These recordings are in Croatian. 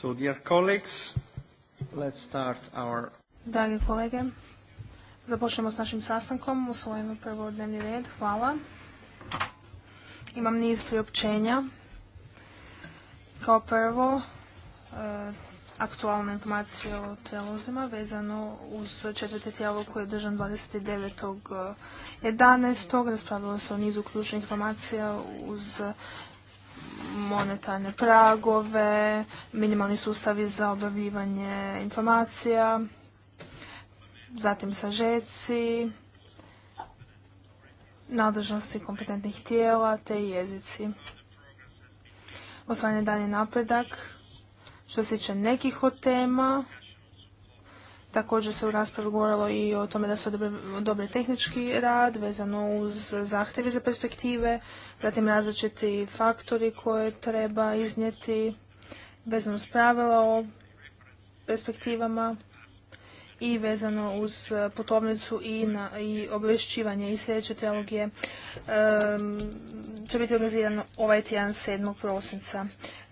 So, Dragi kolege, započnemo s našim sastankom. Usvojimo prvo dnevni red. Hvala. Imam niz priopćenja. Kao prvo, aktualna e, aktualne informacije o telozima vezano uz četvrte tijelo koje je držan 29.11. E, Raspravilo se o nizu ključnih informacija uz monetarne pragove, minimalni sustavi za objavljivanje informacija, zatim sažeci, nadležnosti kompetentnih tijela te jezici. Osvajanje dalje napredak što se tiče nekih od tema Također se u raspravi govorilo i o tome da se odobri tehnički rad vezano uz zahtjeve za perspektive, zatim različiti faktori koje treba iznijeti vezano uz pravila o perspektivama i vezano uz e, putovnicu i, na, i obavješćivanje. I sljedeće teologije e, će biti organiziran ovaj tjedan 7. prosinca.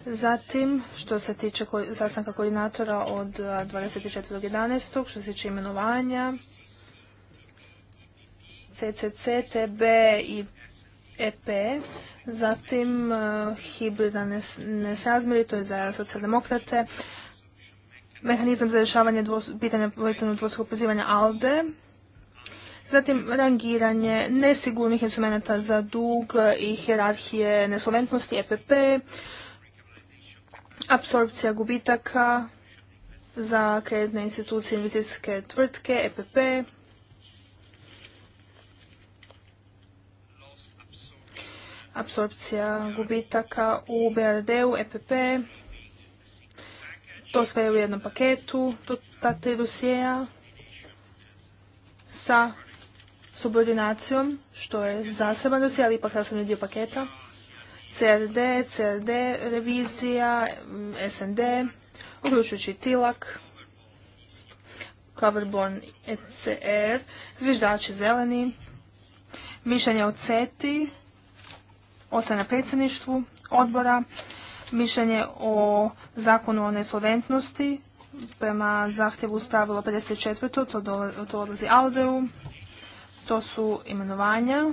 Zatim, što se tiče sastanka koordinatora od 24.11. E, što se tiče imenovanja, CCC, TB i EP, zatim uh, ne to je za socijaldemokrate, mehanizam za rješavanje pitanja povjetljenog dvostrukog pozivanja ALDE, zatim rangiranje nesigurnih instrumenta za dug i hjerarhije nesolventnosti EPP, apsorpcija gubitaka za kreditne institucije i investicijske tvrtke EPP, apsorpcija gubitaka u BRD-u, EPP, to sve je u jednom paketu, to, ta tri sa subordinacijom, što je zaseban dosje, ali ipak sastavni dio paketa. CRD, CRD, revizija, SND, uključujući tilak, Coverborn, ECR, zviždači zeleni, mišljenje o CETI, osam na predsjedništvu odbora, mišljenje o zakonu o nesolventnosti prema zahtjevu s pravilo 54. To, odlazi Aldeu. To su imenovanja.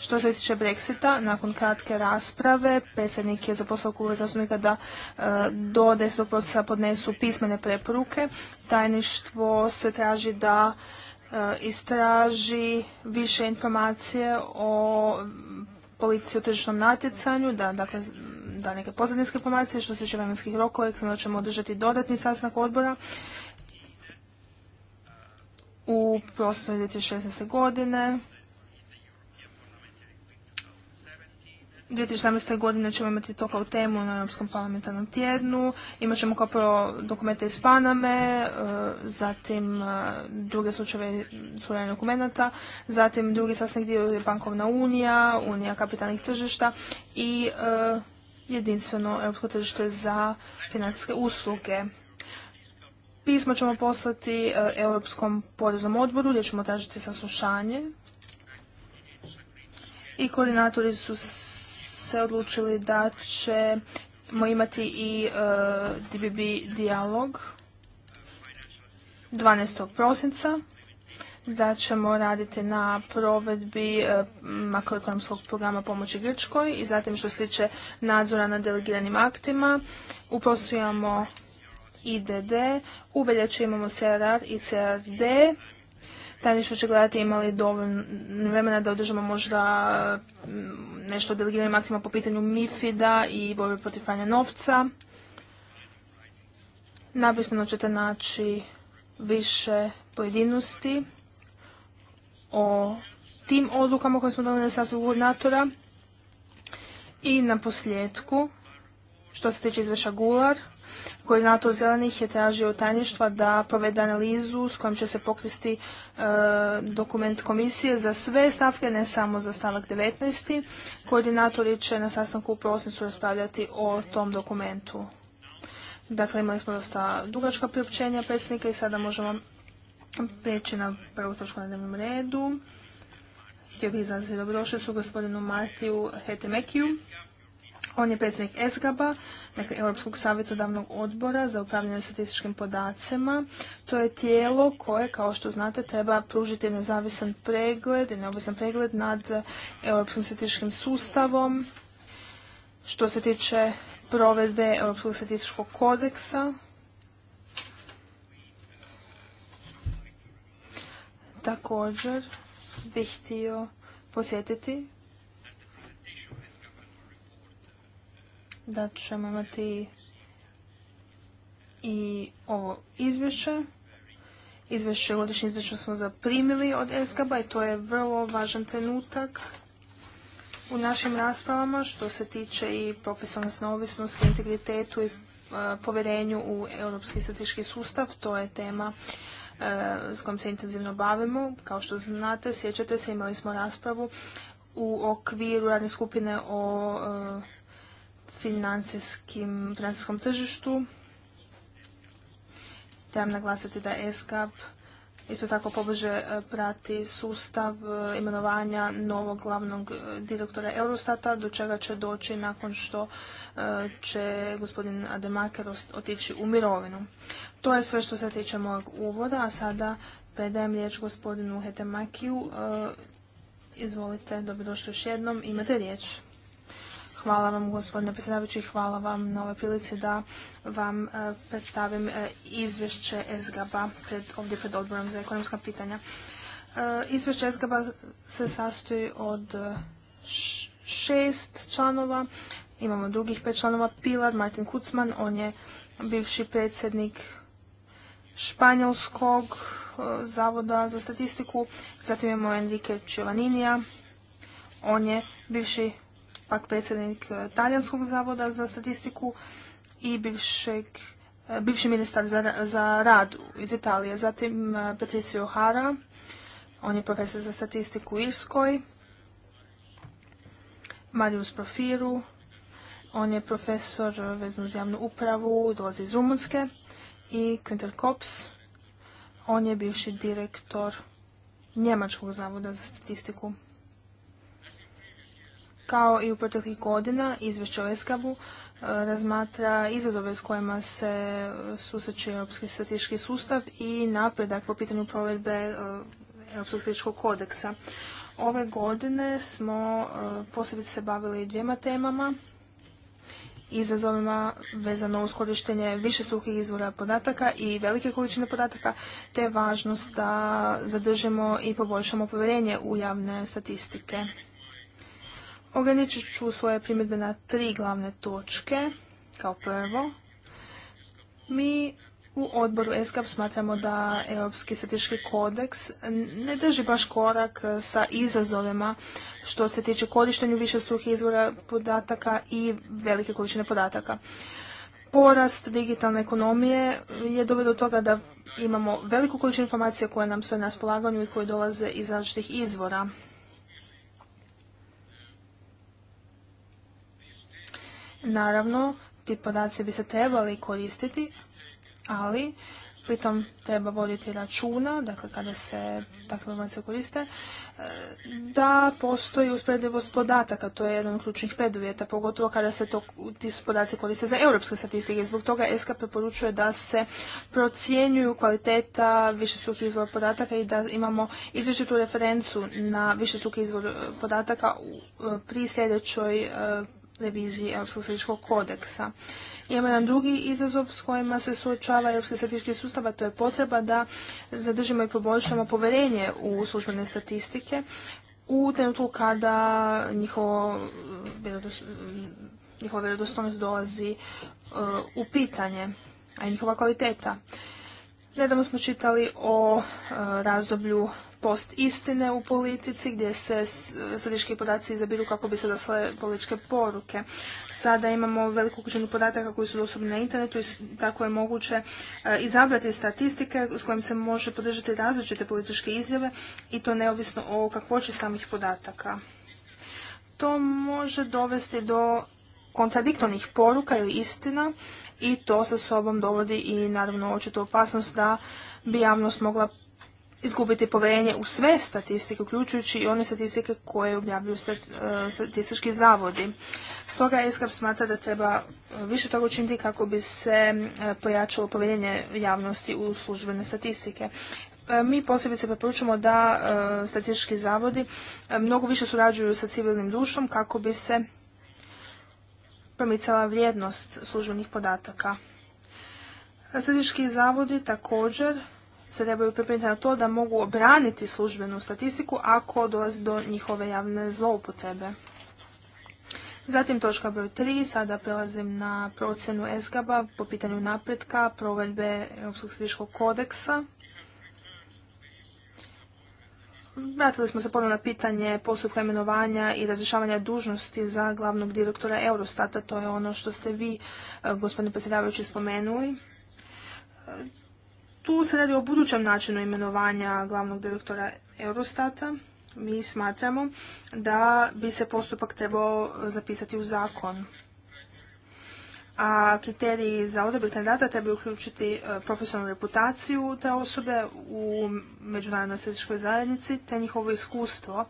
Što se tiče Brexita, nakon kratke rasprave, predsjednik je zaposlao kule zastupnika da e, do 10. podnesu pismene preporuke. Tajništvo se traži da e, istraži više informacije o policiji o tržišnom natjecanju, da dakle da neke pozadinske informacije što se tiče vremenskih rokova, da ćemo održati dodatni sastanak odbora u prostoru 2016. godine. 2017. godine ćemo imati to kao temu na Europskom parlamentarnom tjednu. Imaćemo kao prvo dokumente iz Paname, e, zatim e, druge slučajeve suradnje dokumenta, zatim drugi sastanak dio je bankovna unija, unija kapitalnih tržišta i e, jedinstveno europsko tržište za financijske usluge. Pismo ćemo poslati e, Europskom poreznom odboru gdje ćemo tražiti saslušanje i koordinatori su se odlučili da ćemo imati i e, DBB dijalog 12. prosinca da ćemo raditi na provedbi e, makroekonomskog programa pomoći Grčkoj i zatim što se tiče nadzora na delegiranim aktima. U IDD, u veljači imamo CRR i CRD. što će gledati imali dovoljno vremena da održamo možda mm, nešto o delegiranim aktima po pitanju MIFID-a i borbe protiv pranja novca. Napismeno ćete naći više pojedinosti o tim odlukama koje smo dali na sastavu natora i na posljedku što se tiče izveša Gular, koordinator zelenih je tražio tajništva da provede analizu s kojom će se pokristi e, dokument komisije za sve stavke, ne samo za stavak 19. Koordinatori će na sastanku u prosnicu raspravljati o tom dokumentu. Dakle, imali smo dosta dugačka priopćenja predsjednika i sada možemo Prijeći na prvu točku na dnevnom redu. Htio bih dobrodošli su gospodinu Martiju Hetemekiju. On je predsjednik ESGABA, dakle Europskog savjetodavnog odbora za upravljanje statističkim podacima. To je tijelo koje, kao što znate, treba pružiti nezavisan pregled i neovisan pregled nad europskim statističkim sustavom što se tiče provedbe Europskog statističkog kodeksa Također bih htio posjetiti da ćemo imati i ovo izvješće. Izvješće, godišnje izvješće smo zaprimili od Eskaba i to je vrlo važan trenutak u našim raspravama što se tiče i profesionalne neovisnosti, integritetu i e, povjerenju u europski statistički sustav. To je tema Eh, s kojom se intenzivno bavimo. Kao što znate, sjećate se, imali smo raspravu u okviru radne skupine o eh, financijskom tržištu. Trebam naglasiti da ESCAP isto tako pobliže e, prati sustav e, imenovanja novog glavnog e, direktora Eurostata, do čega će doći nakon što će gospodin Ademaker otići u mirovinu. To je sve što se tiče mojeg uvoda, a sada predajem riječ gospodinu Hetemakiju. Izvolite, dobrodošli još jednom, imate riječ. Hvala vam gospodine predsjedavajući, hvala vam na ovoj prilici da vam e, predstavim e, izvješće SGAB-a ovdje pred odborom za ekonomska pitanja. E, izvješće SGAB-a se sastoji od šest članova, imamo drugih pet članova, Pilar, Martin Kucman, on je bivši predsjednik Španjolskog zavoda za statistiku, zatim imamo Enrique Čiovaninija, on je bivši pak predsjednik e, Talijanskog zavoda za statistiku i bivšeg, e, bivši ministar za, rad iz Italije. Zatim e, Patricio Hara, on je profesor za statistiku u Irskoj. Marius Profiru, on je profesor vezan uz javnu upravu, dolazi iz Rumunske. I Quinter Kops, on je bivši direktor Njemačkog zavoda za statistiku. Kao i u proteklih godina, izvješće o ESKABu e, razmatra izazove s kojima se e, susreće Europski statistički sustav i napredak po pitanju provedbe e, Europskog statističkog kodeksa. Ove godine smo posebice se bavili dvijema temama, izazovima vezano uz korištenje više suhih izvora podataka i velike količine podataka, te važnost da zadržimo i poboljšamo povjerenje u javne statistike. Ograničit ću svoje primjedbe na tri glavne točke. Kao prvo, mi u odboru ESCAP smatramo da Europski strateški kodeks ne drži baš korak sa izazovima što se tiče korištenju više izvora podataka i velike količine podataka. Porast digitalne ekonomije je doveo do toga da imamo veliku količinu informacija koja nam stoje na spolaganju i koje dolaze iz različitih izvora Naravno, ti podaci bi se trebali koristiti, ali pritom treba voditi računa, dakle kada se takve informacije koriste, e, da postoji usporedivost podataka, to je jedan od ključnih preduvjeta, pogotovo kada se to, ti podaci koriste za europske statistike. Zbog toga SKP poručuje da se procjenjuju kvaliteta višestrukih izvora podataka i da imamo izričitu referencu na višestruki izvor e, podataka e, pri sljedećoj reviziji Europskog kodeksa. Imamo jedan drugi izazov s kojima se suočava Europski statistički sustav, a to je potreba da zadržimo i poboljšamo povjerenje u službene statistike u trenutku kada njihova vjerodostojnost dolazi uh, u pitanje, a i njihova kvaliteta. Nedavno smo čitali o uh, razdoblju post istine u politici gdje se statistički podaci izabiru kako bi se dasle političke poruke. Sada imamo veliku kućenu podataka koji su dostupni na internetu i tako je moguće e, izabrati statistike s kojim se može podržati različite političke izjave i to neovisno o kakvoći samih podataka. To može dovesti do kontradiktornih poruka ili istina i to sa sobom dovodi i naravno očitu opasnost da bi javnost mogla izgubiti povjerenje u sve statistike, uključujući i one statistike koje objavljuju e, statistički zavodi. Stoga ESCAP smatra da treba e, više toga učiniti kako bi se e, pojačalo povjerenje javnosti u službene statistike. Mi posebice preporučamo da statistički zavodi mnogo više surađuju sa civilnim društvom kako bi se promicala vrijednost službenih podataka. Statistički zavodi također se trebaju pripremiti na to da mogu obraniti službenu statistiku ako dolazi do njihove javne zloupotrebe. Zatim točka broj 3, sada prelazim na procjenu ESGAB-a po pitanju napretka, provedbe Europskog statističkog kodeksa. Vratili smo se ponovno na pitanje postupka imenovanja i razrješavanja dužnosti za glavnog direktora Eurostata. To je ono što ste vi, eh, gospodine predsjedavajući, spomenuli. Tu se radi o budućem načinu imenovanja glavnog direktora Eurostata. Mi smatramo da bi se postupak trebao zapisati u zakon. A kriteriji za odabir kandidata trebaju uključiti e, profesionalnu reputaciju te osobe u međunarodnoj središkoj zajednici te njihovo iskustvo e,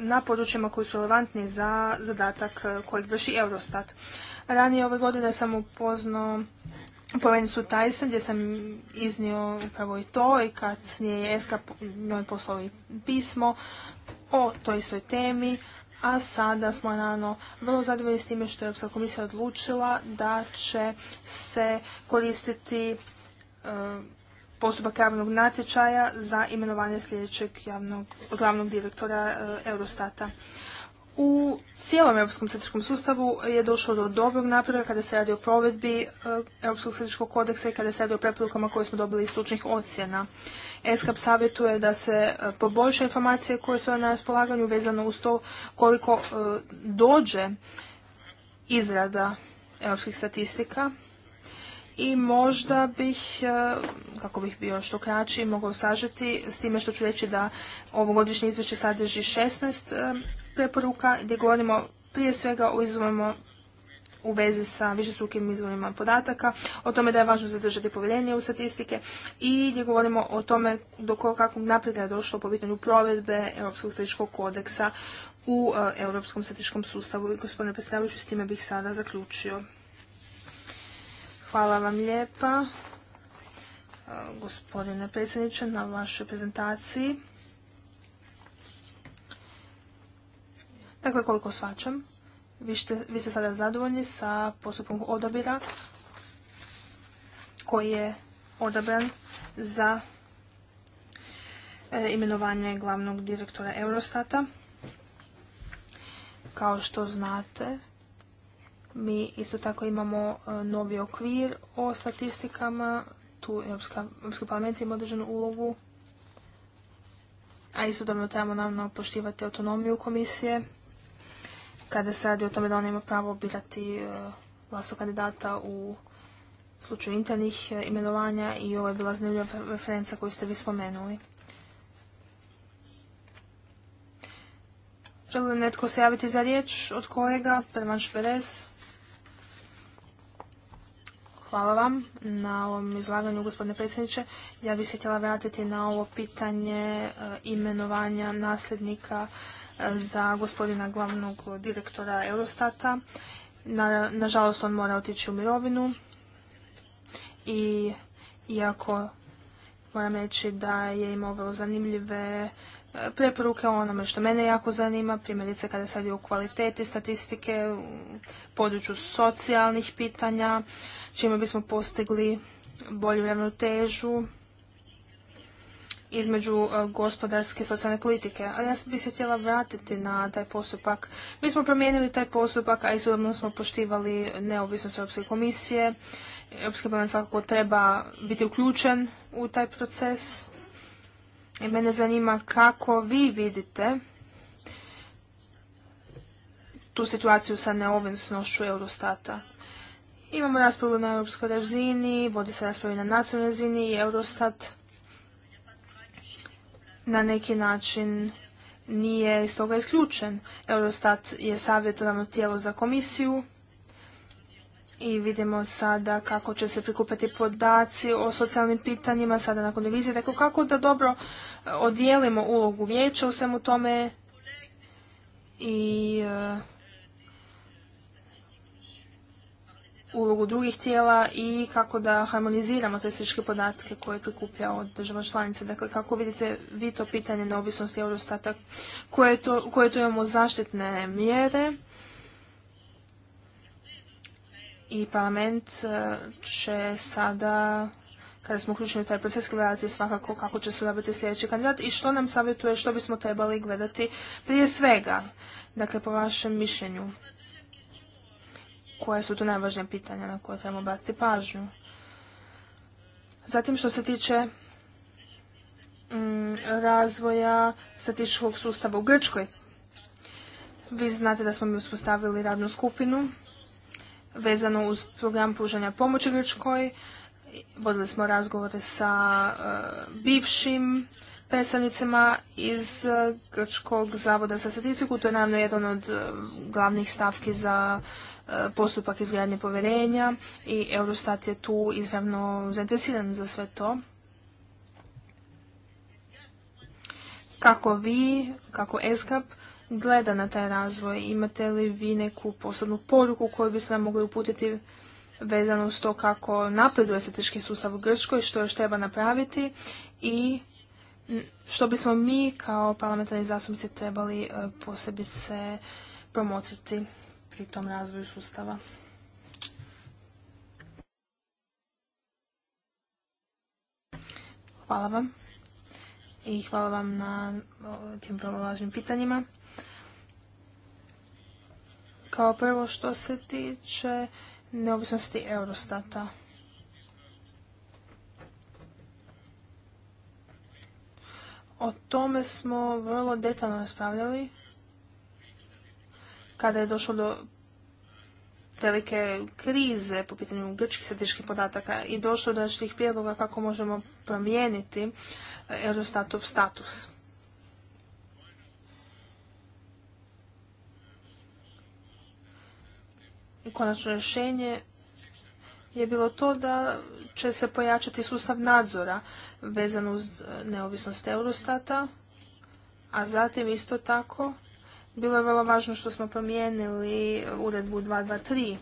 na područjima koji su relevantni za zadatak e, kojeg vrši Eurostat. Ranije ove godine sam upoznao po su Tyson gdje sam iznio upravo i to i kasnije je Eska njoj poslao i pismo o toj istoj temi, a sada smo naravno vrlo zadovoljni s time što je Europska komisija odlučila da će se koristiti eh, postupak javnog natječaja za imenovanje sljedećeg javnog, glavnog direktora eh, Eurostata. U cijelom europskom statičkom sustavu je došlo do dobrog napretka kada se radi o provedbi e, europskog statičkog kodeksa i kada se radi o preporukama koje smo dobili iz stručnih ocjena. ESCAP savjetuje da se e, poboljša informacije koje su na raspolaganju vezano uz to koliko e, dođe izrada europskih statistika i možda bih, kako bih bio što kraći, mogao sažeti s time što ću reći da ovogodišnje izvješće sadrži 16 preporuka gdje govorimo prije svega o izvojima u vezi sa višestrukim izvorima podataka, o tome da je važno zadržati povjerenje u statistike i gdje govorimo o tome do kakvog napreda je došlo po pitanju provedbe Europskog statističkog kodeksa u e, Europskom statističkom sustavu. I gospodine predstavljajući, s time bih sada zaključio. Hvala vam lijepa, e, gospodine predsjedniče, na vašoj prezentaciji. Dakle, koliko svačam, vi ste, sada zadovoljni sa postupkom odabira koji je odabran za e, imenovanje glavnog direktora Eurostata. Kao što znate, mi isto tako imamo e, novi okvir o statistikama, tu Europski parlament ima određenu ulogu, a isto dobro trebamo naravno poštivati autonomiju komisije kada se radi o tome da ona ima pravo birati vlasu e, kandidata u slučaju internih e, imenovanja i ovo je bila zanimljiva referenca koju ste vi spomenuli. Želi li netko se javiti za riječ? Od kolega? Perman Šperez. Hvala vam na ovom izlaganju, gospodine predsjedniče. Ja bih se htjela vratiti na ovo pitanje e, imenovanja nasljednika za gospodina glavnog direktora Eurostata. nažalost, on mora otići u mirovinu i iako moram reći da je imao vrlo zanimljive e, preporuke o onome što mene jako zanima, primjerice kada se radi o kvaliteti statistike, u području socijalnih pitanja, čime bismo postigli bolju ravnotežu između e, gospodarske i socijalne politike. Ali ja bih se htjela vratiti na taj postupak. Mi smo promijenili taj postupak, a izvodno smo poštivali neovisnost Europske komisije. Europski parlament svakako treba biti uključen u taj proces. I mene zanima kako vi vidite tu situaciju sa neovisnošću Eurostata. Imamo raspravu na europskoj razini, vodi se raspravi na nacionalnoj razini i Eurostat na neki način nije iz toga isključen. Eurostat je savjetovano tijelo za komisiju i vidimo sada kako će se prikupati podaci o socijalnim pitanjima, sada nakon revizije, tako dakle, kako da dobro e, odijelimo ulogu vijeća u svemu tome i e, ulogu drugih tijela i kako da harmoniziramo statističke podatke koje prikuplja od država članica. Dakle, kako vidite vi to pitanje neovisnosti Eurostata, koje tu koje imamo zaštitne mjere i parlament e, će sada kada smo uključeni u taj proces gledati svakako kako će se odabrati sljedeći kandidat i što nam savjetuje što bismo trebali gledati prije svega. Dakle, po vašem mišljenju koje su tu najvažnija pitanja na koja trebamo obratiti pažnju. Zatim što se tiče mm, razvoja statističkog sustava u Grčkoj. Vi znate da smo mi uspostavili radnu skupinu vezano uz program pružanja pomoći Grčkoj. Vodili smo razgovore sa e, bivšim predstavnicima iz e, Grčkog zavoda za statistiku. To je naravno jedan od e, glavnih stavki za postupak izgradnje povjerenja i Eurostat je tu izravno zainteresiran za sve to. Kako vi, kako ESGAP gleda na taj razvoj? Imate li vi neku posebnu poruku koju biste nam mogli uputiti vezano uz to kako napreduje teški sustav u Grčkoj, što još treba napraviti i što bismo mi kao parlamentarni zastupnici trebali e, posebice promotriti u tom razvoju sustava. Hvala vam i hvala vam na tim vrlo važnim pitanjima. Kao prvo što se tiče neovisnosti Eurostata. O tome smo vrlo detaljno raspravljali kada je došlo do velike krize po pitanju grčkih statističkih podataka i došlo do različitih prijedloga kako možemo promijeniti e, Eurostatov status. I konačno rješenje je bilo to da će se pojačati sustav nadzora vezan uz neovisnost Eurostata, a zatim isto tako bilo je vrlo važno što smo promijenili uredbu 223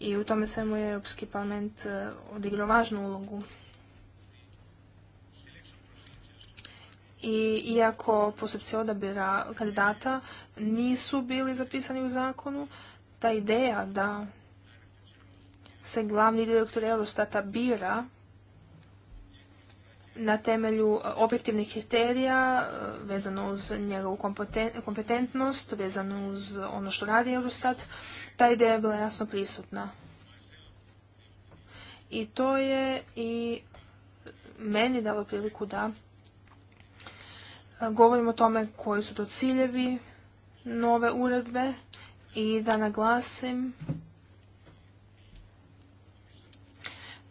i u tome svemu je Europski parlament e, odigrao važnu ulogu. I iako postupci odabira kandidata nisu bili zapisani u zakonu, ta ideja da se glavni direktor Eurostata bira na temelju e, objektivnih kriterija e, vezano uz njegovu kompetentnost, vezano uz ono što radi Eurostat, ta ideja je bila jasno prisutna. I to je i meni dalo priliku da e, govorim o tome koji su to ciljevi nove uredbe i da naglasim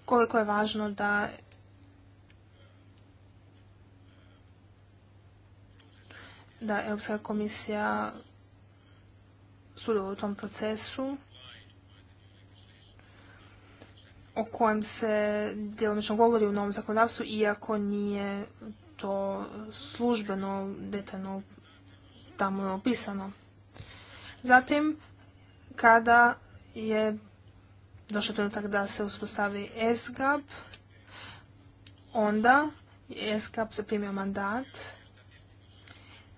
koliko je važno da da Europska komisija sudjeluje u tom procesu o kojem se djelomično govori u novom zakonodavstvu, iako nije to službeno detaljno tamo opisano. Zatim, kada je došao trenutak da se uspostavi ESGAP, onda je se zaprimio mandat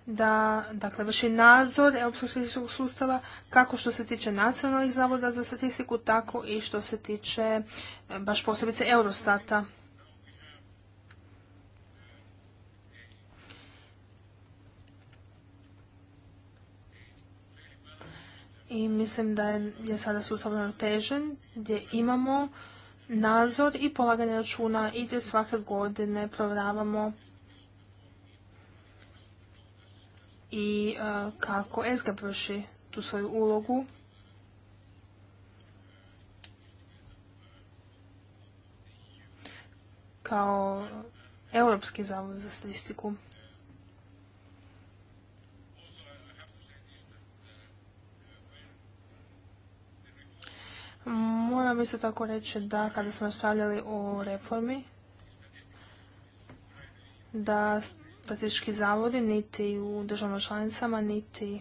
da dakle, vrši nadzor Europskog statističkog sustava kako što se tiče nacionalnih zavoda za statistiku, tako i što se tiče e, baš posebice Eurostata. I mislim da je, sada sustav težen gdje imamo nadzor i polaganje računa i gdje svake godine provravamo... i e, kako ESGA vrši tu svoju ulogu kao Europski zavod za statistiku. Moram se tako reći da kada smo raspravljali o reformi, da statistički zavodi, niti u državama članicama, niti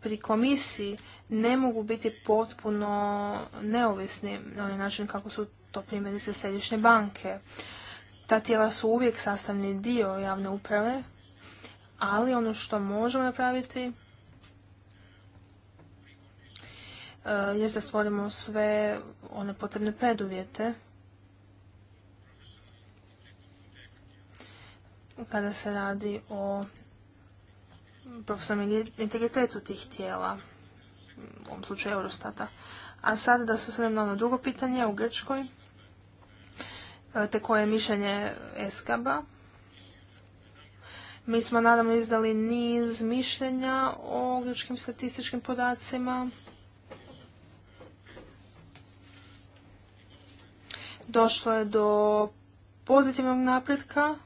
pri komisiji ne mogu biti potpuno neovisni na onaj način kako su to primjerice središnje banke. Ta tijela su uvijek sastavni dio javne uprave, ali ono što možemo napraviti eh, je da stvorimo sve one potrebne preduvjete kada se radi o profesionalnom integritetu tih tijela, u ovom slučaju Eurostata. A sada da se osvrnem na ono drugo pitanje u Grčkoj, e, te koje je mišljenje Eskaba. Mi smo naravno izdali niz mišljenja o grčkim statističkim podacima. Došlo je do pozitivnog napretka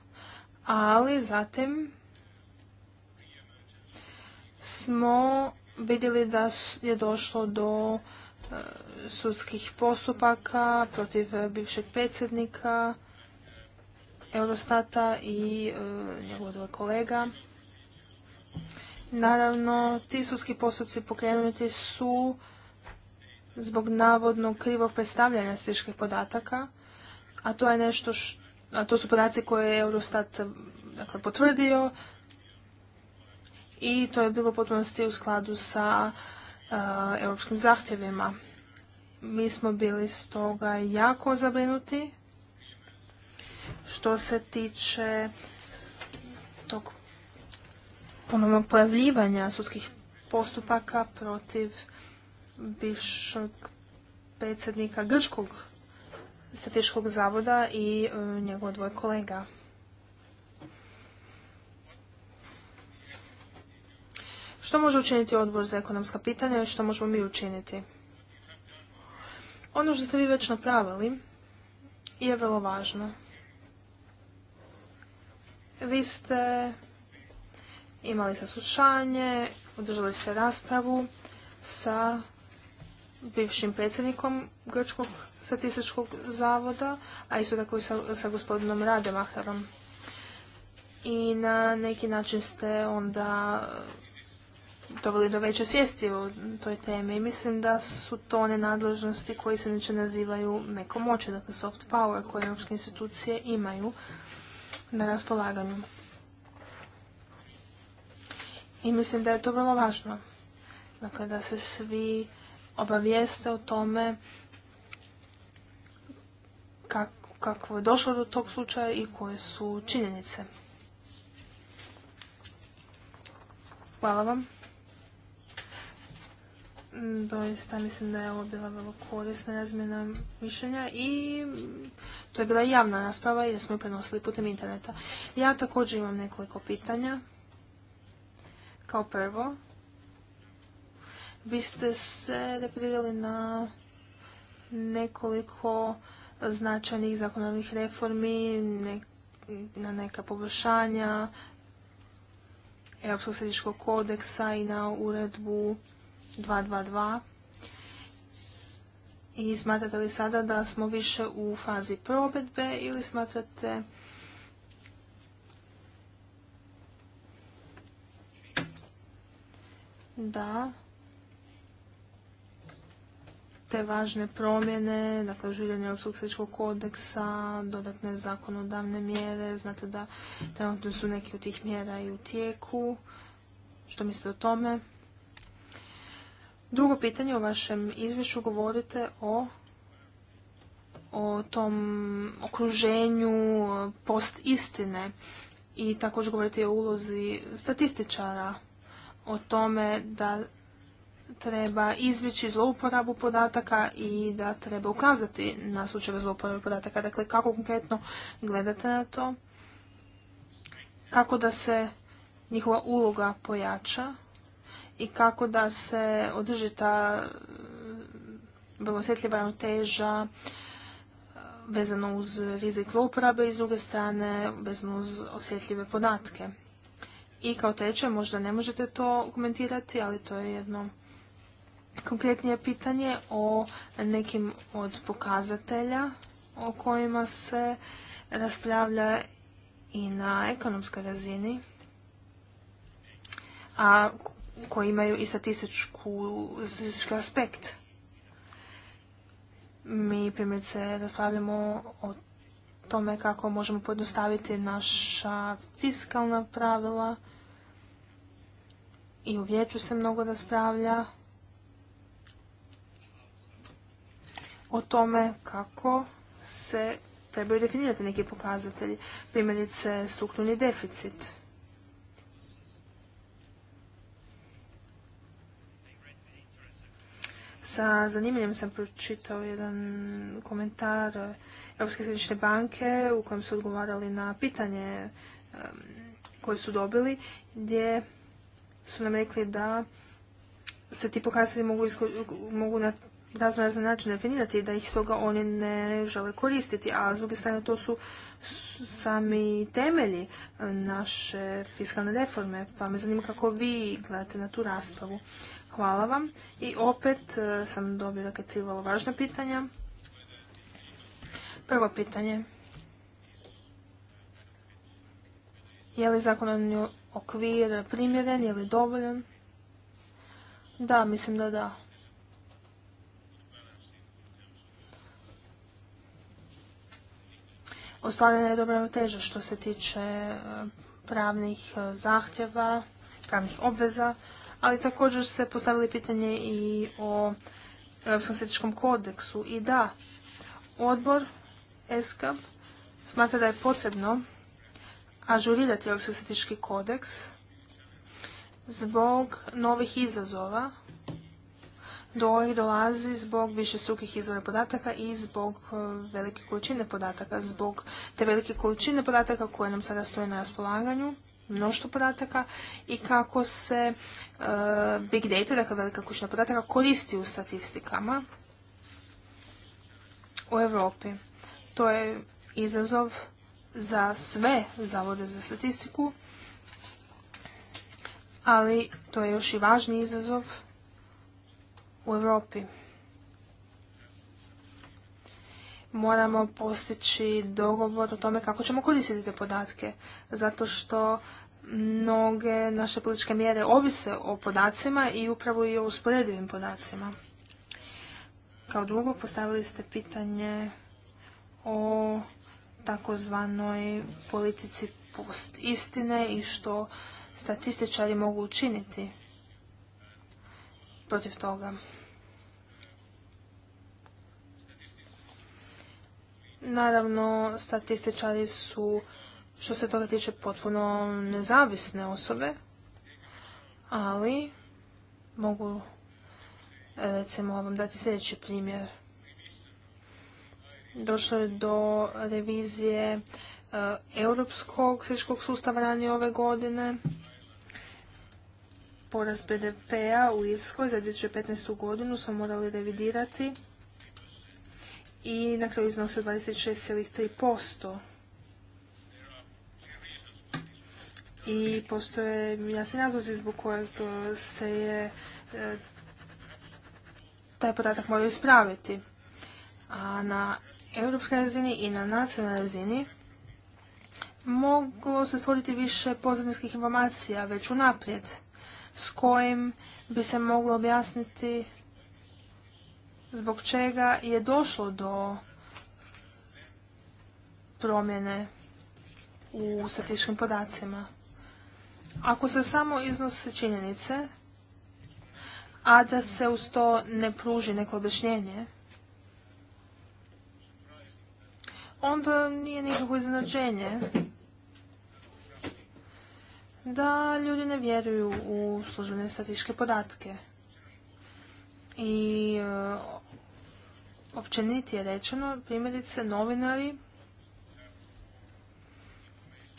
ali zatim smo vidjeli da je došlo do e, sudskih postupaka protiv e, bivšeg predsjednika Eurostata i e, njegovog kolega. Naravno, ti sudski postupci pokrenuti su zbog navodno krivog predstavljanja statističkih podataka, a to je nešto što a to su podaci koje je Eurostat dakle, potvrdio i to je bilo potpuno potpunosti u skladu sa e, europskim zahtjevima. Mi smo bili stoga jako zabrinuti što se tiče tog ponovnog pojavljivanja sudskih postupaka protiv bivšeg predsjednika grčkog Statičkog zavoda i e, njegov dvoje kolega. Što može učiniti odbor za ekonomska pitanja i što možemo mi učiniti? Ono što ste vi već napravili je vrlo važno. Vi ste imali saslušanje, održali ste raspravu sa bivšim predsjednikom Grčkog statističkog zavoda, a isto tako i sa, sa gospodinom Rademacherom. I na neki način ste onda e, doveli do veće svijesti o toj temi. I mislim da su to one nadležnosti koje se neće nazivaju meko moće, dakle soft power koje europske institucije imaju na raspolaganju. I mislim da je to vrlo važno. Dakle, da se svi obavijeste o tome kako, je došlo do tog slučaja i koje su činjenice. Hvala vam. Doista mislim da je ovo bila vrlo korisna razmjena mišljenja i to je bila javna rasprava jer smo ju prenosili putem interneta. Ja također imam nekoliko pitanja. Kao prvo, biste se referirali na nekoliko značajnih zakonodavnih reformi, na neka poboljšanja Europskog sredičkog kodeksa i na uredbu 222. I smatrate li sada da smo više u fazi probedbe ili smatrate da te važne promjene, dakle življenje Europskog kodeksa, dodatne zakonodavne mjere, znate da trenutno su neki od tih mjera i u tijeku. Što mislite o tome? Drugo pitanje u vašem izvješću govorite o o tom okruženju post-istine i također govorite o ulozi statističara, o tome da treba izbjeći zlouporabu podataka i da treba ukazati na slučajeve zlouporabe podataka. Dakle, kako konkretno gledate na to? Kako da se njihova uloga pojača i kako da se održi ta mm, vrlo osjetljiva teža e, vezano uz rizik zlouporabe i s druge strane vezano uz osjetljive podatke. I kao treće, možda ne možete to komentirati, ali to je jedno konkretnije pitanje o nekim od pokazatelja o kojima se raspravlja i na ekonomskoj razini, a koji imaju i statistički aspekt. Mi primjerice raspravljamo o tome kako možemo pojednostaviti naša fiskalna pravila i u vijeću se mnogo raspravlja o tome kako se trebaju definirati neki pokazatelji, primjerice strukturni deficit. Sa zanimanjem sam pročitao jedan komentar Europske središnje banke u kojem su odgovarali na pitanje koje su dobili, gdje su nam rekli da se ti pokazatelji mogu, mogu na razne način definirati da ih stoga oni ne žele koristiti, a s druge strane to su sami temelji e, naše fiskalne reforme, pa me zanima kako vi gledate na tu raspravu. Hvala vam i opet e, sam dobila kad je važna pitanja. Prvo pitanje. Je li zakonodavni okvir primjeren, je li dovoljan? Da, mislim da da. ostvarena je dobra što se tiče e, pravnih e, zahtjeva, pravnih obveza, ali također se postavili pitanje i o Europskom kodeksu. I da, odbor ESCAP smatra da je potrebno ažurirati Europski svjetički kodeks zbog novih izazova do dolazi zbog više sukih izvora podataka i zbog e, velike količine podataka. Zbog te velike količine podataka koje nam sada stoje na raspolaganju, mnoštvo podataka i kako se e, big data, dakle velika količina podataka, koristi u statistikama u Europi. To je izazov za sve zavode za statistiku, ali to je još i važni izazov u Europi. Moramo postići dogovor o tome kako ćemo koristiti te podatke, zato što mnoge naše političke mjere ovise o podacima i upravo i o usporedivim podacima. Kao drugo, postavili ste pitanje o takozvanoj politici post istine i što statističari mogu učiniti protiv toga. Naravno, statističari su, što se toga tiče, potpuno nezavisne osobe, ali mogu recimo vam dati sljedeći primjer. Došlo je do revizije e, europskog sličkog sustava ranije ove godine. Porast BDP-a u Irskoj za 2015. godinu smo morali revidirati i na kraju iznosio 26,3%. I postoje jasni razlozi zbog kojeg e, se je e, taj podatak morao ispraviti. A na europskoj razini i na nacionalnoj razini moglo se stvoriti više pozadinskih informacija već unaprijed s kojim bi se moglo objasniti zbog čega je došlo do promjene u statističkim podacima. Ako se samo iznose činjenice, a da se uz to ne pruži neko objašnjenje, onda nije nikako iznenađenje da ljudi ne vjeruju u službene statističke podatke. I e, općeniti je rečeno, primjerice novinari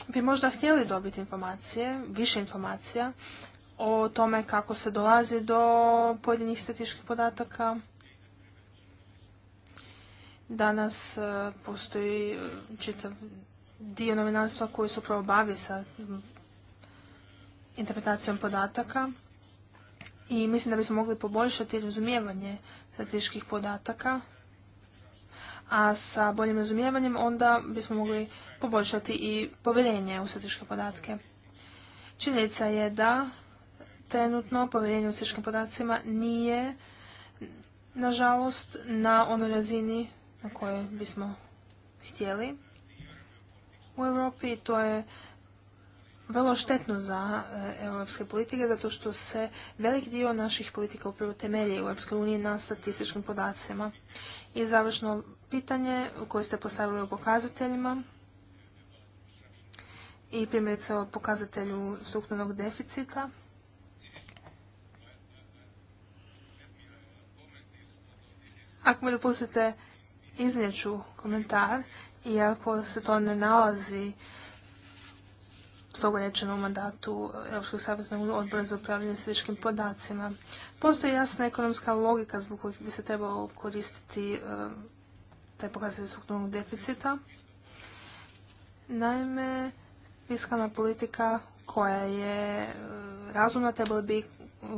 bi možda htjeli dobiti informacije, više informacija o tome kako se dolazi do pojedinih statističkih podataka. Danas e, postoji e, čitav dio novinarstva koji se upravo bavi sa interpretacijom podataka i mislim da bismo mogli poboljšati razumijevanje statističkih podataka a sa boljim razumijevanjem onda bismo mogli poboljšati i povjerenje u statističke podatke. Činjenica je da trenutno povjerenje u statističkim podacima nije, nažalost, na onoj razini na kojoj bismo htjeli u Europi. To je vrlo štetno za e, europske politike zato što se velik dio naših politika upravo temelji u Europskoj uniji na statističkim podacima. I završno pitanje koje ste postavili o pokazateljima i primjerice o pokazatelju strukturnog deficita. Ako mi dopustite, iznijeću komentar, iako se to ne nalazi stoga rečeno u mandatu Europskog savjetnog odbora za upravljanje sredičkim podacima. Postoji jasna ekonomska logika zbog kojeg bi se trebalo koristiti taj pokazatelj strukturnog deficita. Naime, fiskalna politika koja je e, razumna trebala bi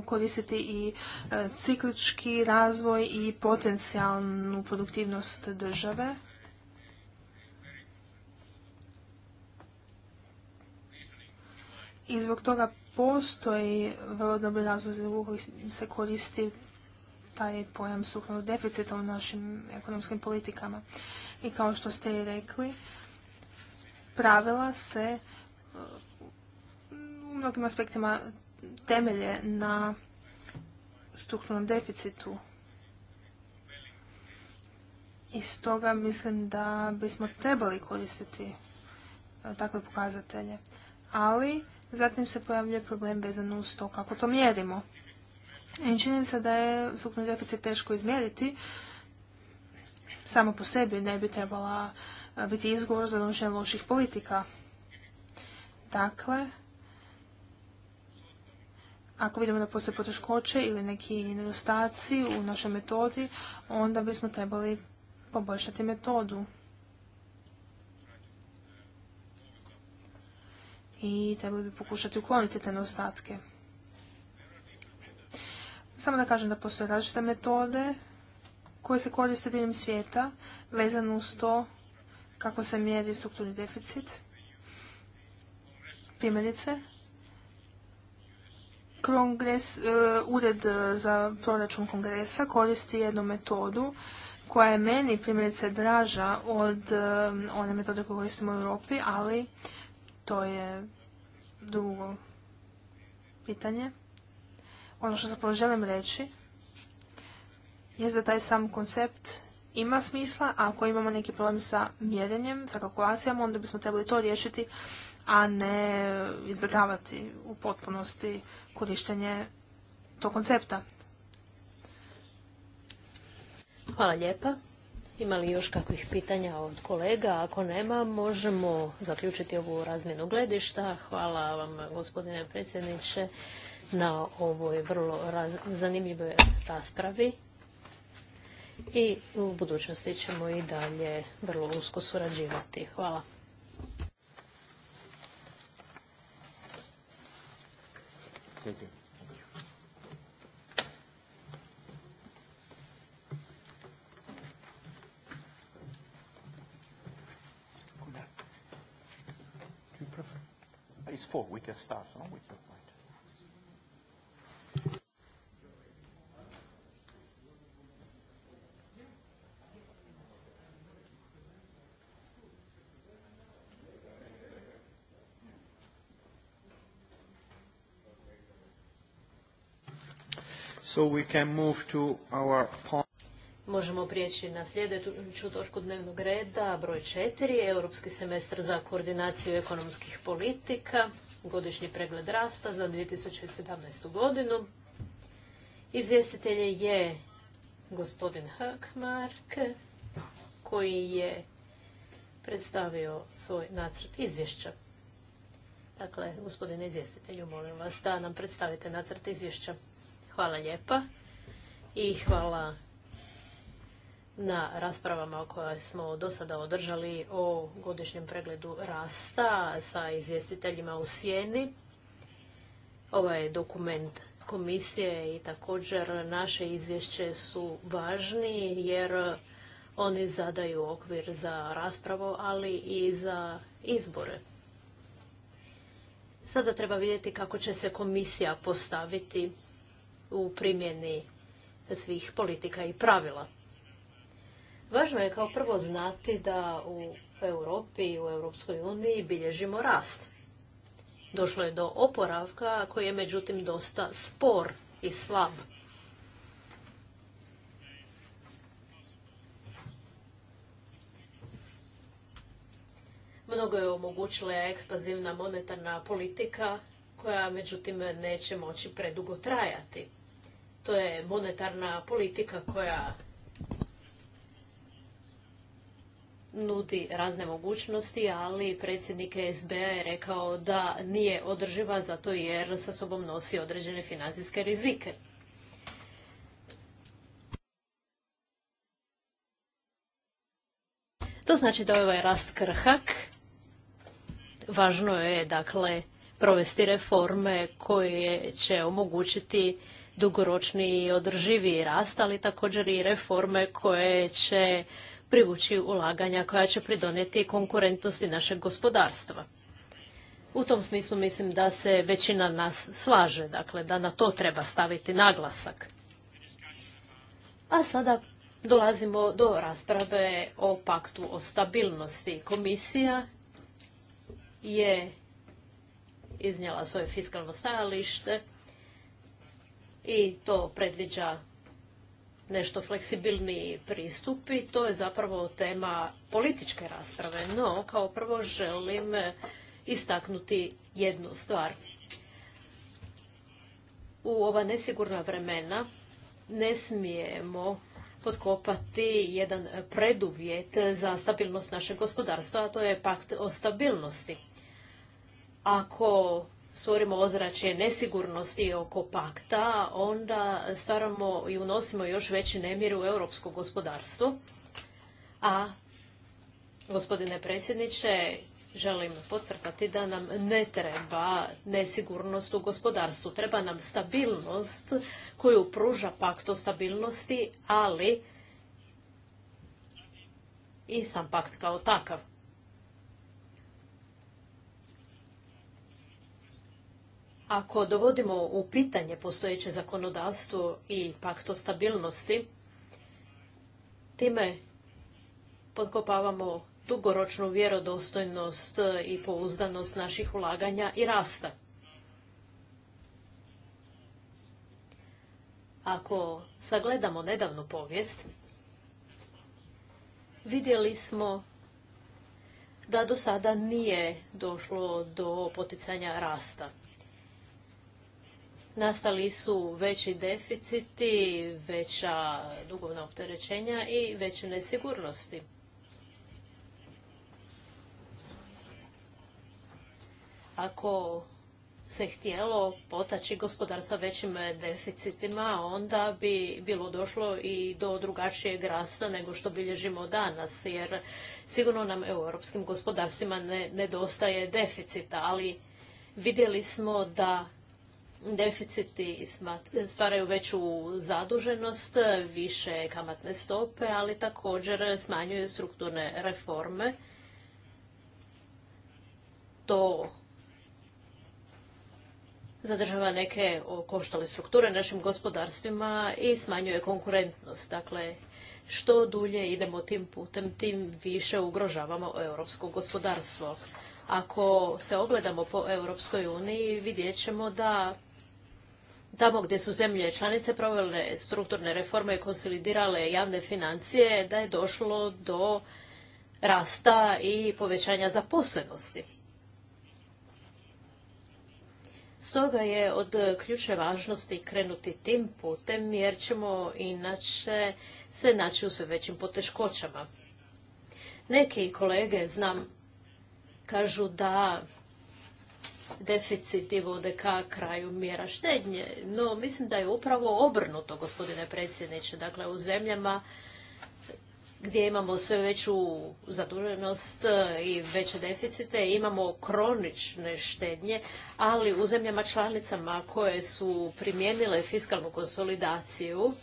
koristiti i e, ciklički razvoj i potencijalnu produktivnost države. I zbog toga postoji vrlo dobri u kojih se koristi taj pojam suhnog deficita u našim ekonomskim politikama. I kao što ste i rekli, pravila se e, u mnogim aspektima temelje na strukturnom deficitu. I stoga mislim da bismo trebali koristiti e, takve pokazatelje. Ali zatim se pojavljuje problem vezan uz to kako to mjerimo činjenica da je sukupni deficit teško izmjeriti, samo po sebi ne bi trebala biti izgovor za donošenje loših politika. Dakle, ako vidimo da postoje poteškoće ili neki nedostaci u našoj metodi, onda bismo trebali poboljšati metodu. I trebali bi pokušati ukloniti te nedostatke. Samo da kažem da postoje različite metode koje se koriste diljem svijeta vezano uz to kako se mjeri strukturni deficit. Primjerice, Kongres, e, Ured za proračun kongresa koristi jednu metodu koja je meni primjerice draža od e, one metode koje koristimo u Europi, ali to je drugo pitanje. Ono što zapravo želim reći je da taj sam koncept ima smisla, a ako imamo neki problem sa mjerenjem, sa kalkulacijama, onda bismo trebali to riješiti, a ne izbjegavati u potpunosti korištenje tog koncepta. Hvala lijepa. Ima li još kakvih pitanja od kolega? Ako nema, možemo zaključiti ovu razmjenu gledišta. Hvala vam, gospodine predsjedniče na ovoj vrlo zanimljivoj raspravi i u budućnosti ćemo i dalje vrlo usko surađivati. Hvala. Thank you. It's We So we can move to our point. Možemo prijeći na sljedeću točku dnevnog reda, broj četiri, Europski semestar za koordinaciju ekonomskih politika, godišnji pregled rasta za 2017. godinu. Izvjestitelj je gospodin Hökmark, koji je predstavio svoj nacrt izvješća. Dakle, gospodine izvjestitelju, molim vas da nam predstavite nacrt izvješća. Hvala lijepa i hvala na raspravama koje smo do sada održali o godišnjem pregledu rasta sa izvjestiteljima u sjeni. Ovaj je dokument komisije i također naše izvješće su važni jer oni zadaju okvir za raspravo, ali i za izbore. Sada treba vidjeti kako će se komisija postaviti u primjeni svih politika i pravila. Važno je kao prvo znati da u Europi i u Europskoj uniji bilježimo rast. Došlo je do oporavka koji je međutim dosta spor i slab. Mnogo je omogućila ekspazivna monetarna politika koja međutim neće moći predugo trajati. To je monetarna politika koja nudi razne mogućnosti, ali predsjednik SBA je rekao da nije održiva zato jer sa sobom nosi određene financijske rizike. To znači da je ovaj rast krhak. Važno je, dakle, provesti reforme koje će omogućiti dugoročni i održivi rast, ali također i reforme koje će privući ulaganja koja će pridonijeti konkurentnosti našeg gospodarstva. U tom smislu mislim da se većina nas slaže, dakle da na to treba staviti naglasak. A sada dolazimo do rasprave o paktu o stabilnosti. Komisija je iznijela svoje fiskalno stajalište i to predviđa nešto fleksibilniji pristup i to je zapravo tema političke rasprave. No, kao prvo želim istaknuti jednu stvar. U ova nesigurna vremena ne smijemo potkopati jedan preduvjet za stabilnost našeg gospodarstva, a to je pakt o stabilnosti ako stvorimo ozračje nesigurnosti oko pakta, onda stvaramo i unosimo još veći nemir u europsko gospodarstvo. A, gospodine predsjedniče, želim podcrtati da nam ne treba nesigurnost u gospodarstvu. Treba nam stabilnost koju pruža pakt o stabilnosti, ali i sam pakt kao takav. Ako dovodimo u pitanje postojeće zakonodavstvo i pakto stabilnosti, time podkopavamo dugoročnu vjerodostojnost i pouzdanost naših ulaganja i rasta. Ako sagledamo nedavnu povijest, vidjeli smo da do sada nije došlo do poticanja rasta nastali su veći deficiti, veća dugovna opterećenja i veće nesigurnosti. Ako se htjelo potaći gospodarstva većim deficitima, onda bi bilo došlo i do drugačijeg rasta nego što bilježimo danas, jer sigurno nam europskim gospodarstvima ne, nedostaje deficita, ali vidjeli smo da deficiti stvaraju veću zaduženost, više kamatne stope, ali također smanjuju strukturne reforme. To zadržava neke koštale strukture našim gospodarstvima i smanjuje konkurentnost. Dakle, što dulje idemo tim putem, tim više ugrožavamo europsko gospodarstvo. Ako se ogledamo po Europskoj uniji, vidjet ćemo da tamo gdje su zemlje članice provele strukturne reforme i konsolidirale javne financije, da je došlo do rasta i povećanja zaposlenosti. Stoga je od ključne važnosti krenuti tim putem jer ćemo inače se naći u sve većim poteškoćama. Neki kolege, znam, kažu da deficiti vode ka kraju mjera štednje. No, mislim da je upravo obrnuto, gospodine predsjedniče. Dakle, u zemljama gdje imamo sve veću zaduženost i veće deficite, imamo kronične štednje, ali u zemljama članicama koje su primijenile fiskalnu konsolidaciju,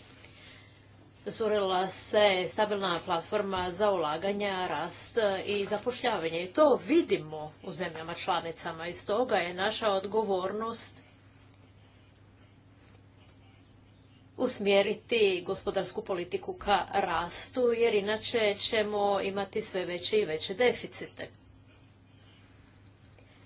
stvorila se stabilna platforma za ulaganja, rast i zapošljavanje. I to vidimo u zemljama članicama i stoga je naša odgovornost usmjeriti gospodarsku politiku ka rastu, jer inače ćemo imati sve veće i veće deficite.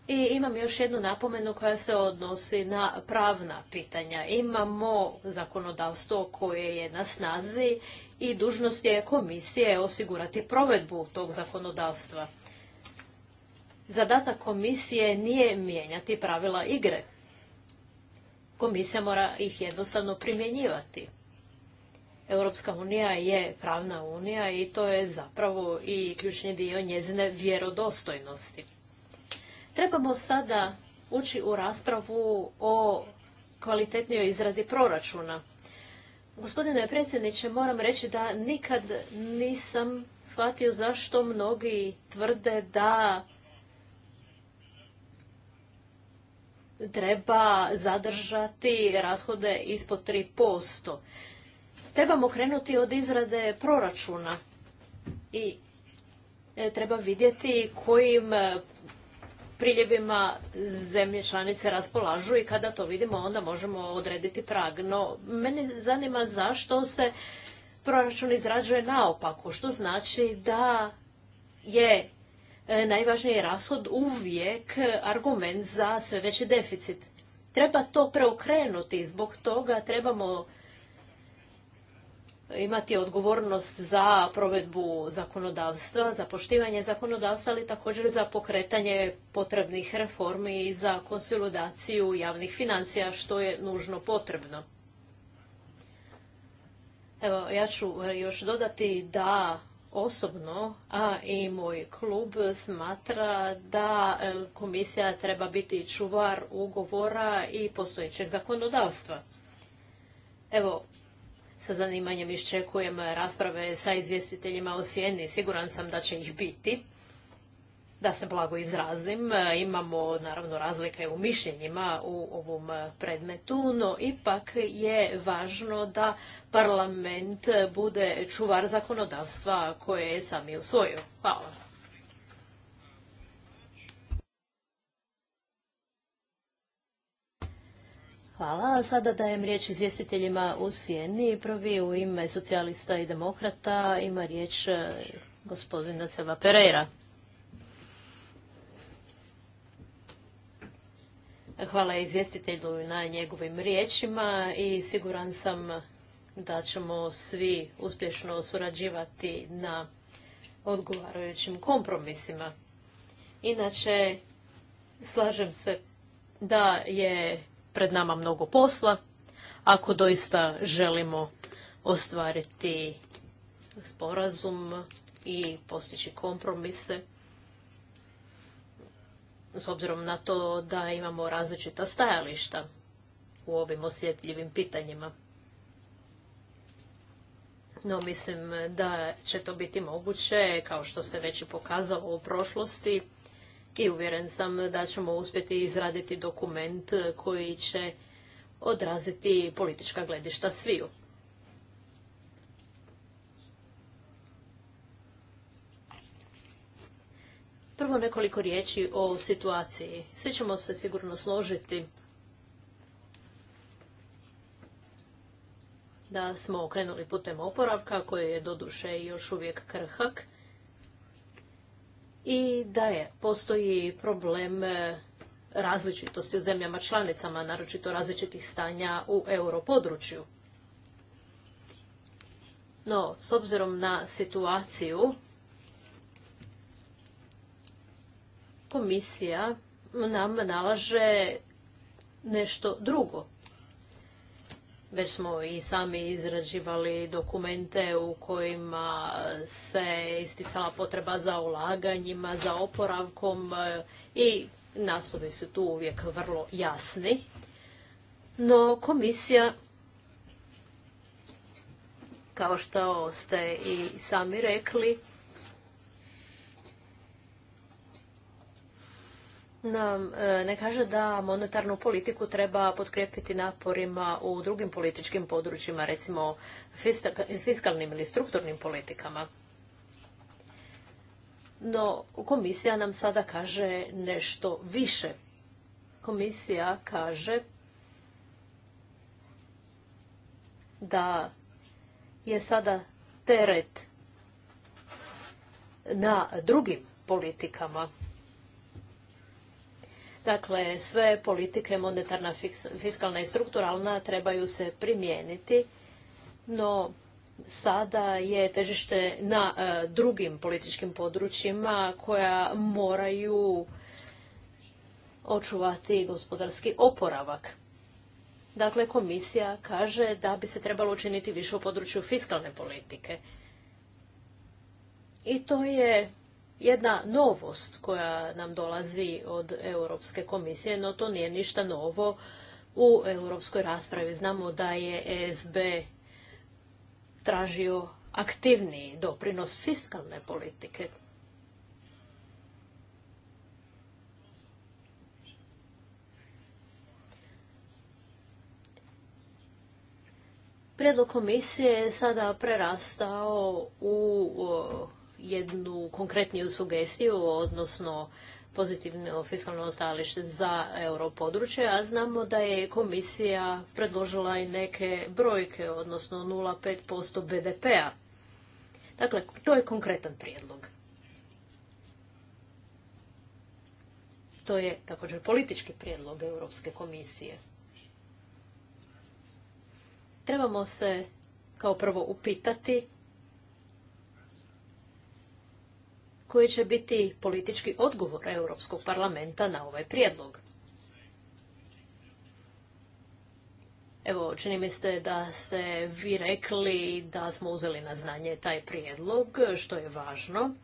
I imam još jednu napomenu koja se odnosi na pravna pitanja. Imamo zakonodavstvo koje je na snazi i dužnost je komisije osigurati provedbu tog zakonodavstva. Zadatak komisije nije mijenjati pravila igre. Komisija mora ih jednostavno primjenjivati. Europska unija je pravna unija i to je zapravo i ključni dio njezine vjerodostojnosti. Trebamo sada ući u raspravu o kvalitetnijoj izradi proračuna. Gospodine predsjedniče, moram reći da nikad nisam shvatio zašto mnogi tvrde da treba zadržati rashode ispod 3%. Trebamo krenuti od izrade proračuna i e, treba vidjeti kojim priljevima zemlje članice raspolažu i kada to vidimo onda možemo odrediti prag. No, mene zanima zašto se proračun izrađuje naopako, što znači da je e, najvažniji rashod uvijek argument za sve veći deficit. Treba to preokrenuti, zbog toga trebamo imati odgovornost za provedbu zakonodavstva, za poštivanje zakonodavstva, ali također za pokretanje potrebnih reformi i za konsolidaciju javnih financija, što je nužno potrebno. Evo, ja ću e, još dodati da osobno, a i moj klub smatra da e, komisija treba biti čuvar ugovora i postojećeg zakonodavstva. Evo, sa zanimanjem iščekujem rasprave sa izvjestiteljima u Sjeni. Siguran sam da će ih biti. Da se blago izrazim, imamo naravno razlike u mišljenjima u ovom predmetu, no ipak je važno da parlament bude čuvar zakonodavstva koje je i usvojio. Hvala. Hvala. Sada dajem riječ izvjestiteljima u Sjeni. Prvi u ime socijalista i demokrata ima riječ e, gospodina Seva Pereira. Hvala izvjestitelju na njegovim riječima i siguran sam da ćemo svi uspješno surađivati na odgovarajućim kompromisima. Inače, slažem se da je pred nama mnogo posla ako doista želimo ostvariti sporazum i postići kompromise s obzirom na to da imamo različita stajališta u ovim osjetljivim pitanjima. No, mislim da će to biti moguće, kao što se već i pokazalo u prošlosti, i uvjeren sam da ćemo uspjeti izraditi dokument koji će odraziti politička gledišta sviju. Prvo nekoliko riječi o situaciji. Svi ćemo se sigurno složiti da smo okrenuli putem oporavka koji je doduše još uvijek krhak, i da je, postoji problem e, različitosti u zemljama članicama, naročito različitih stanja u europodručju. No, s obzirom na situaciju, komisija nam nalaže nešto drugo. Već smo i sami izrađivali dokumente u kojima se isticala potreba za ulaganjima, za oporavkom eh, i naslovi su tu uvijek vrlo jasni. No komisija, kao što ste i sami rekli, nam e, ne kaže da monetarnu politiku treba potkrijepiti naporima u drugim političkim područjima, recimo fiskalnim ili strukturnim politikama. No, komisija nam sada kaže nešto više. Komisija kaže da je sada teret na drugim politikama Dakle, sve politike monetarna, fiskalna i strukturalna trebaju se primijeniti, no sada je težište na e, drugim političkim područjima koja moraju očuvati gospodarski oporavak. Dakle, komisija kaže da bi se trebalo učiniti više u području fiskalne politike. I to je jedna novost koja nam dolazi od Europske komisije, no to nije ništa novo u europskoj raspravi. Znamo da je ESB tražio aktivniji doprinos fiskalne politike. Prijedlog komisije je sada prerastao u jednu konkretniju sugestiju, odnosno pozitivno fiskalno stajalište za europodručje, a znamo da je komisija predložila i neke brojke, odnosno 0,5% BDP-a. Dakle, to je konkretan prijedlog. To je također politički prijedlog Europske komisije. Trebamo se kao prvo upitati koji će biti politički odgovor Europskog parlamenta na ovaj prijedlog. Evo, čini mi se da ste vi rekli da smo uzeli na znanje taj prijedlog, što je važno.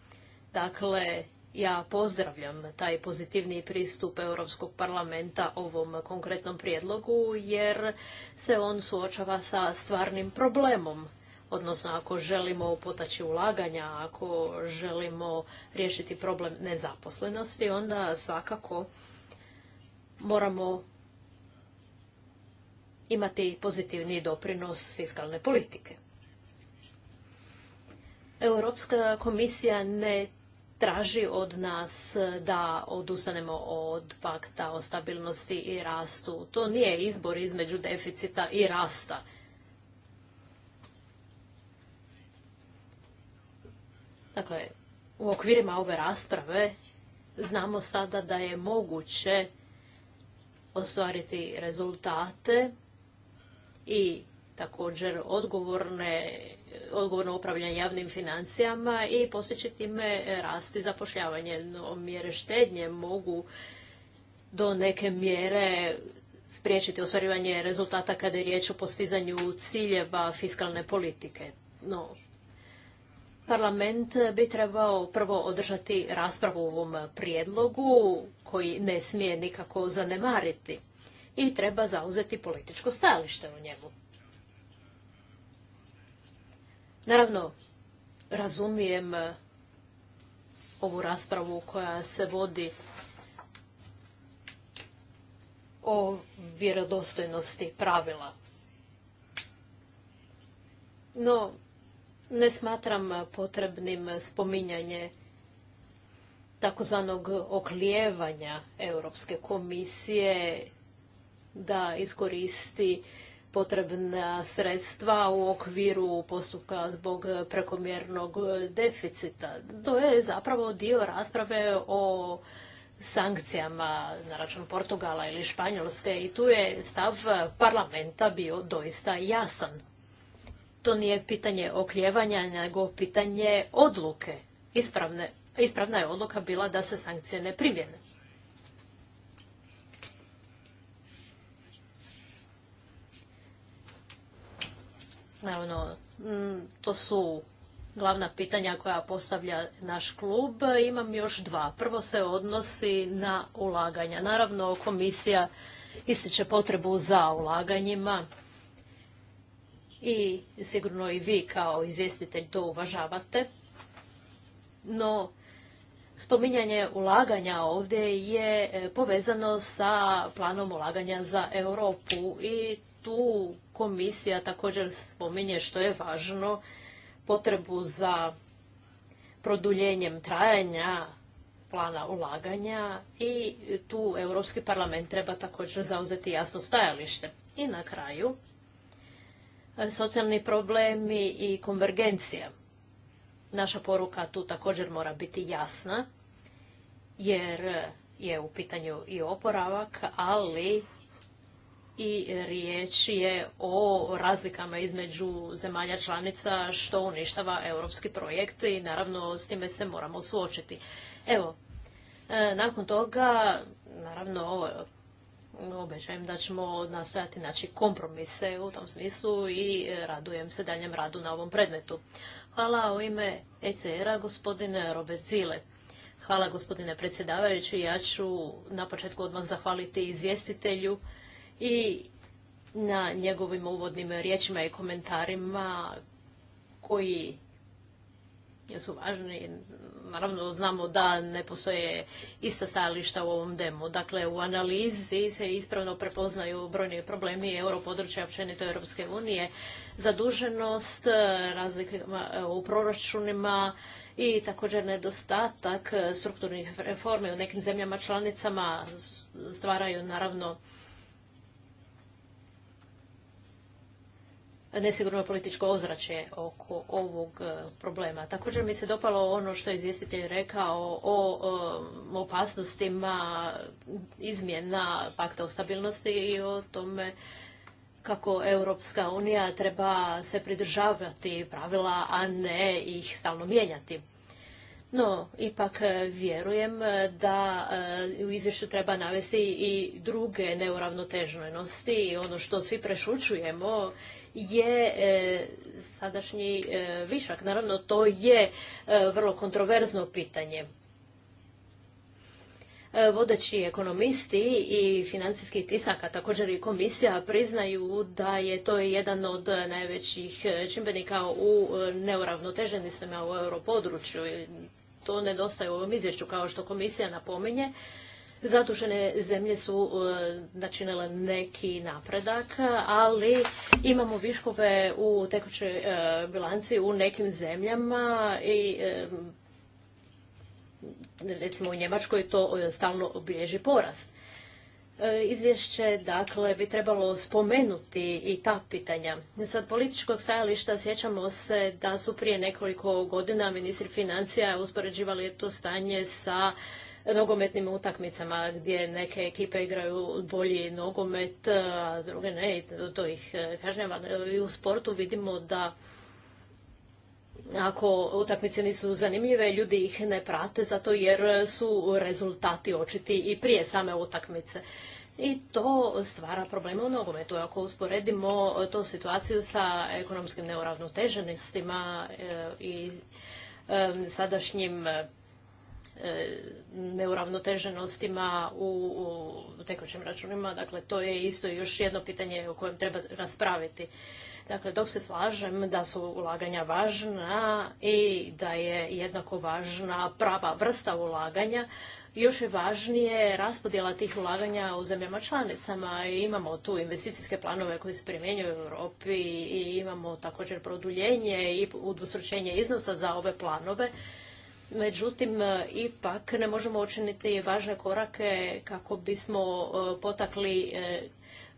Dakle, ja pozdravljam taj pozitivni pristup Europskog parlamenta ovom konkretnom prijedlogu, jer se on suočava sa stvarnim problemom odnosno ako želimo potaći ulaganja, ako želimo riješiti problem nezaposlenosti, onda svakako moramo imati pozitivni doprinos fiskalne politike. Europska komisija ne traži od nas da odustanemo od pakta o stabilnosti i rastu. To nije izbor između deficita i rasta. Dakle, u okvirima ove rasprave znamo sada da je moguće ostvariti rezultate i također odgovorne, odgovorno upravljanje javnim financijama i postići time rasti zapošljavanje. No, mjere štednje mogu do neke mjere spriječiti ostvarivanje rezultata kada je riječ o postizanju ciljeva fiskalne politike. No, Parlament bi trebao prvo održati raspravu o ovom prijedlogu koji ne smije nikako zanemariti i treba zauzeti političko stajalište o njemu. Naravno, razumijem ovu raspravu koja se vodi o vjerodostojnosti pravila. No, ne smatram potrebnim spominjanje takozvanog oklijevanja Europske komisije da iskoristi potrebna sredstva u okviru postupka zbog prekomjernog deficita. To je zapravo dio rasprave o sankcijama na račun Portugala ili Španjolske i tu je stav parlamenta bio doista jasan to nije pitanje okljevanja, nego pitanje odluke. Ispravne, ispravna je odluka bila da se sankcije ne primjene. Naravno, mm, to su glavna pitanja koja postavlja naš klub. Imam još dva. Prvo se odnosi na ulaganja. Naravno, komisija ističe potrebu za ulaganjima i sigurno i vi kao izvjestitelj to uvažavate. No, spominjanje ulaganja ovdje je e, povezano sa planom ulaganja za Europu i tu komisija također spominje što je važno potrebu za produljenjem trajanja plana ulaganja i tu Europski parlament treba također zauzeti jasno stajalište. I na kraju, E, socijalni problemi i konvergencija. Naša poruka tu također mora biti jasna, jer je u pitanju i oporavak, ali i riječ je o razlikama između zemalja članica što uništava europski projekt i naravno s time se moramo suočiti. Evo, e, nakon toga, naravno, obećajem da ćemo nastojati naći kompromise u tom smislu i e, radujem se daljem radu na ovom predmetu. Hvala u ime ECR-a gospodine Robert Zile. Hvala gospodine predsjedavajući. Ja ću na početku odmah zahvaliti izvjestitelju i na njegovim uvodnim riječima i komentarima koji su važni. Naravno, znamo da ne postoje ista stajališta u ovom demu. Dakle, u analizi se ispravno prepoznaju brojni problemi europodručja, općenito Europske unije, zaduženost, razlike u proračunima i također nedostatak strukturnih reformi u nekim zemljama članicama stvaraju naravno nesigurno političko ozračje oko ovog e, problema. Također mi se dopalo ono što je izvjestitelj rekao o, e, opasnostima izmjena pakta o stabilnosti i o tome kako Europska unija treba se pridržavati pravila, a ne ih stalno mijenjati. No, ipak e, vjerujem e, da e, u izvješću treba navesti i druge i Ono što svi prešućujemo je sadašnji višak. Naravno, to je vrlo kontroverzno pitanje. Vodeći ekonomisti i financijski tisak, također i komisija, priznaju da je to jedan od najvećih čimbenika u neuravnoteženistima u europodručju to nedostaje u ovom izvješću, kao što komisija napominje. Zatušene zemlje su e, načinile neki napredak, ali imamo viškove u tekućoj e, bilanci u nekim zemljama i e, recimo u Njemačkoj to stalno obježi porast. E, izvješće dakle bi trebalo spomenuti i ta pitanja. Sa političkog stajališta sjećamo se da su prije nekoliko godina ministri financija uspoređivali to stanje sa nogometnim utakmicama gdje neke ekipe igraju bolji nogomet, a druge ne, to ih kažnjava. I e, u sportu vidimo da ako utakmice nisu zanimljive, ljudi ih ne prate zato jer su rezultati očiti i prije same utakmice. I to stvara probleme u nogometu. Ako usporedimo tu situaciju sa ekonomskim neuravnoteženostima e, i e, sadašnjim e, neuravnoteženostima u tekućim računima, dakle to je isto još jedno pitanje o kojem treba raspraviti. Dakle, dok se slažem da su ulaganja važna i da je jednako važna prava vrsta ulaganja, još je važnije raspodjela tih ulaganja u zemljama članicama. I imamo tu investicijske planove koji se primjenjuju u Europi i imamo također produljenje i udvostručenje iznosa za ove planove. Međutim, ipak ne možemo učiniti važne korake kako bismo e, potakli e,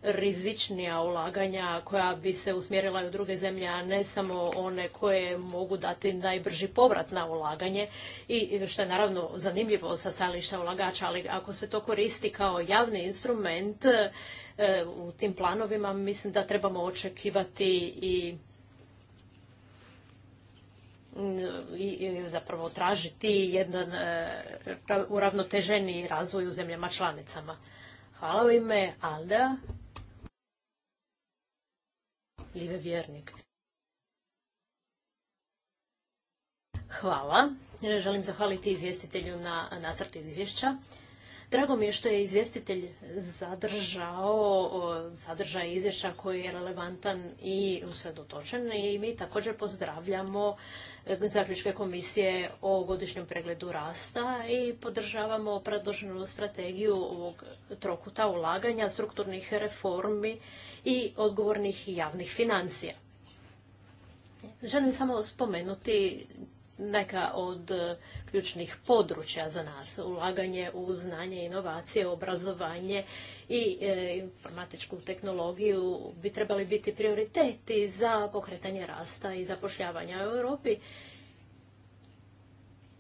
rizičnija ulaganja koja bi se usmjerila u druge zemlje, a ne samo one koje mogu dati najbrži povrat na ulaganje i što je naravno zanimljivo sa stajališta ulagača, ali ako se to koristi kao javni instrument e, u tim planovima, mislim da trebamo očekivati i i zapravo tražiti jedan e, uravnoteženi razvoj u zemljama članicama. Hvala u ime Alda. Live Vjernik. Hvala. Želim zahvaliti izvjestitelju na nacrtu izvješća. Drago mi je što je izvjestitelj zadržao sadržaj izvješća koji je relevantan i usredotočen i mi također pozdravljamo e, zaključke komisije o godišnjem pregledu rasta i podržavamo predloženu strategiju ovog trokuta ulaganja, strukturnih reformi i odgovornih javnih financija. Želim samo spomenuti neka od e, ključnih područja za nas. Ulaganje u znanje, inovacije, obrazovanje i e, informatičku tehnologiju bi trebali biti prioriteti za pokretanje rasta i zapošljavanja u Europi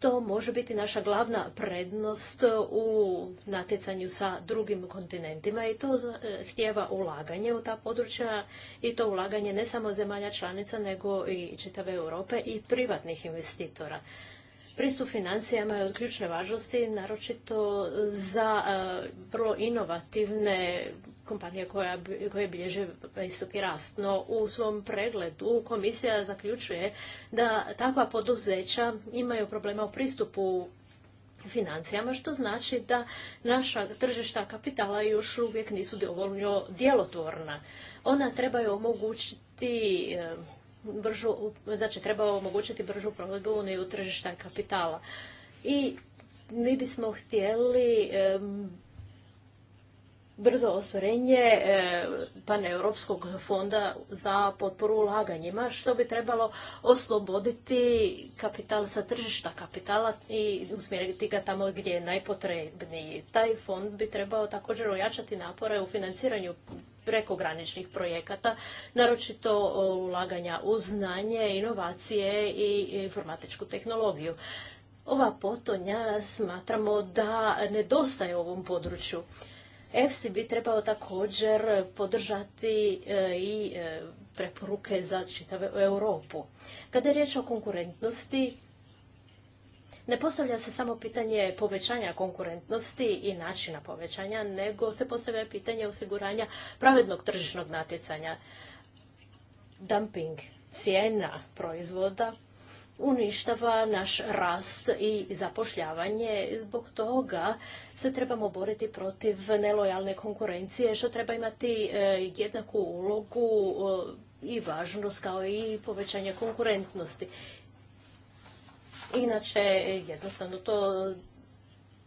to može biti naša glavna prednost e, u natjecanju sa drugim kontinentima i to e, htjeva ulaganje u ta područja i to ulaganje ne samo zemalja članica nego i čitave Europe i privatnih investitora pristup financijama je od ključne važnosti, naročito za e, vrlo inovativne kompanije koje bilježe visoki rast. No, u svom pregledu komisija zaključuje da takva poduzeća imaju problema u pristupu financijama, što znači da naša tržišta kapitala još uvijek nisu dovoljno djelotvorna. Ona trebaju omogućiti e, bržu, znači treba omogućiti bržu provedbu u tržišta kapitala. I mi bismo htjeli brzo ostvarenje e, pane Europskog fonda za potporu ulaganjima, što bi trebalo osloboditi kapital sa tržišta kapitala i usmjeriti ga tamo gdje je najpotrebniji. Taj fond bi trebao također ojačati napore u financiranju prekograničnih projekata, naročito ulaganja u znanje, inovacije i informatičku tehnologiju. Ova potonja smatramo da nedostaje u ovom području. EFSI bi trebao također podržati e, i e, preporuke za čitavu Europu. Kada je riječ o konkurentnosti, ne postavlja se samo pitanje povećanja konkurentnosti i načina povećanja, nego se postavlja pitanje osiguranja pravednog tržišnog natjecanja. Dumping cijena proizvoda uništava naš rast i zapošljavanje. Zbog toga se trebamo boriti protiv nelojalne konkurencije, što treba imati e, jednaku ulogu e, i važnost kao i povećanje konkurentnosti. Inače, jednostavno to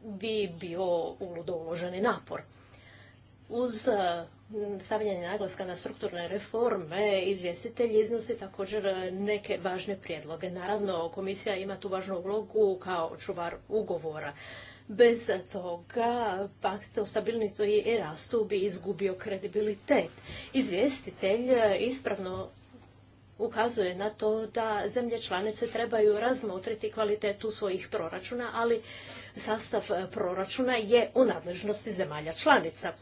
bi bio uludo uloženi napor. Uz eh, stavljanje naglaska na strukturne reforme, izvjestitelj iznosi također neke važne prijedloge. Naravno, komisija ima tu važnu ulogu kao čuvar ugovora. Bez toga pakt o stabilnosti i rastu bi izgubio kredibilitet. Izvjestitelj eh, ispravno ukazuje na to da zemlje članice trebaju razmotriti kvalitetu svojih proračuna, ali sastav e, proračuna je u nadležnosti zemalja članica.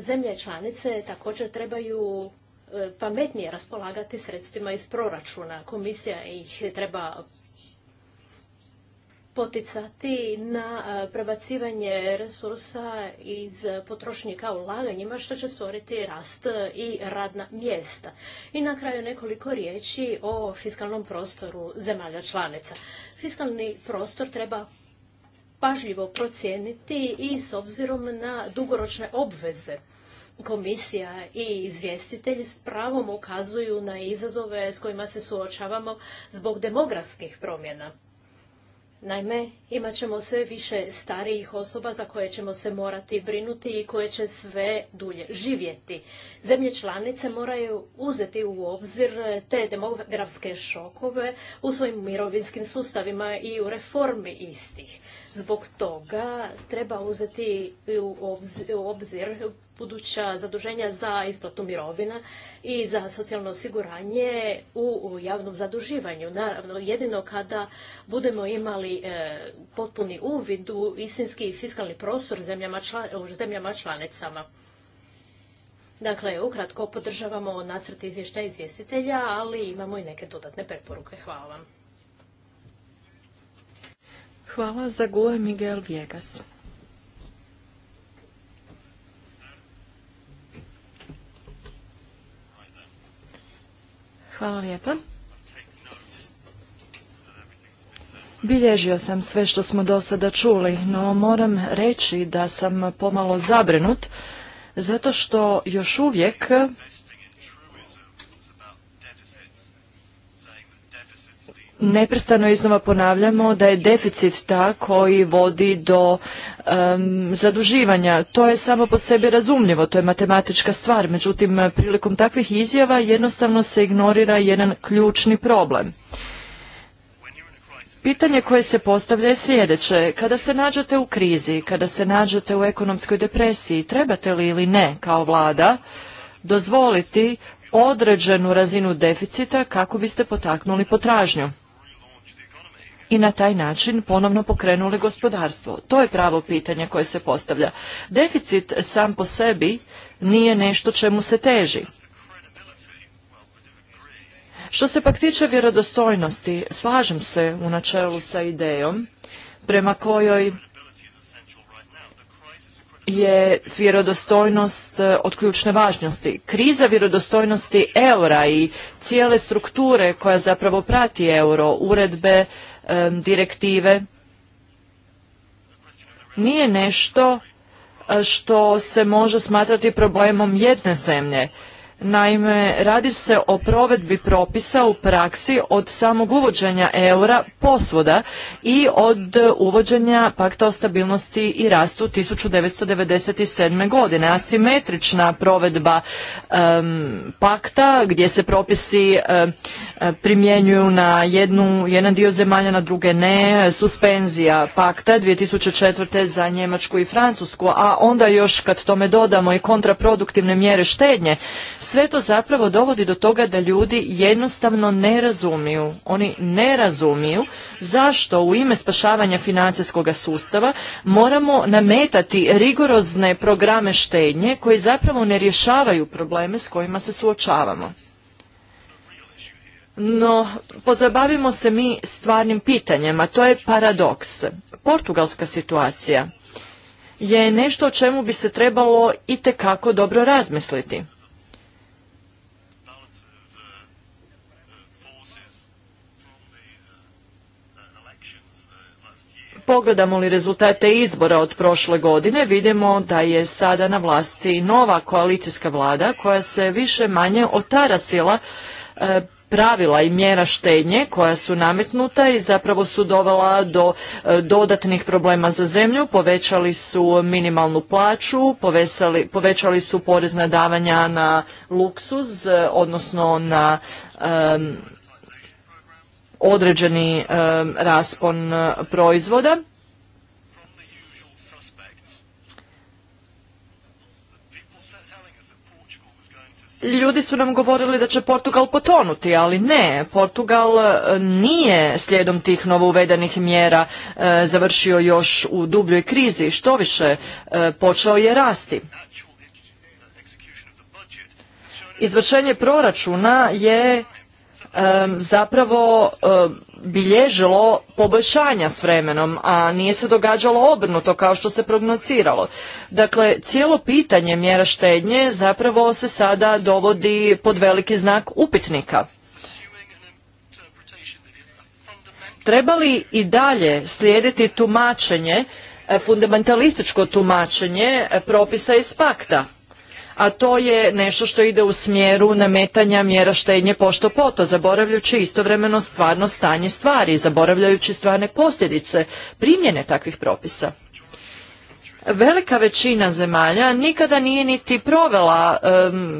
Zemlje članice također trebaju e, pametnije raspolagati sredstvima iz proračuna. Komisija ih treba poticati na e, prebacivanje resursa iz potrošnje ka ulaganjima što će stvoriti rast e, i radna mjesta. I na kraju nekoliko riječi o fiskalnom prostoru zemalja članica. Fiskalni prostor treba pažljivo procijeniti i s obzirom na dugoročne obveze. Komisija i izvjestitelji s pravom ukazuju na izazove s kojima se suočavamo zbog demografskih promjena. Naime, imat ćemo sve više starijih osoba za koje ćemo se morati brinuti i koje će sve dulje živjeti. Zemlje članice moraju uzeti u obzir te demografske šokove u svojim mirovinskim sustavima i u reformi istih. Zbog toga treba uzeti u obzir buduća zaduženja za isplatu mirovina i za socijalno osiguranje u javnom zaduživanju. Naravno, jedino kada budemo imali e, potpuni uvid u istinski fiskalni prostor u zemljama članicama. Dakle, ukratko podržavamo nacrt izvještaja izvjestitelja, ali imamo i neke dodatne preporuke. Hvala vam. Hvala za gole Miguel Viegas. Hvala lijepa. Bilježio sam sve što smo do sada čuli, no moram reći da sam pomalo zabrinut zato što još uvijek neprestano iznova ponavljamo da je deficit ta koji vodi do zaduživanja. To je samo po sebi razumljivo, to je matematička stvar. Međutim, prilikom takvih izjava jednostavno se ignorira jedan ključni problem. Pitanje koje se postavlja je sljedeće. Kada se nađete u krizi, kada se nađete u ekonomskoj depresiji, trebate li ili ne kao vlada dozvoliti određenu razinu deficita kako biste potaknuli potražnju? i na taj način ponovno pokrenuli gospodarstvo? To je pravo pitanje koje se postavlja. Deficit sam po sebi nije nešto čemu se teži. Što se pak tiče vjerodostojnosti, slažem se u načelu sa idejom prema kojoj je vjerodostojnost e, od ključne važnosti. Kriza vjerodostojnosti eura i cijele strukture koja zapravo prati euro, uredbe, direktive nije nešto što se može smatrati problemom jedne zemlje Naime, radi se o provedbi propisa u praksi od samog uvođenja eura posvoda i od uvođenja pakta o stabilnosti i rastu 1997. godine. Asimetrična provedba pakta gdje se propisi primjenjuju na jedan dio zemalja, na druge ne, suspenzija pakta 2004. za Njemačku i Francusku, a onda još kad tome dodamo i kontraproduktivne mjere štednje, sve to zapravo dovodi do toga da ljudi jednostavno ne razumiju. Oni ne razumiju zašto u ime spašavanja financijskog sustava moramo nametati rigorozne programe štednje koji zapravo ne rješavaju probleme s kojima se suočavamo. No, pozabavimo se mi stvarnim pitanjem, a to je paradoks. Portugalska situacija je nešto o čemu bi se trebalo i tekako dobro razmisliti. Pogledamo li rezultate izbora od prošle godine, vidimo da je sada na vlasti nova koalicijska vlada koja se više manje otarasila e, pravila i mjera štednje koja su nametnuta i zapravo su dovela do e, dodatnih problema za zemlju, povećali su minimalnu plaću, povećali su porezna davanja na luksuz, odnosno na određeni e, raspon e, proizvoda. ljudi su nam govorili da će Portugal potonuti, ali ne, Portugal e, nije slijedom tih novo uvedenih mjera završio još u dubljoj krizi, što više počeo je rasti. Izvršenje proračuna je zapravo bilježilo poboljšanja s vremenom, a nije se događalo obrnuto kao što se prognosiralo. Dakle, cijelo pitanje mjera štednje zapravo se sada dovodi pod veliki znak upitnika. Treba li i dalje slijediti tumačenje e, fundamentalističko tumačenje e, propisa iz pakta a to je nešto što ide u smjeru nametanja mjera štednje pošto poto, zaboravljajući istovremeno stvarno stanje stvari, zaboravljajući stvarne posljedice primjene takvih propisa. Velika većina zemalja nikada nije niti provela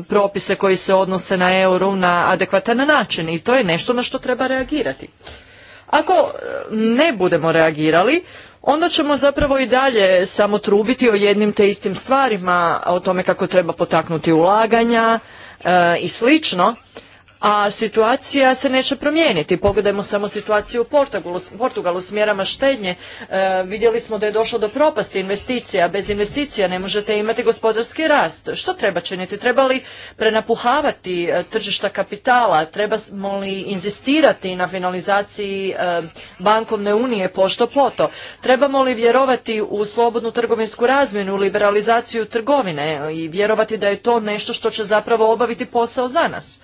propise koji se odnose na euro na adekvatan način i to je nešto na što treba reagirati. Ako ne budemo reagirali, onda ćemo zapravo i dalje samo trubiti o jednim te istim stvarima, o tome kako treba potaknuti ulaganja e, i slično, a situacija se neće promijeniti. Pogledajmo samo situaciju u Portugalu, Portugalu s mjerama štednje. E, vidjeli smo da je došlo do propasti investicija. Bez investicija ne možete imati gospodarski rast. Što treba činiti? Treba li prenapuhavati e, tržišta kapitala? Trebamo li inzistirati na finalizaciji e, bankovne unije pošto poto? Trebamo li vjerovati u slobodnu trgovinsku razmjenu, liberalizaciju trgovine i vjerovati da je to nešto što će zapravo obaviti posao za nas?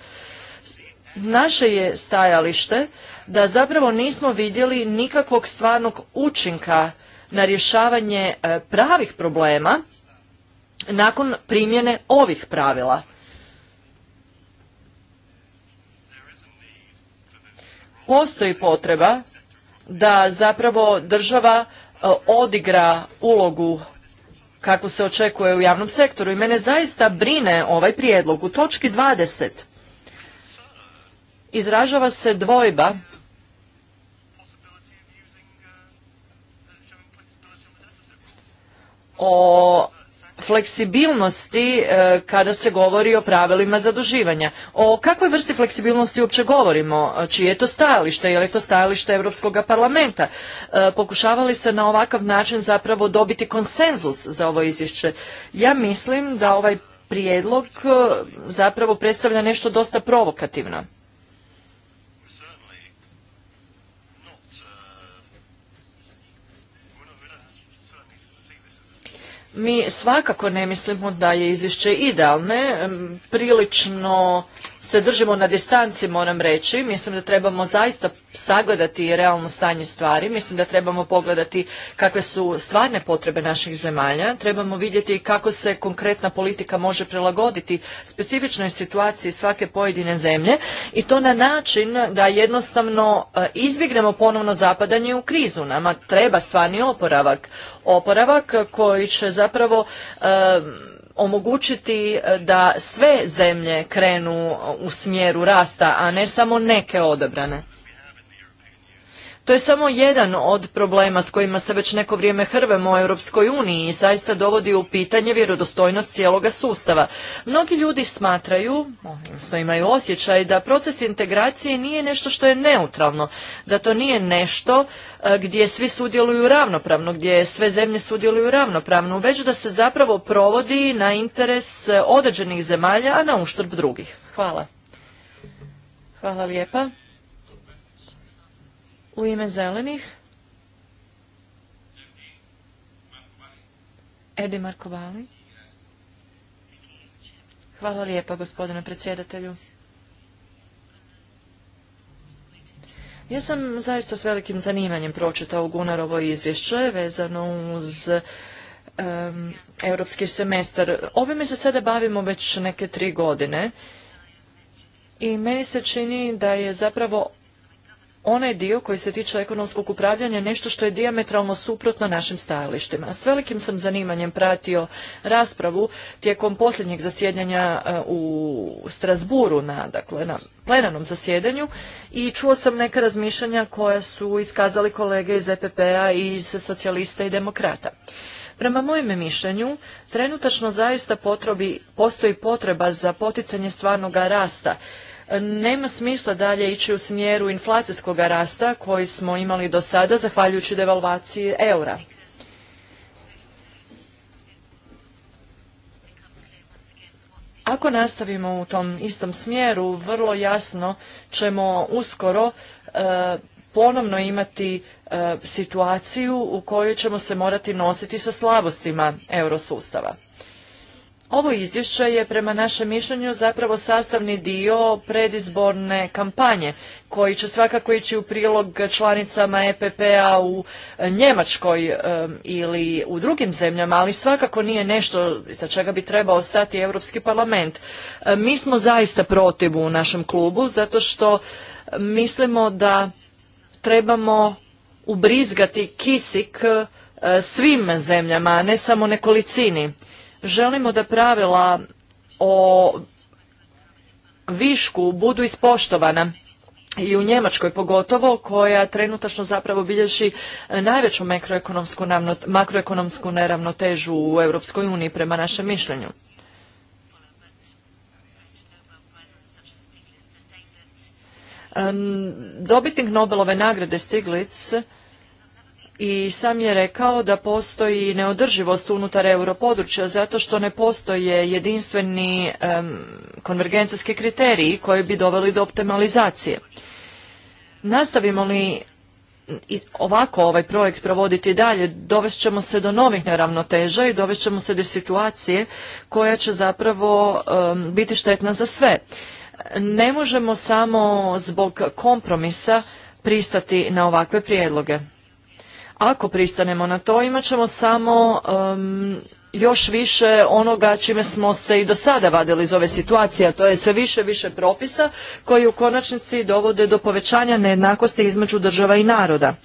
Naše je stajalište da zapravo nismo vidjeli nikakvog stvarnog učinka na rješavanje e, pravih problema nakon primjene ovih pravila. Postoji potreba da zapravo država e, odigra ulogu kako se očekuje u javnom sektoru i mene zaista brine ovaj prijedlog u točki 20 izražava se dvojba o fleksibilnosti e, kada se govori o pravilima zaduživanja. O kakvoj vrsti fleksibilnosti uopće govorimo? Čije je to stajalište? Je li to stajalište Europskog parlamenta? E, pokušavali se na ovakav način zapravo dobiti konsenzus za ovo izvješće. Ja mislim da ovaj prijedlog e, zapravo predstavlja nešto dosta provokativno. Mi svakako ne mislimo da je izvješće idealne, prilično se držimo na distanci, moram reći. Mislim da trebamo zaista sagledati realno stanje stvari. Mislim da trebamo pogledati kakve su stvarne potrebe naših zemalja. Trebamo vidjeti kako se konkretna politika može prilagoditi specifičnoj situaciji svake pojedine zemlje i to na način da jednostavno e, izbjegnemo ponovno zapadanje u krizu. Nama treba stvarni oporavak. Oporavak koji će zapravo e, omogućiti e, da sve zemlje krenu u smjeru rasta, a ne samo neke odabrane. To je samo jedan od problema s kojima se već neko vrijeme hrvemo u Europskoj uniji i zaista dovodi u pitanje vjerodostojnost cijeloga sustava. Mnogi ljudi smatraju, odnosno imaju osjećaj, da proces integracije nije nešto što je neutralno, da to nije nešto e, gdje svi sudjeluju ravnopravno, gdje sve zemlje sudjeluju ravnopravno, već da se zapravo provodi na interes e, određenih zemalja, a na uštrb drugih. Hvala. Hvala lijepa. U ime zelenih. Edi Markovali. Hvala lijepa, gospodine predsjedatelju. Ja sam zaista s velikim zanimanjem pročitao Gunarovo izvješće vezano uz europski semestar. Ovime se sada bavimo već neke tri godine i meni se čini da je zapravo onaj dio koji se tiče ekonomskog upravljanja je nešto što je diametralno suprotno našim stajalištima. S velikim sam zanimanjem pratio raspravu tijekom posljednjeg zasjedanja e, u Strasburu na, dakle, na plenarnom zasjedanju i čuo sam neka razmišljanja koja su iskazali kolege iz EPP-a i iz socijalista i demokrata. Prema mojem mišljenju, trenutačno zaista potrobi postoji potreba za poticanje stvarnog rasta nema smisla dalje ići u smjeru inflacijskog rasta koji smo imali do sada zahvaljujući devalvaciji eura. Ako nastavimo u tom istom smjeru, vrlo jasno ćemo uskoro e, ponovno imati e, situaciju u kojoj ćemo se morati nositi sa slabostima eurosustava. Ovo izvješće je prema našem mišljenju zapravo sastavni dio predizborne kampanje koji će svakako ići u prilog članicama EPP-a u e, Njemačkoj e, ili u drugim zemljama, ali svakako nije nešto za čega bi trebao stati Europski parlament. E, mi smo zaista protiv u našem klubu zato što mislimo da trebamo ubrizgati kisik svim zemljama, a ne samo nekolicini. Želimo da pravila o višku budu ispoštovana i u Njemačkoj pogotovo, koja trenutačno zapravo bilježi e, najveću makroekonomsku, neravnotežu u Europskoj uniji prema našem mišljenju. Dobitnik Nobelove nagrade Stiglitz i sam je rekao da postoji neodrživost unutar europodručja zato što ne postoje jedinstveni konvergencijski kriteriji koji bi doveli do optimalizacije. Nastavimo li ovako ovaj projekt provoditi dalje, dovest ćemo se do novih neravnoteža i dovest ćemo se do situacije koja će zapravo biti štetna za sve. Ne možemo samo zbog kompromisa pristati na ovakve prijedloge. Ako pristanemo na to, imat ćemo samo još više onoga čime smo se i do sada vadili iz ove situacije, a to je sve više više propisa koji u konačnici dovode do povećanja nejednakosti između država i naroda.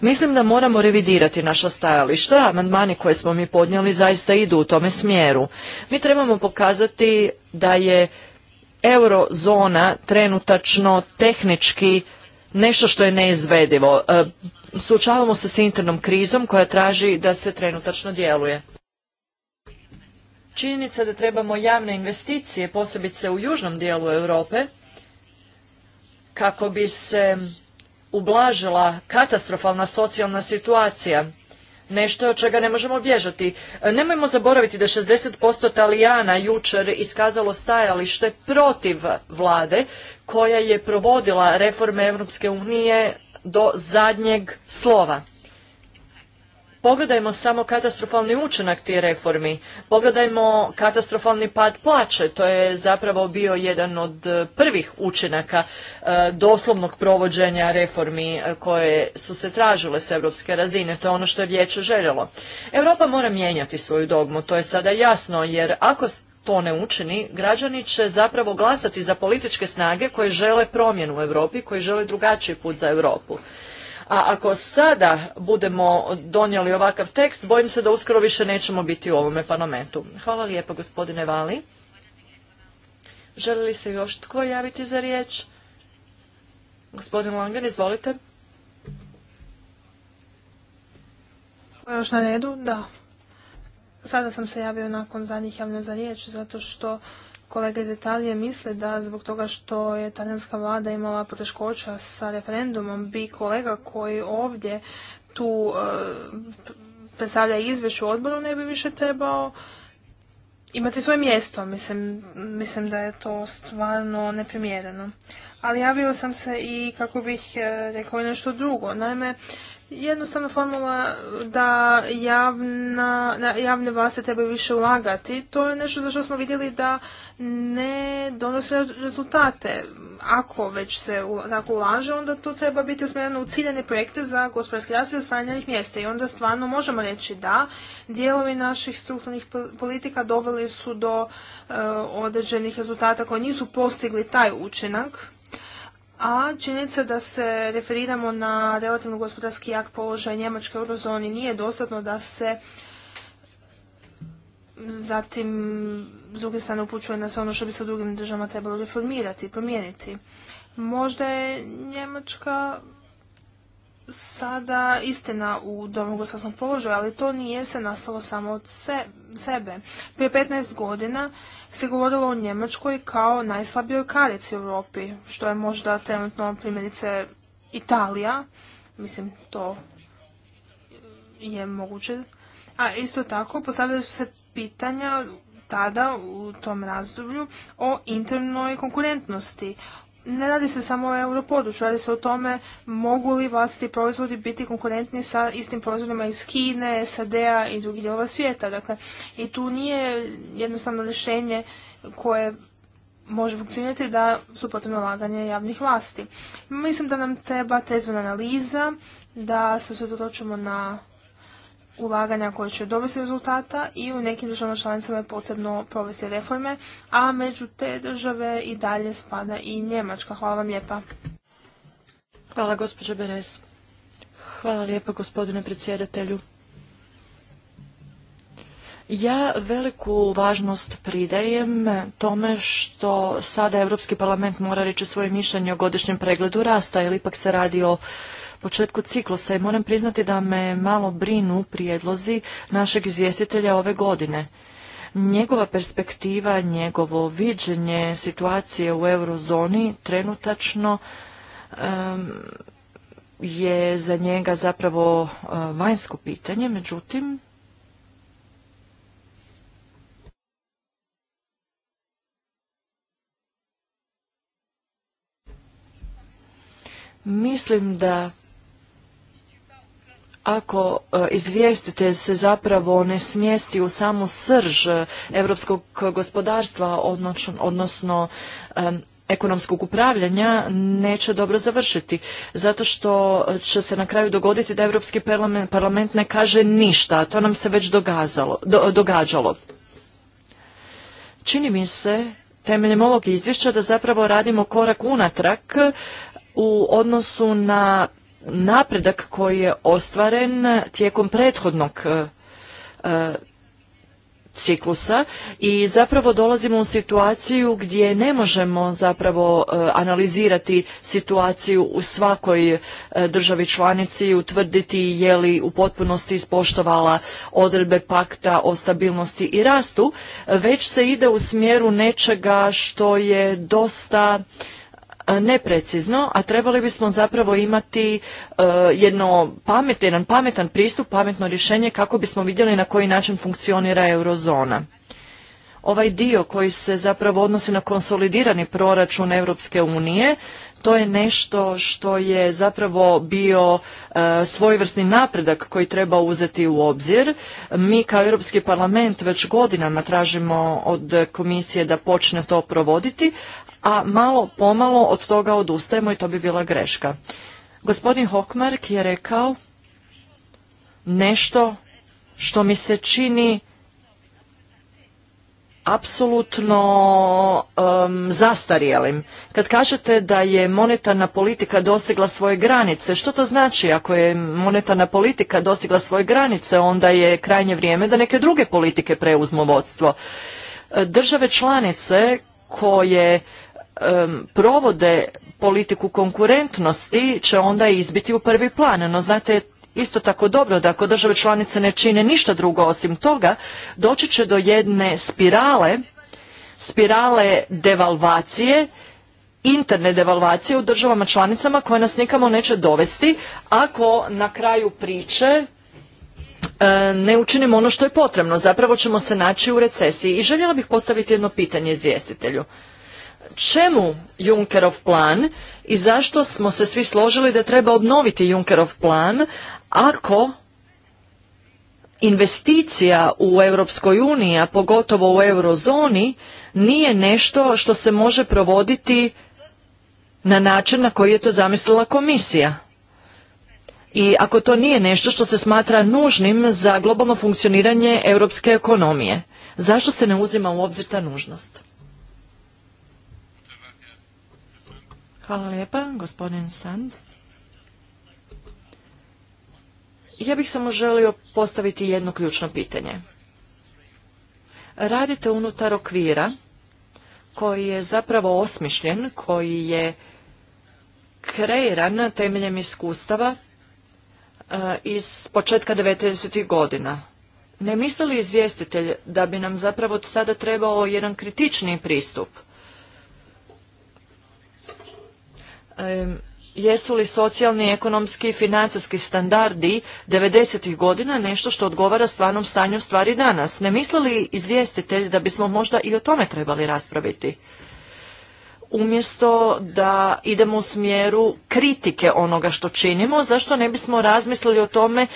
Mislim da moramo revidirati naša stajališta, amandmani koje smo mi podnijeli zaista idu u tome smjeru. Mi trebamo pokazati da je eurozona trenutačno tehnički nešto što je neizvedivo. E, suočavamo se s internom krizom koja traži da se trenutačno djeluje. Činjenica da trebamo javne investicije, posebice u južnom dijelu Europe, kako bi se ublažila katastrofalna socijalna situacija, nešto od čega ne možemo bježati. Nemojmo zaboraviti da 60% Talijana jučer iskazalo stajalište protiv vlade koja je provodila reforme Europske unije do zadnjeg slova. Pogledajmo samo katastrofalni učinak tih reformi. Pogledajmo katastrofalni pad plaće. To je zapravo bio jedan od e, prvih učinaka e, doslovnog provođenja reformi e, koje su se tražile s europske razine. To je ono što je vijeće željelo. Europa mora mijenjati svoju dogmu. To je sada jasno jer ako to ne učini, građani će zapravo glasati za političke snage koje žele promjenu u Europi, koji žele drugačiji put za Europu. A ako sada budemo donijeli ovakav tekst, bojim se da uskoro više nećemo biti u ovome parlamentu. Hvala lijepo gospodine Vali. Želi li se još tko javiti za riječ? Gospodin Langen, izvolite. Još na redu? Da sada sam se javio nakon zadnjih javno za riječ, zato što kolega iz Italije misle da zbog toga što je talijanska vlada imala poteškoća sa referendumom, bi kolega koji ovdje tu eh, predstavlja u odboru ne bi više trebao imati svoje mjesto. Mislim, mislim da je to stvarno neprimjereno. Ali javio sam se i kako bih eh, rekao nešto drugo. Naime, jednostavna formula da javne vlasti trebaju više ulagati, to je nešto za što smo vidjeli da ne donose rezultate. Ako već se tako ulaže, onda to treba biti usmjereno u ciljene projekte za gospodarski rast i mjesta. I onda stvarno možemo reći da dijelovi naših strukturnih politika doveli su do eh, određenih rezultata koji nisu postigli taj učinak a činjenica da se referiramo na relativno gospodarski jak položaj Njemačke u eurozoni nije dostatno da se zatim s druge upućuje na sve ono što bi se u drugim državama trebalo reformirati, promijeniti. Možda je Njemačka sada istina u domu položaju, ali to nije se nastalo samo od sebe. Prije 15 godina se govorilo o Njemačkoj kao najslabijoj karici u Europi, što je možda trenutno primjerice Italija, mislim to je moguće. A isto tako postavljali su se pitanja tada u tom razdoblju o internoj konkurentnosti, ne radi se samo o europodručju, radi se o tome mogu li vlastiti proizvodi biti konkurentni sa istim proizvodima iz Kine, SAD-a i drugih dijelova svijeta. Dakle, i tu nije jednostavno rješenje koje može funkcionirati da su potrebno laganje javnih vlasti. Mislim da nam treba trezvena analiza, da se usredotočimo na ulaganja koje će dovesti rezultata i u nekim državama članicama je potrebno provesti reforme, a među te države i dalje spada i Njemačka. Hvala vam lijepa. Hvala gospođo Beres. Hvala lijepa gospodine predsjedatelju. Ja veliku važnost pridajem tome što sada Europski parlament mora reći svoje mišljenje o godišnjem pregledu rasta, jer ipak se radi o početku ciklusa i moram priznati da me malo brinu prijedlozi našeg izvjestitelja ove godine. Njegova perspektiva, njegovo viđenje situacije u eurozoni trenutačno je za njega zapravo e, vanjsko pitanje, međutim, Mislim da ako e, izvijestite se zapravo ne smjesti u samu srž europskog gospodarstva, odnosno e, ekonomskog upravljanja neće dobro završiti zato što će se na kraju dogoditi da Europski parlament, ne kaže ništa, a to nam se već događalo. Čini mi se temeljem ovog izvješća da zapravo radimo korak unatrag u odnosu na napredak koji je ostvaren tijekom prethodnog e, e, ciklusa i zapravo dolazimo u situaciju gdje ne možemo zapravo e, analizirati situaciju u svakoj državi članici i utvrditi je li u potpunosti ispoštovala odredbe pakta o stabilnosti i rastu, već se ide u smjeru nečega što je dosta neprecizno, a trebali bismo zapravo imati e, jedno pamet, jedan pametan pristup, pametno rješenje kako bismo vidjeli na koji način funkcionira eurozona. Ovaj dio koji se zapravo odnosi na konsolidirani proračun Europske unije, to je nešto što je zapravo bio e, svojevrsni napredak koji treba uzeti u obzir. Mi kao Europski parlament već godinama tražimo od komisije da počne to provoditi, a malo pomalo od toga odustajemo i to bi bila greška. Gospodin Hokmark je rekao nešto što mi se čini apsolutno um, zastarjelim. Kad kažete da je monetarna politika dostigla svoje granice, što to znači? Ako je monetarna politika dostigla svoje granice, onda je krajnje vrijeme da neke druge politike preuzmu vodstvo. Države članice koje provode politiku konkurentnosti će onda izbiti u prvi plan. No znate, isto tako dobro da ako države članice ne čine ništa drugo osim toga, doći će do jedne spirale, spirale devalvacije, interne devalvacije u državama članicama koje nas nikamo neće dovesti ako na kraju priče e, ne učinimo ono što je potrebno. Zapravo ćemo se naći u recesiji. I željela bih postaviti jedno pitanje izvjestitelju čemu Junkerov plan i zašto smo se svi složili da treba obnoviti Junkerov plan ako investicija u Europskoj uniji, a pogotovo u eurozoni, nije nešto što se može provoditi na način na koji je to zamislila komisija. I ako to nije nešto što se smatra nužnim za globalno funkcioniranje europske ekonomije, zašto se ne uzima u obzir ta nužnost? Hvala lijepa, gospodin Sand. Ja bih samo želio postaviti jedno ključno pitanje. Radite unutar okvira koji je zapravo osmišljen, koji je kreiran temeljem iskustava e, iz početka 90. godina. Ne misli li izvjestitelj da bi nam zapravo od sada trebao jedan kritični pristup? jesu li socijalni, ekonomski i financijski standardi 90. godina nešto što odgovara stvarnom stanju stvari danas. Ne misli li izvjestitelj da bismo možda i o tome trebali raspraviti? umjesto da idemo u smjeru kritike onoga što činimo, zašto ne bismo razmislili o tome e,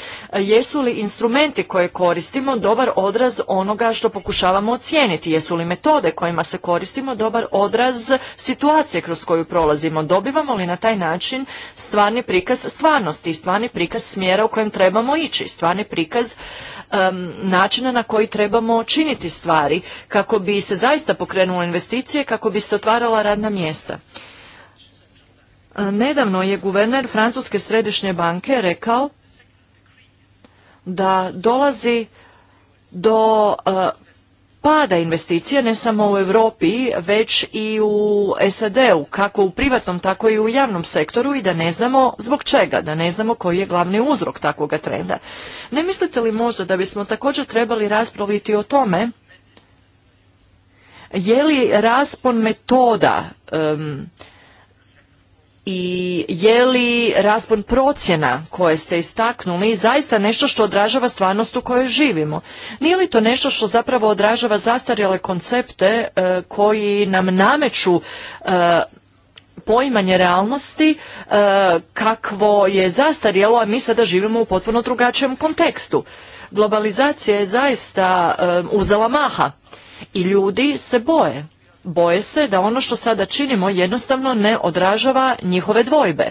jesu li instrumenti koje koristimo dobar odraz onoga što pokušavamo ocijeniti, jesu li metode kojima se koristimo dobar odraz situacije kroz koju prolazimo, dobivamo li na taj način stvarni prikaz stvarnosti i stvarni prikaz smjera u kojem trebamo ići, stvarni prikaz načina na koji trebamo činiti stvari kako bi se zaista pokrenule investicije, kako bi se otvarala radna radna mjesta. E, nedavno je guverner Francuske središnje banke rekao da dolazi do e, pada investicija ne samo u Europi već i u SAD-u, kako u privatnom tako i u javnom sektoru i da ne znamo zbog čega, da ne znamo koji je glavni uzrok takvog trenda. Ne mislite li možda da bismo također trebali raspraviti o tome je li raspon metoda i je li raspon procjena koje ste istaknuli zaista nešto što odražava stvarnost u kojoj živimo? Nije li to nešto što zapravo odražava zastarjele koncepte e, koji nam nameću e, poimanje realnosti e, kakvo je zastarjelo, a mi sada živimo u potpuno drugačijem kontekstu? Globalizacija je zaista uzela maha i ljudi se boje. Boje se da ono što sada činimo jednostavno ne odražava njihove dvojbe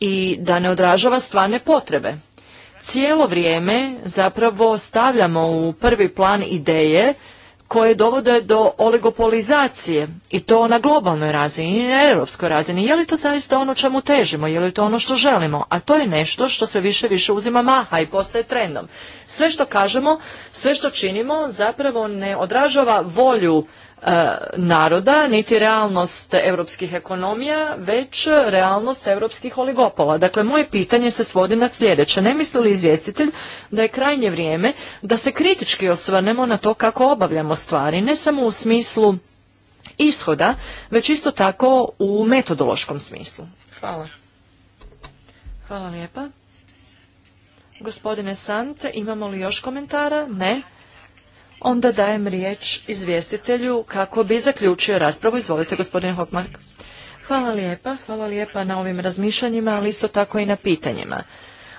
i da ne odražava stvarne potrebe. Cijelo vrijeme zapravo stavljamo u prvi plan ideje koje dovode do oligopolizacije i to na globalnoj razini i na europskoj razini. Je li to zaista ono čemu težimo? Je li to ono što želimo? A to je nešto što sve više više uzima maha i postaje trendom. Sve što kažemo, sve što činimo zapravo ne odražava volju E, naroda, niti realnost europskih ekonomija, već realnost europskih oligopola. Dakle, moje pitanje se svodi na sljedeće. Ne misli li izvjestitelj da je krajnje vrijeme da se kritički osvrnemo na to kako obavljamo stvari, ne samo u smislu ishoda, već isto tako u metodološkom smislu. Hvala. Hvala lijepa. Gospodine Sant, imamo li još komentara? Ne onda dajem riječ izvjestitelju kako bi zaključio raspravu. Izvolite, gospodine Hokmark. Hvala lijepa, hvala lijepa na ovim razmišljanjima, ali isto tako i na pitanjima.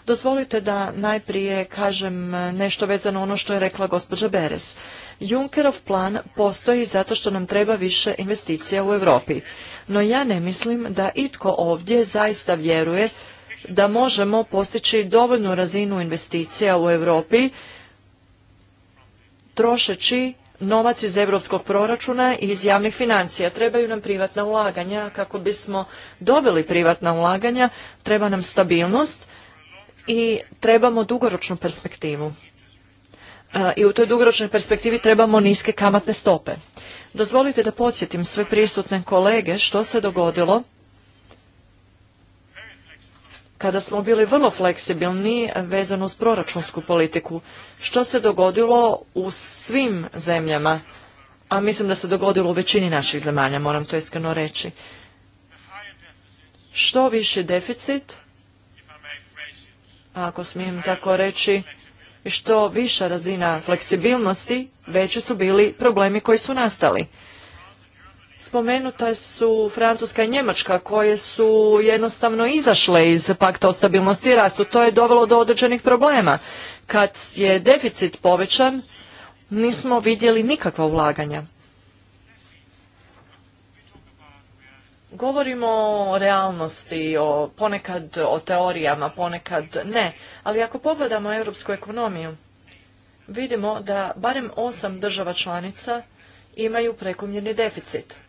Dozvolite da najprije kažem nešto vezano ono što je rekla gospođa Beres. Junkerov plan postoji zato što nam treba više investicija u Europi, no ja ne mislim da itko ovdje zaista vjeruje da možemo postići dovoljnu razinu investicija u Europi trošeći novac iz europskog proračuna i iz javnih financija. Trebaju nam privatna ulaganja. Kako bismo dobili privatna ulaganja, treba nam stabilnost i trebamo dugoročnu perspektivu. E, I u toj dugoročnoj perspektivi trebamo niske kamatne stope. Dozvolite da podsjetim sve prisutne kolege što se dogodilo kada smo bili vrlo fleksibilni vezano uz proračunsku politiku. Što se dogodilo u svim zemljama, a mislim da se dogodilo u većini naših zemalja, moram to iskreno reći. Što više deficit, ako smijem tako reći, što viša razina fleksibilnosti, veći su bili problemi koji su nastali. Spomenuta su Francuska i Njemačka koje su jednostavno izašle iz pakta o stabilnosti i rastu. To je dovelo do određenih problema. Kad je deficit povećan, nismo vidjeli nikakva ulaganja. Govorimo o realnosti, o, ponekad o teorijama, ponekad ne, ali ako pogledamo europsku ekonomiju, vidimo da barem osam država članica imaju prekomjerni deficit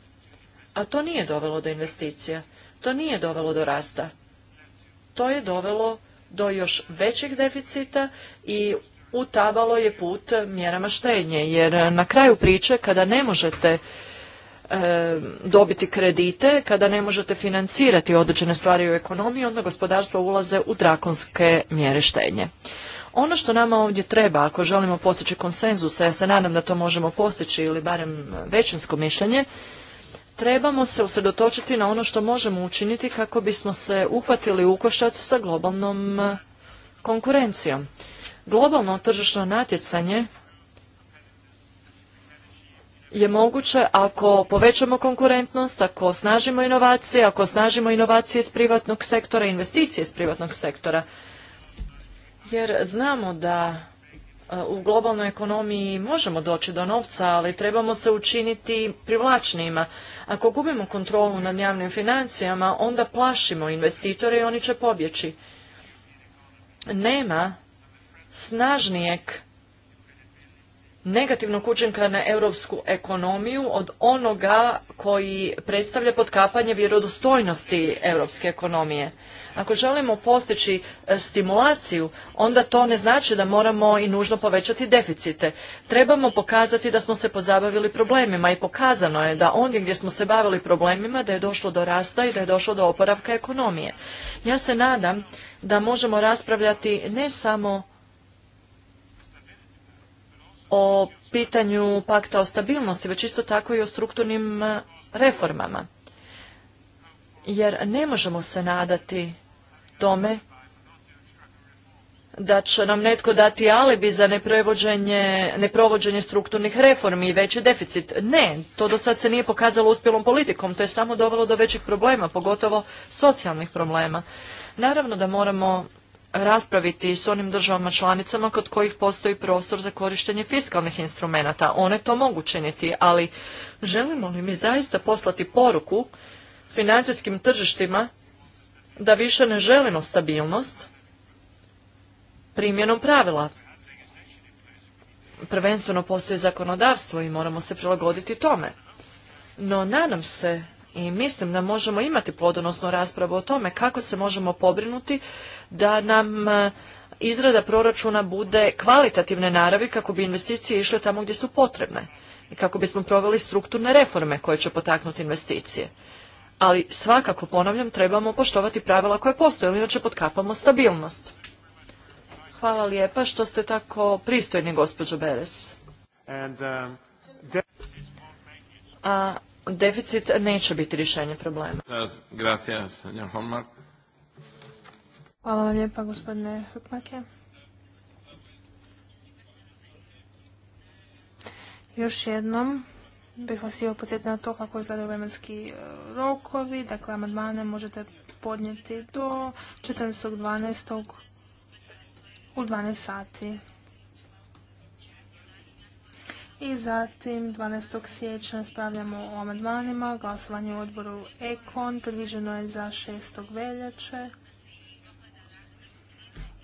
a to nije dovelo do investicija, to nije dovelo do rasta. To je dovelo do još većeg deficita i utabalo je put mjerama štednje, jer na kraju priče kada ne možete e, dobiti kredite, kada ne možete financirati određene stvari u ekonomiji, onda gospodarstvo ulaze u drakonske mjere štednje. Ono što nama ovdje treba, ako želimo postići konsenzus, a ja se nadam da to možemo postići ili barem većinsko mišljenje, trebamo se usredotočiti na ono što možemo učiniti kako bismo se uhvatili u košac sa globalnom e, konkurencijom. Globalno tržišno natjecanje je moguće ako povećamo konkurentnost, ako snažimo inovacije, ako osnažimo inovacije iz privatnog sektora, investicije iz privatnog sektora. Jer znamo da E, u globalnoj ekonomiji možemo doći do novca, ali trebamo se učiniti privlačnijima. Ako gubimo kontrolu nad javnim financijama, onda plašimo investitore i oni će pobjeći. Nema snažnijeg negativnog učinka na europsku ekonomiju od onoga koji predstavlja potkapanje vjerodostojnosti europske ekonomije. Ako želimo postići e, stimulaciju, onda to ne znači da moramo i nužno povećati deficite. Trebamo pokazati da smo se pozabavili problemima i pokazano je da ondje gdje smo se bavili problemima da je došlo do rasta i da je došlo do oporavka ekonomije. Ja se nadam da možemo raspravljati ne samo o pitanju pakta o stabilnosti, već isto tako i o strukturnim e, reformama. Jer ne možemo se nadati tome da će nam netko dati alibi za neprovođenje, strukturnih reformi i veći deficit. Ne, to do sad se nije pokazalo uspjelom politikom, to je samo dovelo do većih problema, pogotovo socijalnih problema. Naravno da moramo raspraviti s onim državama članicama kod kojih postoji prostor za korištenje fiskalnih instrumenata. One to mogu činiti, ali želimo li mi zaista poslati poruku financijskim tržištima da više ne želimo stabilnost primjenom pravila? Prvenstveno postoji zakonodavstvo i moramo se prilagoditi tome. No nadam se i mislim da možemo imati plodonosnu raspravu o tome kako se možemo pobrinuti da nam e, izrada proračuna bude kvalitativne naravi kako bi investicije išle tamo gdje su potrebne i kako bismo proveli strukturne reforme koje će potaknuti investicije. Ali svakako, ponavljam, trebamo poštovati pravila koje postoje, ili inače potkapamo stabilnost. Hvala lijepa što ste tako pristojni, gospođo Beres. Um, A deficit neće biti rješenje problema. Hvala vam lijepa, gospodine Hrknake. Još jednom bih vas i podsjetiti na to kako izgledaju vremenski e, rokovi. Dakle, amandmane možete podnijeti do 14.12. u 12 sati. I zatim 12. siječnja raspravljamo o amandmanima. Glasovanje u odboru Ekon predviđeno je za 6. veljače.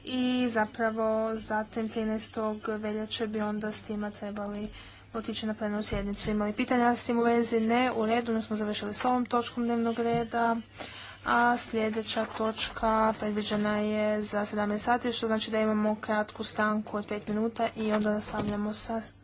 I zapravo zatim 13. veljače bi onda s tima trebali otići na plenu sjednicu. Imali pitanja s tim u vezi? Ne, u redu, no smo završili s ovom točkom dnevnog reda. A sljedeća točka predviđena je za 17 sati, što znači da imamo kratku stanku od 5 minuta i onda nastavljamo sa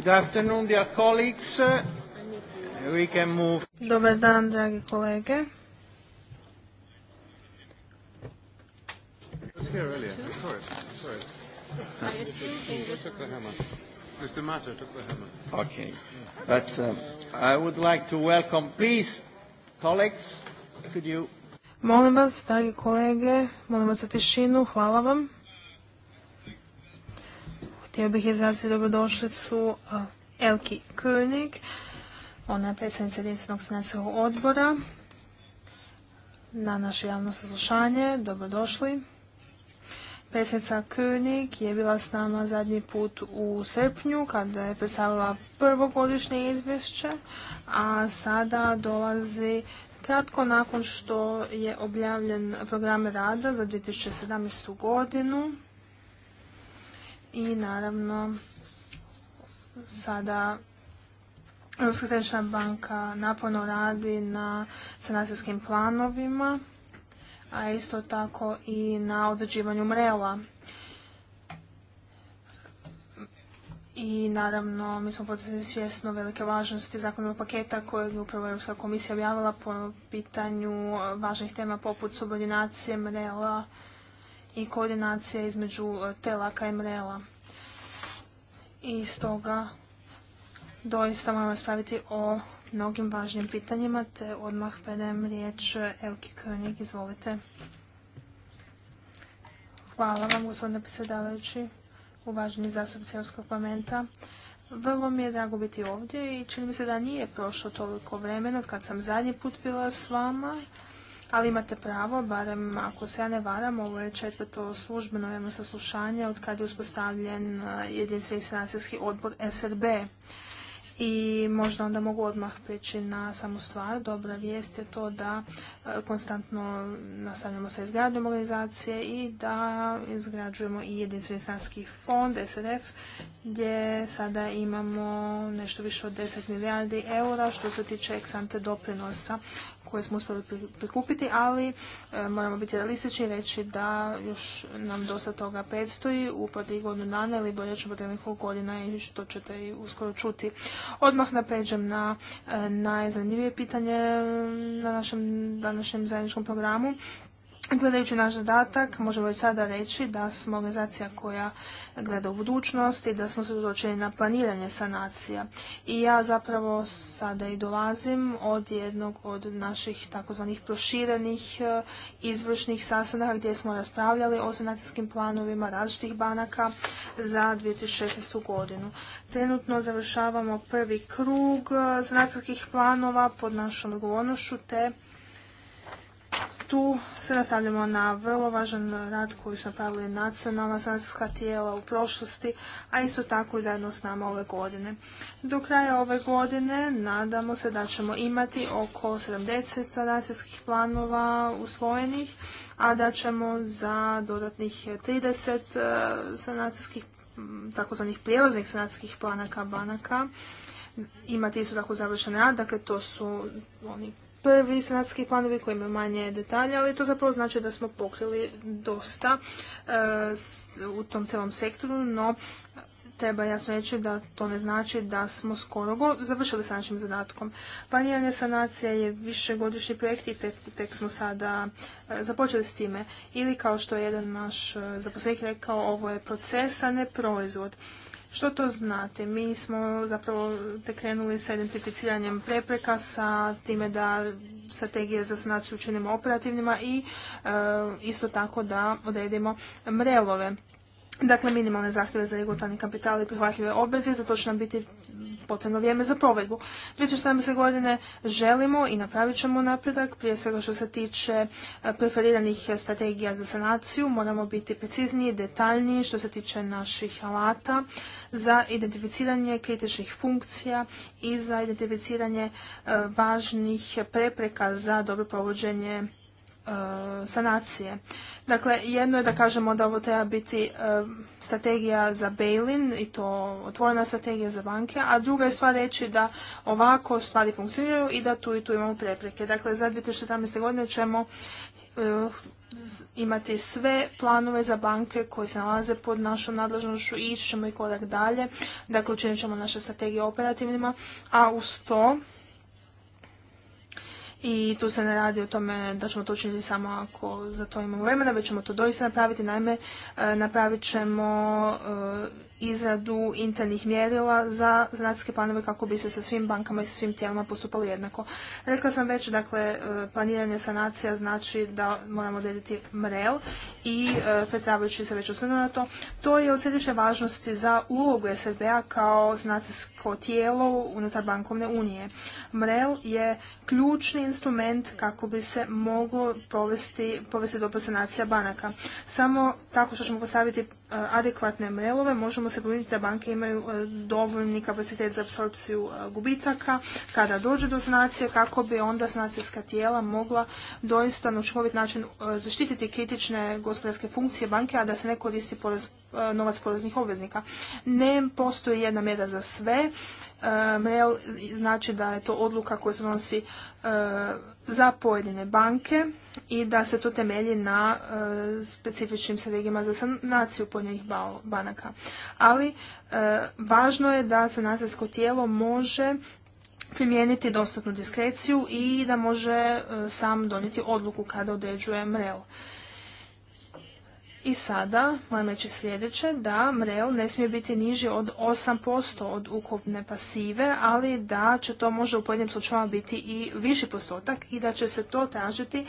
Good afternoon, dear colleagues. We can move. Dobar dan, dragi kolege. Mr. Mato took the hammer. Okay. But um, I would like to welcome, please, colleagues, could you... Molim vas, dragi kolege, molim vas za tišinu, hvala vam. Htio bih dobrodošli dobrodošlicu Elki König, ona je predsjednica jedinstvenog sanacijskog odbora na naše javno saslušanje. Dobrodošli. Predsjednica König je bila s nama zadnji put u srpnju kada je predstavila prvogodišnje izvješće, a sada dolazi kratko nakon što je objavljen program rada za 2017. godinu i naravno sada Europska središnja banka naporno radi na sanacijskim planovima, a isto tako i na određivanju mrela. I naravno, mi smo potrebni svjesno velike važnosti zakonovog paketa kojeg je upravo Europska komisija objavila po pitanju važnih tema poput subordinacije, mrela, i koordinacija između e, telaka i mrela. I stoga doista moramo raspraviti o mnogim važnim pitanjima, te odmah predajem riječ e, Elki krnjeg izvolite. Hvala vam, gospodine predsjedavajući, uvaženi zastupnici Europskog parlamenta. Vrlo mi je drago biti ovdje i čini mi se da nije prošlo toliko vremena od kad sam zadnji put bila s vama ali imate pravo, barem ako se ja ne varam, ovo je četvrto službeno javno saslušanje od kada je uspostavljen e, jedinstveni sanacijski odbor SRB. I možda onda mogu odmah prići na samu stvar. Dobra vijest je to da e, konstantno nastavljamo sa izgradnjom organizacije i da izgrađujemo i jedinstveni sanacijski fond, SRF, gdje sada imamo nešto više od 10 milijardi eura što se tiče eksante doprinosa koje smo uspjeli prikupiti, ali e, moramo biti realistični i reći da još nam dosta toga predstoji u protiv godinu dana ili bolje ću protiv godina i što ćete i uskoro čuti. Odmah napređem na e, najzanimljivije pitanje na našem današnjem zajedničkom programu. Gledajući naš zadatak, možemo već sada reći da smo organizacija koja gleda u budućnost i da smo se odločili na planiranje sanacija. I ja zapravo sada i dolazim od jednog od naših takozvanih proširenih e, izvršnih sastanaka gdje smo raspravljali o sanacijskim planovima različitih banaka za 2016. godinu. Trenutno završavamo prvi krug e, sanacijskih planova pod našom odgovornošću te tu se nastavljamo na vrlo važan rad koji su napravili nacionalna sanacijska tijela u prošlosti, a isto tako i zajedno s nama ove godine. Do kraja ove godine nadamo se da ćemo imati oko 70 sanacijskih planova usvojenih, a da ćemo za dodatnih 30 e, sanacijskih, takozvanih prijelaznih sanacijskih planaka banaka imati isto tako završen rad, dakle to su oni prvi sanacijski planovi koji imaju manje detalja, ali to zapravo znači da smo pokrili dosta e, u tom celom sektoru, no treba jasno reći da to ne znači da smo skoro go završili sa našim zadatkom. Planiranje sanacija je višegodišnji projekt i tek, tek smo sada e, započeli s time. Ili kao što je jedan naš e, zaposlenik rekao, ovo je proces, a ne proizvod. Što to znate? Mi smo zapravo te krenuli sa identificiranjem prepreka, sa time da strategije za sanaciju učinimo operativnima i e, isto tako da odredimo mrelove Dakle, minimalne zahtjeve za regulatorni kapital i prihvatljive obveze, zato će nam biti potrebno vrijeme za provedbu. 2017. godine želimo i napravit ćemo napredak, prije svega što se tiče eh, preferiranih strategija za sanaciju, moramo biti precizniji, detaljniji što se tiče naših alata za identificiranje kritičnih funkcija i za identificiranje eh, važnih prepreka za dobro provođenje E, sanacije. Dakle, jedno je da kažemo da ovo treba biti e, strategija za bail-in i to otvorena strategija za banke, a druga je sva reći da ovako stvari funkcioniraju i da tu i tu imamo prepreke. Dakle, za 2017. godine ćemo e, imati sve planove za banke koji se nalaze pod našom nadležnošću i ići ćemo i korak dalje. Dakle, učinit ćemo naše strategije operativnima, a uz to i tu se ne radi o tome da ćemo to učiniti samo ako za to imamo vremena, već ćemo to doista napraviti. Naime, e, napravit ćemo e, izradu internih mjerila za sanacijske planove kako bi se sa svim bankama i sa svim tijelima postupalo jednako. Rekla sam već, dakle, e, planiranje sanacija znači da moramo odrediti MREL i predstavljajući se već osvrnuo na to. To je od središnje važnosti za ulogu SRB-a kao sanacijsko tijelo unutar bankovne unije. MREL je ključni instrument kako bi se moglo povesti, povesti dobro sanacija banaka. Samo tako što ćemo postaviti e, adekvatne mailove možemo se poviniti da banke imaju e, dovoljni kapacitet za apsorpciju e, gubitaka kada dođe do sanacije kako bi onda sanacijska tijela mogla doista na učinkovit način zaštititi kritične gospodarske funkcije banke, a da se ne koristi novac poreznih obveznika. Ne postoji jedna meda za sve E, mail znači da je to odluka koja se donosi e, za pojedine banke i da se to temelji na e, specifičnim strategijama za sanaciju pojedinih banaka. Ali važno je da sanacijsko tijelo može primijeniti dostatnu diskreciju i da može sam donijeti odluku kada određuje MREL. I sada moram reći sljedeće, da MREL ne smije biti niži od 8% od ukupne pasive, ali da će to možda u pojedinim slučajevima biti i viši postotak i da će se to tražiti e,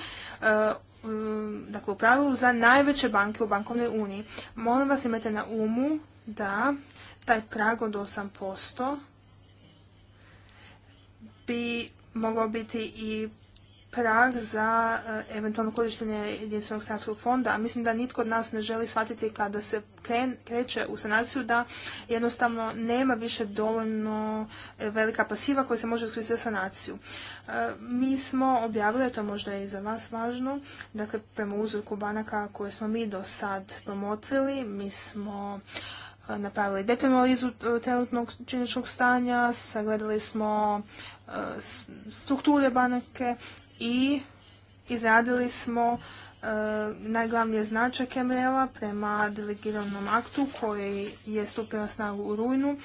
mm, dakle, u pravilu za najveće banke u bankovnoj uniji. Molim vas imajte na umu da taj prag od 8% bi mogao biti i prag za e, eventualno korištenje jedinstvenog sanacijskog fonda, a mislim da nitko od nas ne želi shvatiti kada se kreće u sanaciju da jednostavno nema više dovoljno e, velika pasiva koja se može iskoristiti za sanaciju. E, mi smo objavili, to je možda i za vas važno, dakle prema uzorku banaka koje smo mi do sad promotrili, mi smo napravili detaljnu trenutnog činjeničnog stanja, sagledali smo strukture banake i izradili smo eh, najglavnije značake a prema delegiranom aktu koji je stupio na snagu u rujnu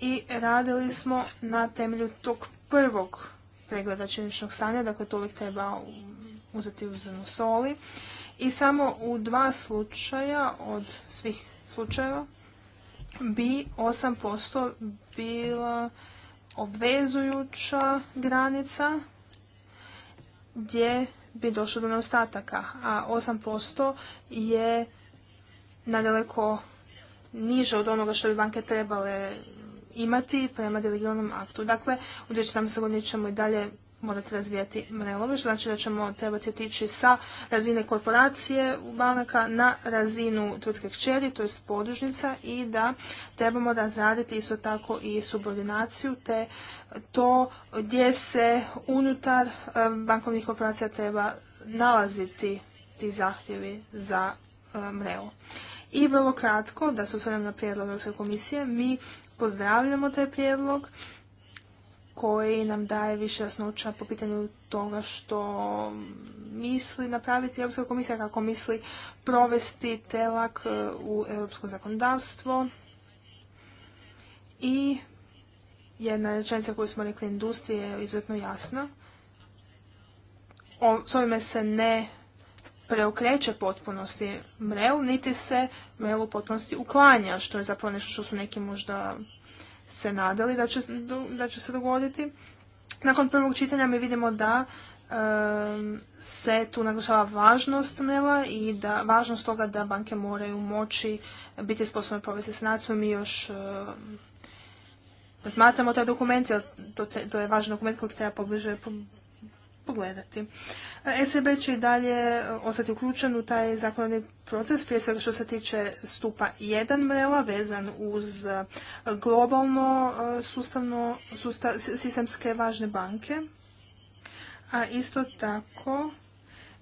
i radili smo na temelju tog prvog pregleda činičnog stanja, dakle to uvijek treba uzeti zrnu soli. I samo u dva slučaja od svih slučajeva bi 8% bila obvezujuća granica gdje bi došlo do neostataka, a 8% je nadaleko niže od onoga što bi banke trebale imati prema delegiranom aktu. Dakle, u 2017. godini ćemo i dalje morati razvijati mrelove, znači da ćemo trebati otići sa razine korporacije banaka na razinu tvrtke kćeri, to je podružnica i da trebamo razraditi isto tako i subordinaciju te to gdje se unutar e, bankovnih korporacija treba nalaziti ti zahtjevi za e, Mrelo. I vrlo kratko, da se osvrnem na prijedlog Europske komisije, mi pozdravljamo taj prijedlog koji nam daje više jasnoća po pitanju toga što misli napraviti Europska komisija, kako misli provesti telak e, u europsko zakonodavstvo. I jedna rečenica koju smo rekli industrije je izuzetno jasna. s ovime se ne preokreće potpunosti mrel, niti se mrel u potpunosti uklanja, što je zapravo nešto što su neki možda se nadali da će, da će se dogoditi. Nakon prvog čitanja mi vidimo da se tu naglašava važnost mela i da važnost toga da banke moraju moći biti sposobne provesti sanaciju. Mi još smatramo taj dokument, jer to, to je važan dokument koji treba pobliže pogledati. ECB e će i dalje e, ostati uključen u taj zakonodavni proces, prije svega što se tiče stupa 1 mrela vezan uz e, globalno sustavno, sistemske važne banke. A isto tako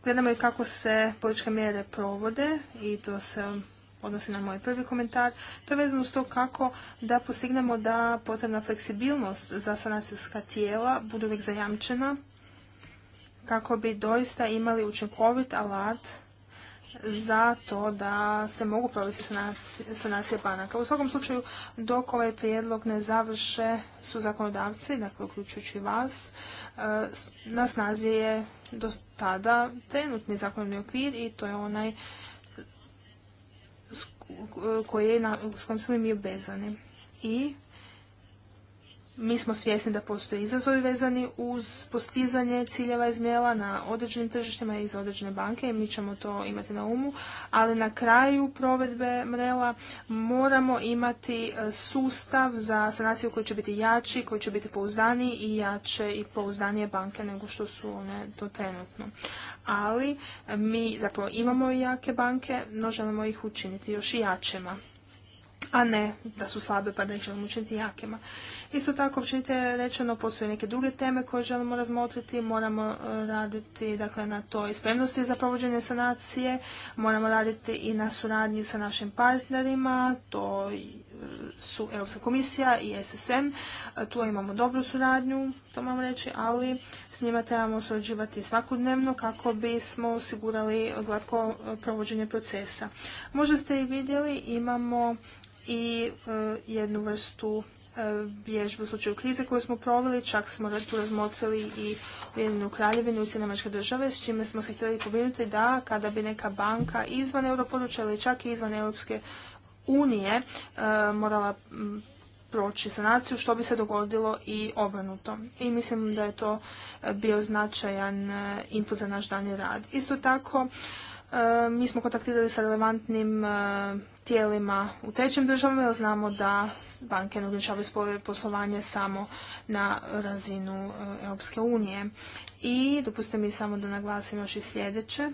gledamo i kako se političke mjere provode i to se odnosi na moj prvi komentar, to je vezano s to kako da postignemo da potrebna fleksibilnost za sanacijska tijela budu uvijek zajamčena kako bi doista imali učinkovit alat za to da se mogu provesti sanacije, banaka. U svakom slučaju, dok ovaj prijedlog ne završe su zakonodavci, dakle uključujući vas, e, na snazi je do tada trenutni zakonodni okvir i to je onaj s e, kojim smo mi obezani. I mi smo svjesni da postoje izazovi vezani uz postizanje ciljeva iz mjela na određenim tržištima i za određene banke i mi ćemo to imati na umu, ali na kraju provedbe mrela moramo imati e, sustav za sanaciju koji će biti jači, koji će biti pouzdaniji i jače i pouzdanije banke nego što su one to trenutno. Ali e, mi zapravo imamo jake banke, no želimo ih učiniti još i jačima a ne da su slabe pa da ih želimo učiniti jakima. Isto tako, općenite rečeno, postoje neke druge teme koje želimo razmotriti, moramo e, raditi dakle, na toj spremnosti za provođenje sanacije, moramo raditi i na suradnji sa našim partnerima, to e, su Europska komisija i SSM, e, tu imamo dobru suradnju, to moram reći, ali s njima trebamo surađivati svakodnevno kako bismo osigurali glatko provođenje procesa. Možda ste i vidjeli, imamo i e, jednu vrstu e, vježbu u slučaju krize koju smo proveli, čak smo tu razmotrili i Ujedinu kraljevinu i Sjedinamačke države, s čime smo se htjeli pobrinuti da kada bi neka banka izvan europodručja ili čak i izvan Europske unije e, morala proći sanaciju, što bi se dogodilo i obrnuto. I mislim da je to bio značajan input za naš dani rad. Isto tako, mi smo kontaktirali sa relevantnim tijelima u trećim državama, jer znamo da banke ne ograničavaju svoje poslovanje samo na razinu e, Europske unije. I dopustite mi samo da naglasim još i sljedeće.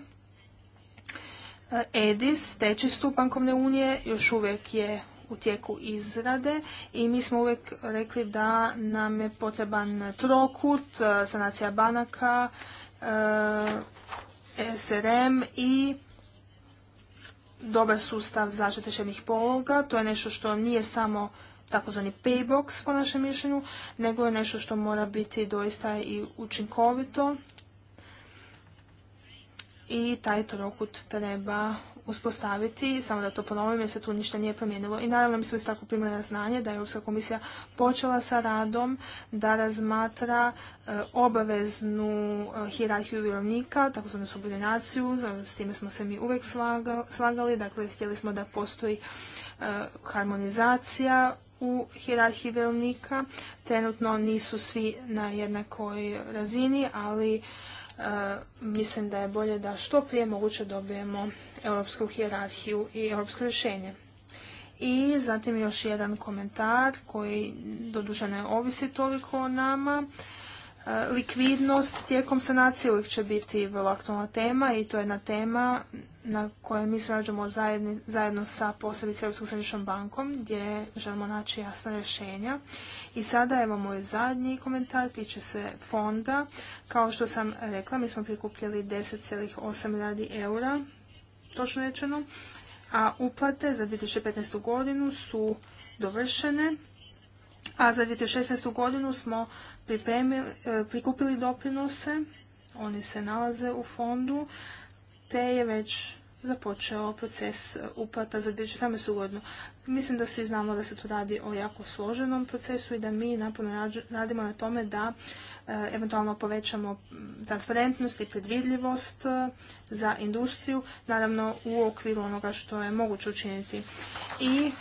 E, EDIS, treći stup bankovne unije, još uvijek je u tijeku izrade i mi smo uvijek rekli da nam je potreban trokut, e, sanacija banaka, SRM i dobar sustav zaštite štednih pologa. To je nešto što nije samo takozvani paybox po našem mišljenju, nego je nešto što mora biti doista i učinkovito i taj trokut treba uspostaviti, samo da to ponovim jer se tu ništa nije promijenilo. I naravno mi smo isto tako primili na znanje da je Europska komisija počela sa radom da razmatra eh, obaveznu eh, hirarhiju vjerovnika, takozvanu subordinaciju, eh, s time smo se mi uvijek slagali, dakle htjeli smo da postoji harmonizacija u hirarhiji vjerovnika. Trenutno nisu svi na jednakoj razini, ali E, mislim da je bolje da što prije moguće dobijemo europsku hijerarhiju i europsko rješenje. I zatim još jedan komentar koji doduše ne ovisi toliko o nama. E, likvidnost tijekom sanacije uvijek će biti vrlo aktualna tema i to je jedna tema na kojem mi surađujemo zajedno sa posebice Europskom središnjom bankom gdje želimo naći jasna rješenja. I sada evo moj zadnji komentar tiče se fonda. Kao što sam rekla, mi smo prikupljali 10,8 milijardi eura, točno rečeno, a uplate za 2015. godinu su dovršene, a za 2016. godinu smo eh, prikupili doprinose, oni se nalaze u fondu, te je već započeo proces uplata za digitalno godinu. Mislim da svi znamo da se tu radi o jako složenom procesu i da mi napuno radimo na tome da eh, eventualno povećamo transparentnost i predvidljivost eh, za industriju, naravno u okviru onoga što je moguće učiniti. I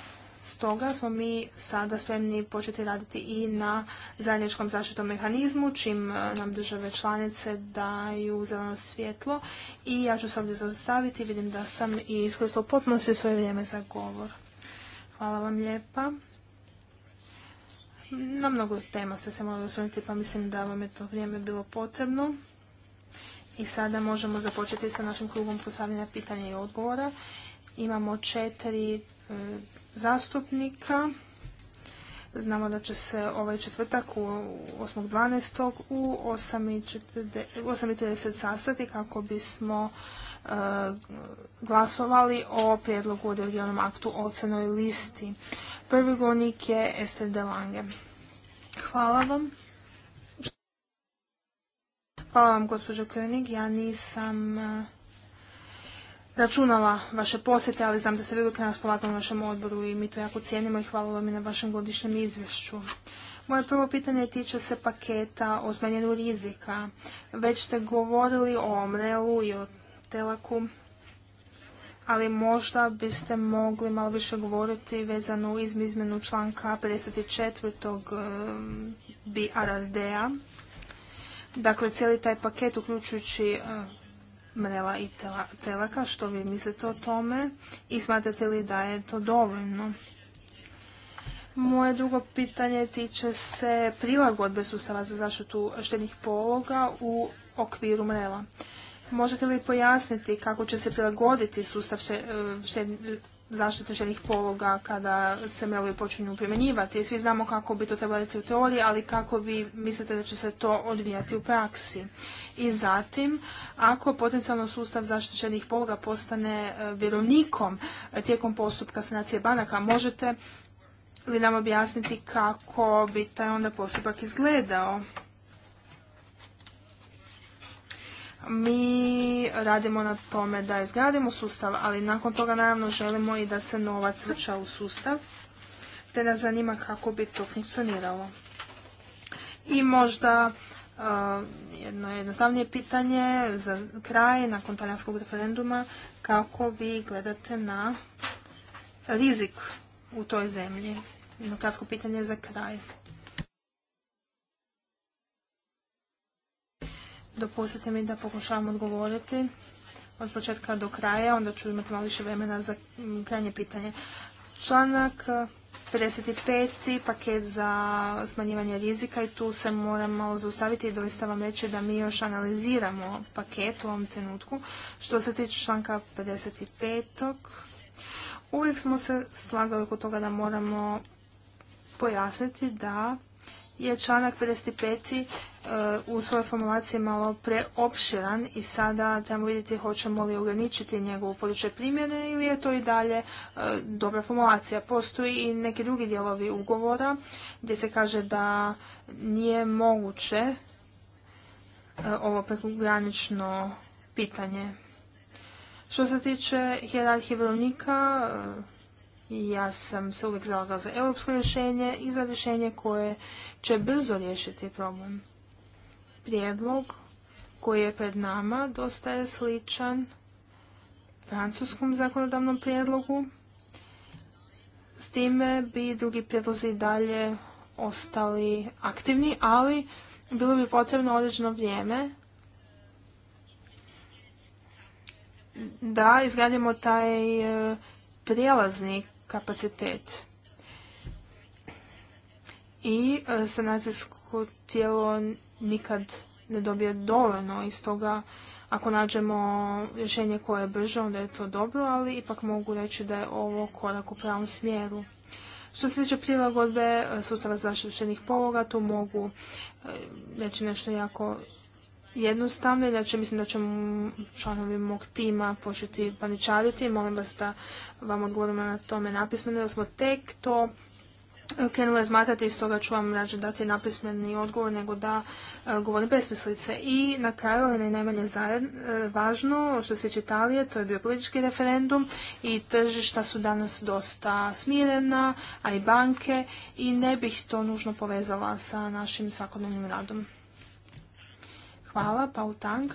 Stoga smo mi sada spremni početi raditi i na zajedničkom zaštitom mehanizmu, čim e, nam države članice daju zeleno svjetlo. I ja ću se ovdje zaustaviti, vidim da sam i iskoristila potpuno svoje vrijeme za govor. Hvala vam lijepa. Na mnogo tema ste se morali osvrnuti, pa mislim da vam je to vrijeme bilo potrebno. I sada možemo započeti sa našim klubom postavljanja pitanja i odgovora. Imamo četiri e, zastupnika. Znamo da će se ovaj četvrtak u 8.12. u 8.30 sastati kako bismo e, glasovali o prijedlogu o aktu o ocenoj listi. Prvi govornik je Ester Lange. Hvala vam. Hvala vam, gospođo König. Ja nisam e, računala vaše posjete, ali znam da ste nas na u našem odboru i mi to jako cijenimo i hvala vam i na vašem godišnjem izvješću. Moje prvo pitanje tiče se paketa o smanjenju rizika. Već ste govorili o omrelu i o telaku, ali možda biste mogli malo više govoriti vezano iz izmjenu članka 54. Ehm, BRRD-a. Dakle, cijeli taj paket, uključujući ehm, Mrela i Telaka, što vi mislite o tome i smatrate li da je to dovoljno? Moje drugo pitanje tiče se prilagodbe sustava za zaštitu štednih pologa u okviru Mrela. Možete li pojasniti kako će se prilagoditi sustav štednih e, zaštite ženih pologa kada se melovi počinju primjenjivati. Svi znamo kako bi to trebalo biti u teoriji, ali kako vi mislite da će se to odvijati u praksi. I zatim, ako potencijalno sustav zaštite ženih pologa postane e, vjerovnikom e, tijekom postupka sanacije banaka, možete li nam objasniti kako bi taj onda postupak izgledao? mi radimo na tome da izgradimo sustav, ali nakon toga naravno želimo i da se novac vrša u sustav, te nas zanima kako bi to funkcioniralo. I možda jedno jednostavnije pitanje za kraj nakon talijanskog referenduma, kako vi gledate na rizik u toj zemlji. Jedno kratko pitanje za kraj. Dopustite mi da pokušavam odgovoriti od početka do kraja, onda ću imati malo više vremena za krajnje pitanje. Članak 55. paket za smanjivanje rizika i tu se moramo zaustaviti i doista vam reći da mi još analiziramo paket u ovom trenutku. Što se tiče članka 55. Uvijek smo se slagali oko toga da moramo pojasniti da je članak 55. Eh, u svojoj formulaciji malo preopširan i sada trebamo vidjeti hoćemo li ograničiti njegovu područje primjene ili je to i dalje eh, dobra formulacija. Postoji i neki drugi dijelovi ugovora gdje se kaže da nije moguće eh, ovo prekogranično pitanje. Što se tiče hjerarhije vjerovnika, ja sam se uvijek zalagala za europsko rješenje i za rješenje koje će brzo riješiti problem. Prijedlog koji je pred nama dosta je sličan francuskom zakonodavnom prijedlogu. S time bi drugi prijedlozi dalje ostali aktivni, ali bilo bi potrebno određeno vrijeme da izgradimo taj e, prijelazni kapacitet. I e, sanacijsko tijelo nikad ne dobije dovoljno iz toga. ako nađemo rješenje koje je brže, onda je to dobro, ali ipak mogu reći da je ovo korak u pravom smjeru. Što se tiče prilagodbe e, sustava zaštićenih pologa, tu mogu e, reći nešto jako jednostavno, inače mislim da ćemo članovi mog tima početi paničariti. Molim vas da vam odgovorimo na tome napismeno, Da smo tek to krenula izmatati i stoga ću vam rađe dati napismeni odgovor nego da e, govorim besmislice. I na kraju, ali ne najmanje e, važno, što se tiče to je bio politički referendum i tržišta su danas dosta smirena, a i banke i ne bih to nužno povezala sa našim svakodnevnim radom. Hvala, Paul Tang.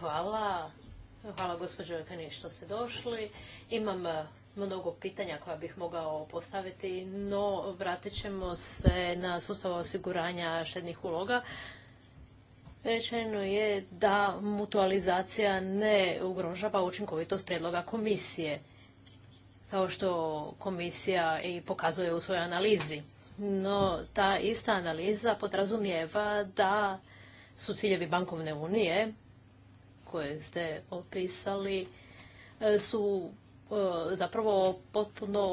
Hvala. Hvala gospođo Kani što ste došli. Imam eh, mnogo pitanja koja bih mogao postaviti, no vratit ćemo se na sustav osiguranja štednih uloga. Rečeno je da mutualizacija ne ugrožava učinkovitost prijedloga komisije, kao što komisija i pokazuje u svojoj analizi. No, ta ista analiza podrazumijeva da su ciljevi bankovne unije koje ste opisali e, su e, zapravo potpuno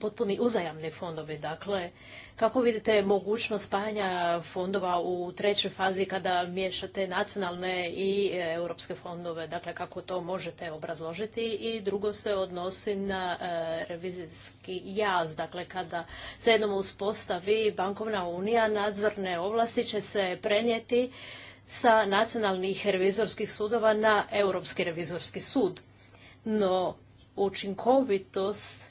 potpuni uzajamni fondovi. Dakle, kako vidite mogućnost spajanja fondova u trećoj fazi kada miješate nacionalne i europske fondove? Dakle, kako to možete obrazložiti? I drugo se odnosi na e, revizijski jaz. Dakle, kada se jednom uspostavi bankovna unija, nadzorne ovlasti će se prenijeti sa nacionalnih revizorskih sudova na Europski revizorski sud. No, učinkovitost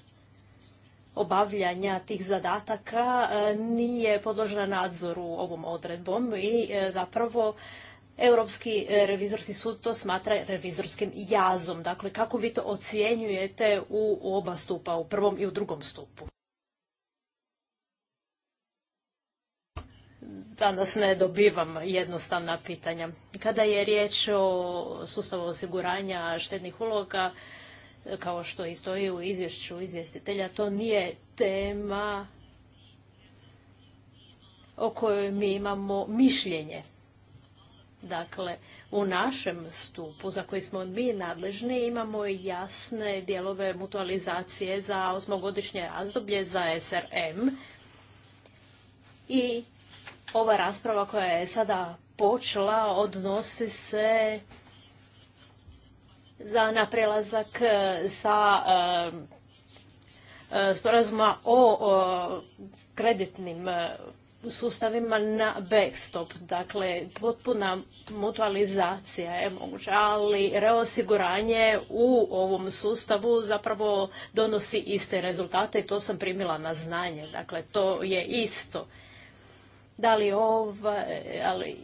obavljanja tih zadataka e, nije podložena nadzoru ovom odredbom i e, zapravo Europski revizorski sud to smatra revizorskim jazom. Dakle, kako vi to ocjenjujete u oba stupa, u prvom i u drugom stupu? danas ne dobivam jednostavna pitanja. Kada je riječ o sustavu osiguranja štednih uloga, kao što i stoji u izvješću izvjestitelja, to nije tema o kojoj mi imamo mišljenje. Dakle, u našem stupu za koji smo mi nadležni imamo jasne dijelove mutualizacije za osmogodišnje razdoblje za SRM i ova rasprava koja je sada počela odnosi se za na prelazak e, sa e, e, sporazuma o, o kreditnim sustavima na backstop. Dakle, potpuna mutualizacija je moguća, ali reosiguranje u ovom sustavu zapravo donosi iste rezultate i to sam primila na znanje. Dakle, to je isto da li ovaj, ali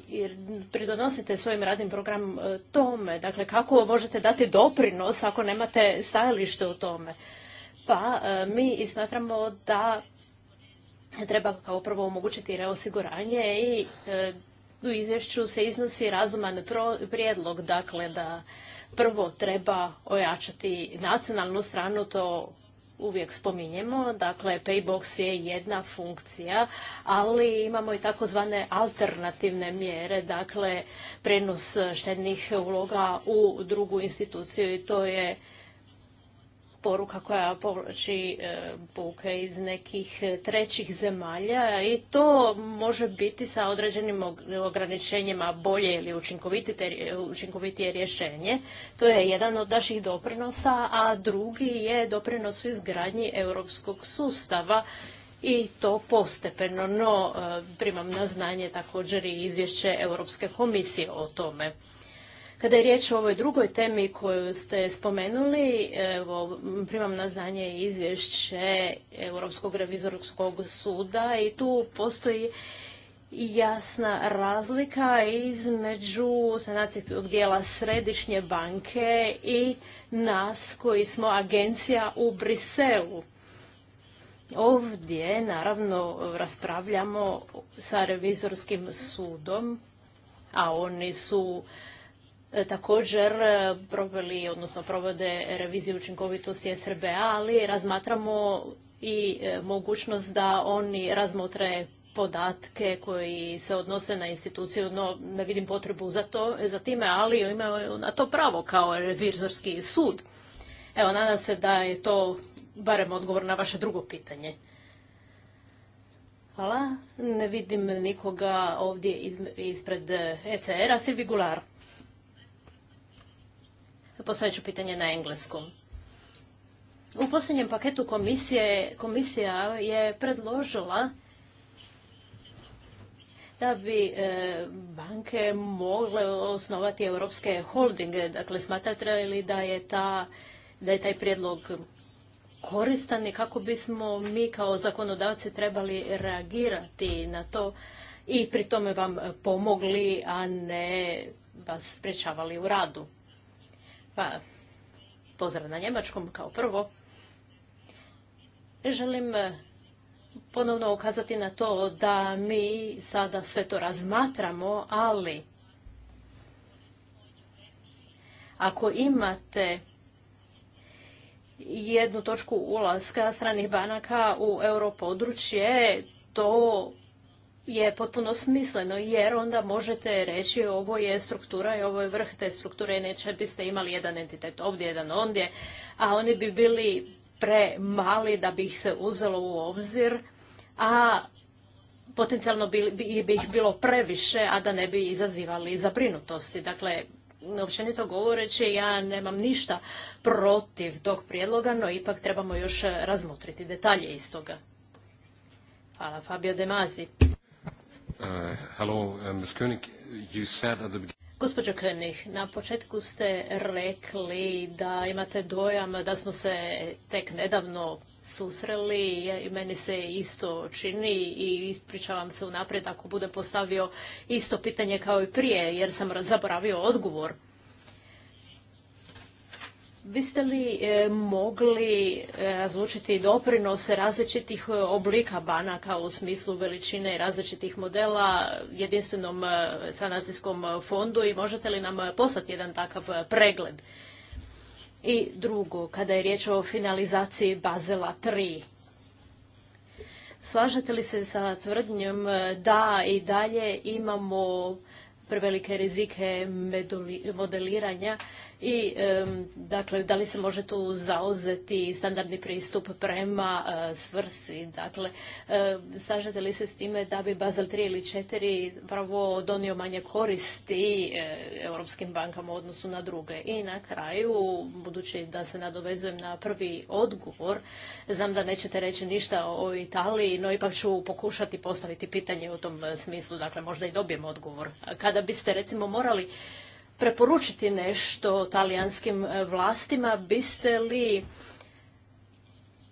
pridonosite svojim radnim programom e, tome, dakle kako možete dati doprinos ako nemate stajalište u tome. Pa e, mi smatramo da treba kao prvo omogućiti reosiguranje i e, u izvješću se iznosi razuman prijedlog, dakle da prvo treba ojačati nacionalnu stranu, to uvijek spominjemo. Dakle, Paybox je jedna funkcija, ali imamo i takozvane alternativne mjere, dakle, prenos štednih uloga u drugu instituciju i to je poruka koja povlači e, buke iz nekih e, trećih zemalja i to može biti sa određenim ograničenjima bolje ili učinkovitije rješenje. To je jedan od naših doprinosa, a drugi je doprinos u izgradnji europskog sustava i to postepeno, no e, primam na znanje također i izvješće Europske komisije o tome. Kada je riječ o ovoj drugoj temi koju ste spomenuli, evo, primam na znanje izvješće Europskog revizorskog suda i tu postoji jasna razlika između sanacijskog dijela središnje banke i nas koji smo agencija u Briselu. Ovdje, naravno, raspravljamo sa revizorskim sudom, a oni su E, također e, proveli, odnosno provode reviziju učinkovitosti SRBA, ali razmatramo i e, mogućnost da oni razmotre podatke koji se odnose na instituciju, no ne vidim potrebu za, to, za time, ali imaju na to pravo kao revizorski sud. Evo, nadam se da je to barem odgovor na vaše drugo pitanje. Hvala. Ne vidim nikoga ovdje ispred ECR-a. Silvi Gular. Postavit ću pitanje na engleskom. U posljednjem paketu komisije, komisija je predložila da bi e, banke mogle osnovati europske holdinge. Dakle, smatrate li da je, ta, da je taj prijedlog koristan i kako bismo mi kao zakonodavci trebali reagirati na to i pri tome vam pomogli, a ne vas sprečavali u radu? Pa, pozdrav na njemačkom kao prvo. Želim eh, ponovno ukazati na to da mi sada sve to razmatramo, ali ako imate jednu točku ulaska stranih banaka u europodručje, to je potpuno smisleno jer onda možete reći ovo je struktura i ovo je vrh te strukture i neće biste imali jedan entitet ovdje, jedan ondje, a oni bi bili premali da bi ih se uzelo u obzir, a potencijalno bi, bi, ih bilo previše, a da ne bi izazivali zabrinutosti. Dakle, općenito govoreći, ja nemam ništa protiv tog prijedloga, no ipak trebamo još razmotriti detalje iz toga. Hvala, Fabio De Hvala, uh, uh, gospođo na početku ste rekli da imate dojam da smo se tek nedavno susreli i meni se isto čini i ispričavam se unaprijed ako bude postavio isto pitanje kao i prije jer sam zaboravio odgovor. Biste li e, mogli e, razlučiti doprinos različitih e, oblika banaka u smislu veličine različitih modela jedinstvenom sanacijskom fondu i možete li nam poslati jedan takav pregled? I drugo, kada je riječ o finalizaciji Bazela 3, slažete li se sa tvrdnjom da i dalje imamo prevelike rizike modeliranja i dakle da li se može tu zauzeti standardni pristup prema e, svrsi. Dakle, e, sažete li se s time da bi Basel 3 ili 4 pravo donio manje koristi e, europskim bankama u odnosu na druge? I na kraju, budući da se nadovezujem na prvi odgovor, znam da nećete reći ništa o Italiji, no ipak ću pokušati postaviti pitanje u tom smislu, dakle možda i dobijem odgovor. Kada biste recimo morali preporučiti nešto talijanskim e, vlastima, biste li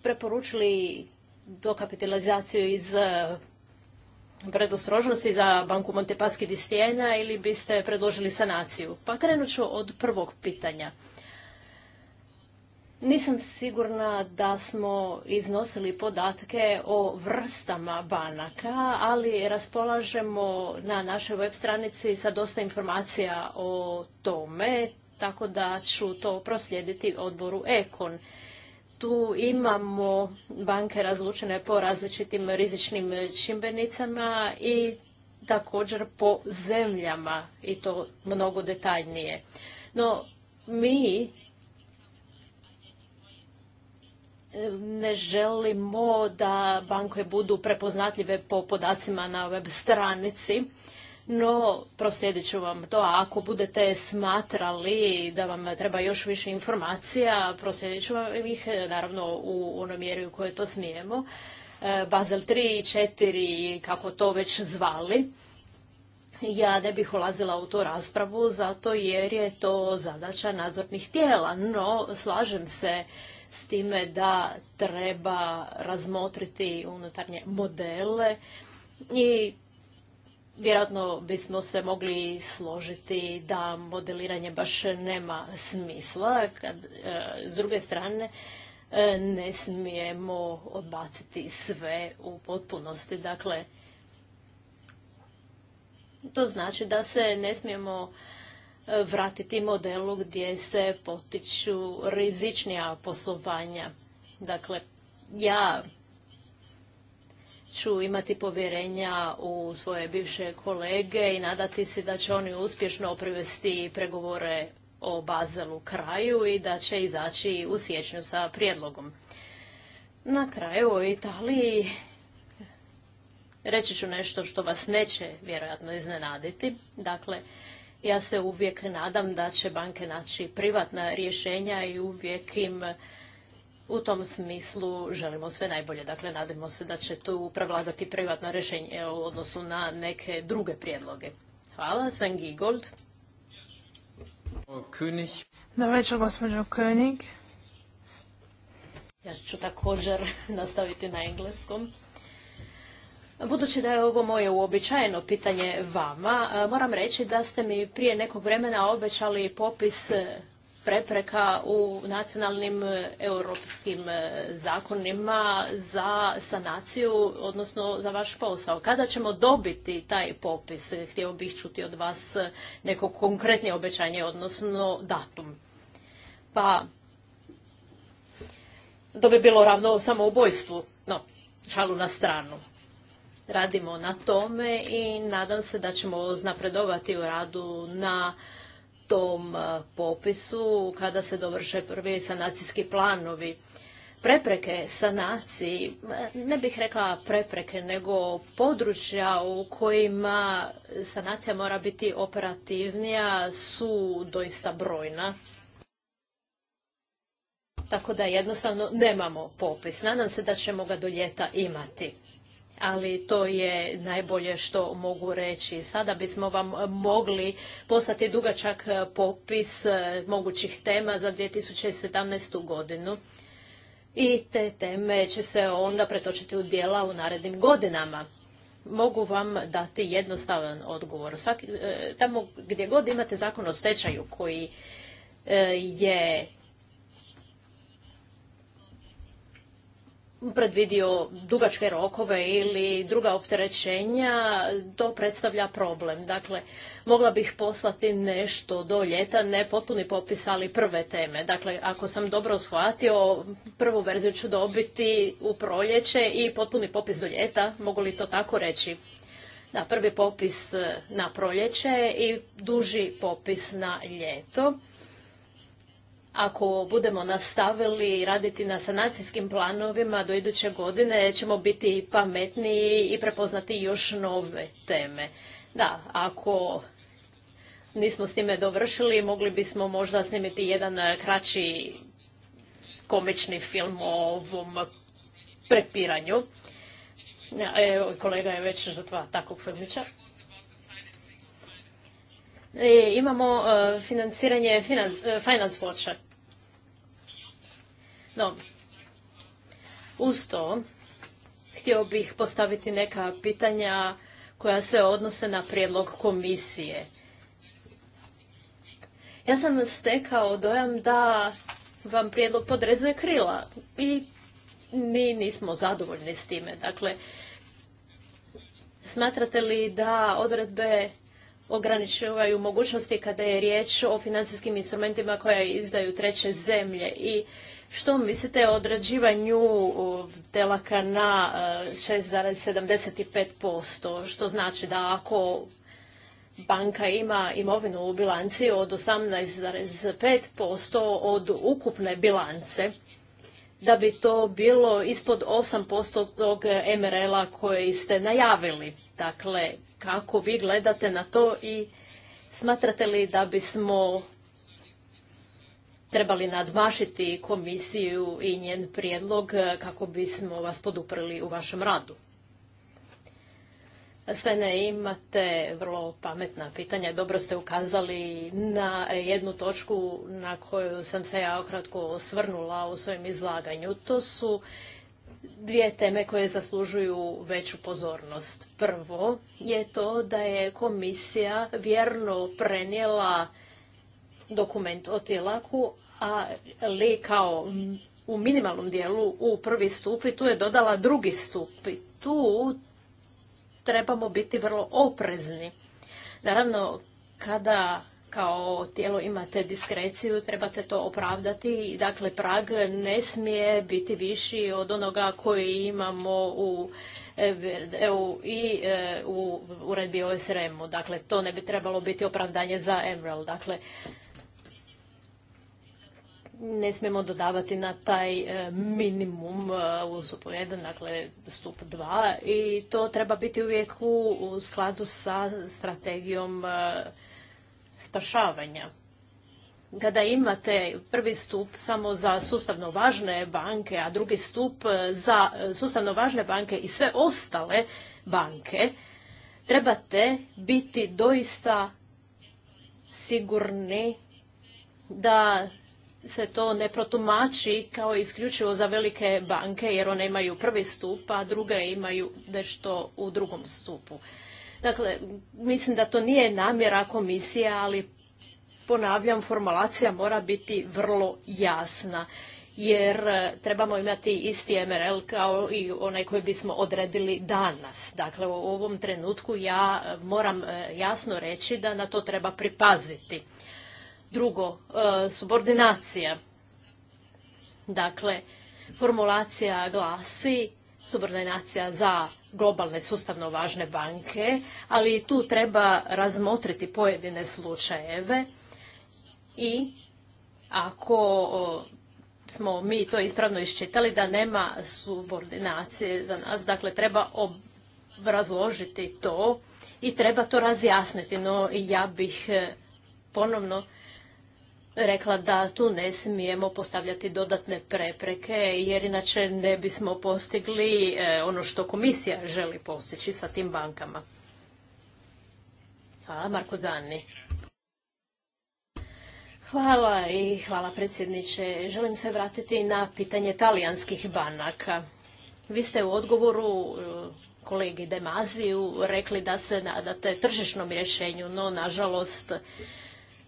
preporučili dokapitalizaciju iz e, predostrožnosti za banku Montepaschi di Stijena ili biste predložili sanaciju? Pa krenut ću od prvog pitanja. Nisam sigurna da smo iznosili podatke o vrstama banaka, ali raspolažemo na našoj web stranici sa dosta informacija o tome, tako da ću to proslijediti odboru Ekon. Tu imamo banke razlučene po različitim rizičnim čimbenicama i također po zemljama i to mnogo detaljnije. No, mi ne želimo da banke budu prepoznatljive po podacima na web stranici, no proslijedit ću vam to, ako budete smatrali da vam treba još više informacija, proslijedit ću vam ih naravno u onoj mjeri u kojoj to smijemo. E, Basel 3 i 4, kako to već zvali. Ja ne bih ulazila u tu raspravu zato jer je to zadaća nadzornih tijela, no slažem se s time da treba razmotriti unutarnje modele i vjerojatno bismo se mogli složiti da modeliranje baš nema smisla. Kad, e, s druge strane, e, ne smijemo odbaciti sve u potpunosti. Dakle, to znači da se ne smijemo vratiti modelu gdje se potiču rizičnija poslovanja. Dakle, ja ću imati povjerenja u svoje bivše kolege i nadati se da će oni uspješno oprivesti pregovore o Bazelu kraju i da će izaći u siječnju sa prijedlogom. Na kraju o Italiji reći ću nešto što vas neće vjerojatno iznenaditi. Dakle, ja se uvijek nadam da će banke naći privatna rješenja i uvijek im u tom smislu želimo sve najbolje. Dakle, nadamo se da će tu prevladati privatna rješenja e, u odnosu na neke druge prijedloge. Hvala, Gold. Dobro večer, gospođo König. Ja ću također nastaviti na engleskom. Budući da je ovo moje uobičajeno pitanje vama, e, moram reći da ste mi prije nekog vremena obećali popis e, prepreka u nacionalnim e, europskim zakonima za sanaciju, odnosno za vaš posao. Kada ćemo dobiti taj popis? Htio bih čuti od vas neko konkretnije obećanje, odnosno datum. Pa, to bi bilo ravno samo no, šalu na stranu radimo na tome i nadam se da ćemo znapredovati u radu na tom e, popisu kada se dovrše prvi sanacijski planovi. Prepreke sanaciji, e, ne bih rekla prepreke, nego područja u kojima sanacija mora biti operativnija su doista brojna. Tako da jednostavno nemamo popis. Nadam se da ćemo ga do ljeta imati ali to je najbolje što mogu reći. Sada bismo vam mogli poslati dugačak e, popis e, mogućih tema za 2017. godinu i te teme će se onda pretočiti u dijela u narednim godinama. Mogu vam dati jednostavan odgovor. Svaki, e, tamo gdje god imate zakon o stečaju koji je predvidio dugačke rokove ili druga opterećenja, to predstavlja problem. Dakle, mogla bih poslati nešto do ljeta, ne potpuni popis, ali prve teme. Dakle, ako sam dobro shvatio, prvu verziju ću dobiti u proljeće i potpuni popis do ljeta, mogu li to tako reći? Da, prvi popis na proljeće i duži popis na ljeto. Ako budemo nastavili raditi na sanacijskim planovima do iduće godine, ćemo biti pametniji i prepoznati još nove teme. Da, ako nismo s time dovršili, mogli bismo možda snimiti jedan eh, kraći komični film o ovom prepiranju. Evo, kolega je već žrtva takvog filmića. E, imamo eh, financiranje finance, eh, finance Watcha. No, uz to htio bih postaviti neka pitanja koja se odnose na prijedlog komisije. Ja sam stekao dojam da vam prijedlog podrezuje krila i mi nismo zadovoljni s time. Dakle, smatrate li da odredbe ograničavaju mogućnosti kada je riječ o financijskim instrumentima koje izdaju treće zemlje i što mislite o odrađivanju telaka na 6,75%? E, Što znači da ako banka ima imovinu u bilanci od 18,5% od ukupne bilance, da bi to bilo ispod 8% tog MRL-a koje ste najavili. Dakle, kako vi gledate na to i smatrate li da bismo trebali nadmašiti komisiju i njen prijedlog kako bismo vas poduprli u vašem radu. Sve ne imate vrlo pametna pitanja. Dobro ste ukazali na jednu točku na koju sam se ja okratko osvrnula u svojem izlaganju. To su dvije teme koje zaslužuju veću pozornost. Prvo je to da je komisija vjerno prenijela dokument o tijelaku, ali kao u minimalnom dijelu u prvi stup i tu je dodala drugi stup. I tu trebamo biti vrlo oprezni. Naravno, kada kao tijelo imate diskreciju, trebate to opravdati. Dakle, prag ne smije biti viši od onoga koji imamo u EU e, i e, u uredbi o u Dakle, to ne bi trebalo biti opravdanje za Emerald. Dakle, ne smijemo dodavati na taj e, minimum u stupu 1, dakle stup 2 i to treba biti uvijek u skladu sa strategijom e, spašavanja. Kada imate prvi stup samo za sustavno važne banke, a drugi stup e, za sustavno važne banke i sve ostale banke, trebate biti doista sigurni da se to ne protumači kao isključivo za velike banke jer one imaju prvi stup, a druge imaju nešto u drugom stupu. Dakle, mislim da to nije namjera komisije, ali ponavljam, formulacija mora biti vrlo jasna jer e, trebamo imati isti MRL kao i onaj koji bismo odredili danas. Dakle, u ovom trenutku ja e, moram e, jasno reći da na to treba pripaziti. Drugo, e, subordinacija. Dakle, formulacija glasi subordinacija za globalne sustavno važne banke, ali tu treba razmotriti pojedine slučajeve i ako smo mi to ispravno iščitali da nema subordinacije za nas, dakle treba obrazložiti to i treba to razjasniti, no ja bih e, ponovno rekla da tu ne smijemo postavljati dodatne prepreke jer inače ne bismo postigli e, ono što komisija želi postići sa tim bankama. Hvala Marko Zanni. Hvala i hvala predsjedniče. Želim se vratiti na pitanje talijanskih banaka. Vi ste u odgovoru e, kolegi Demaziju rekli da se nadate tržišnom rješenju, no nažalost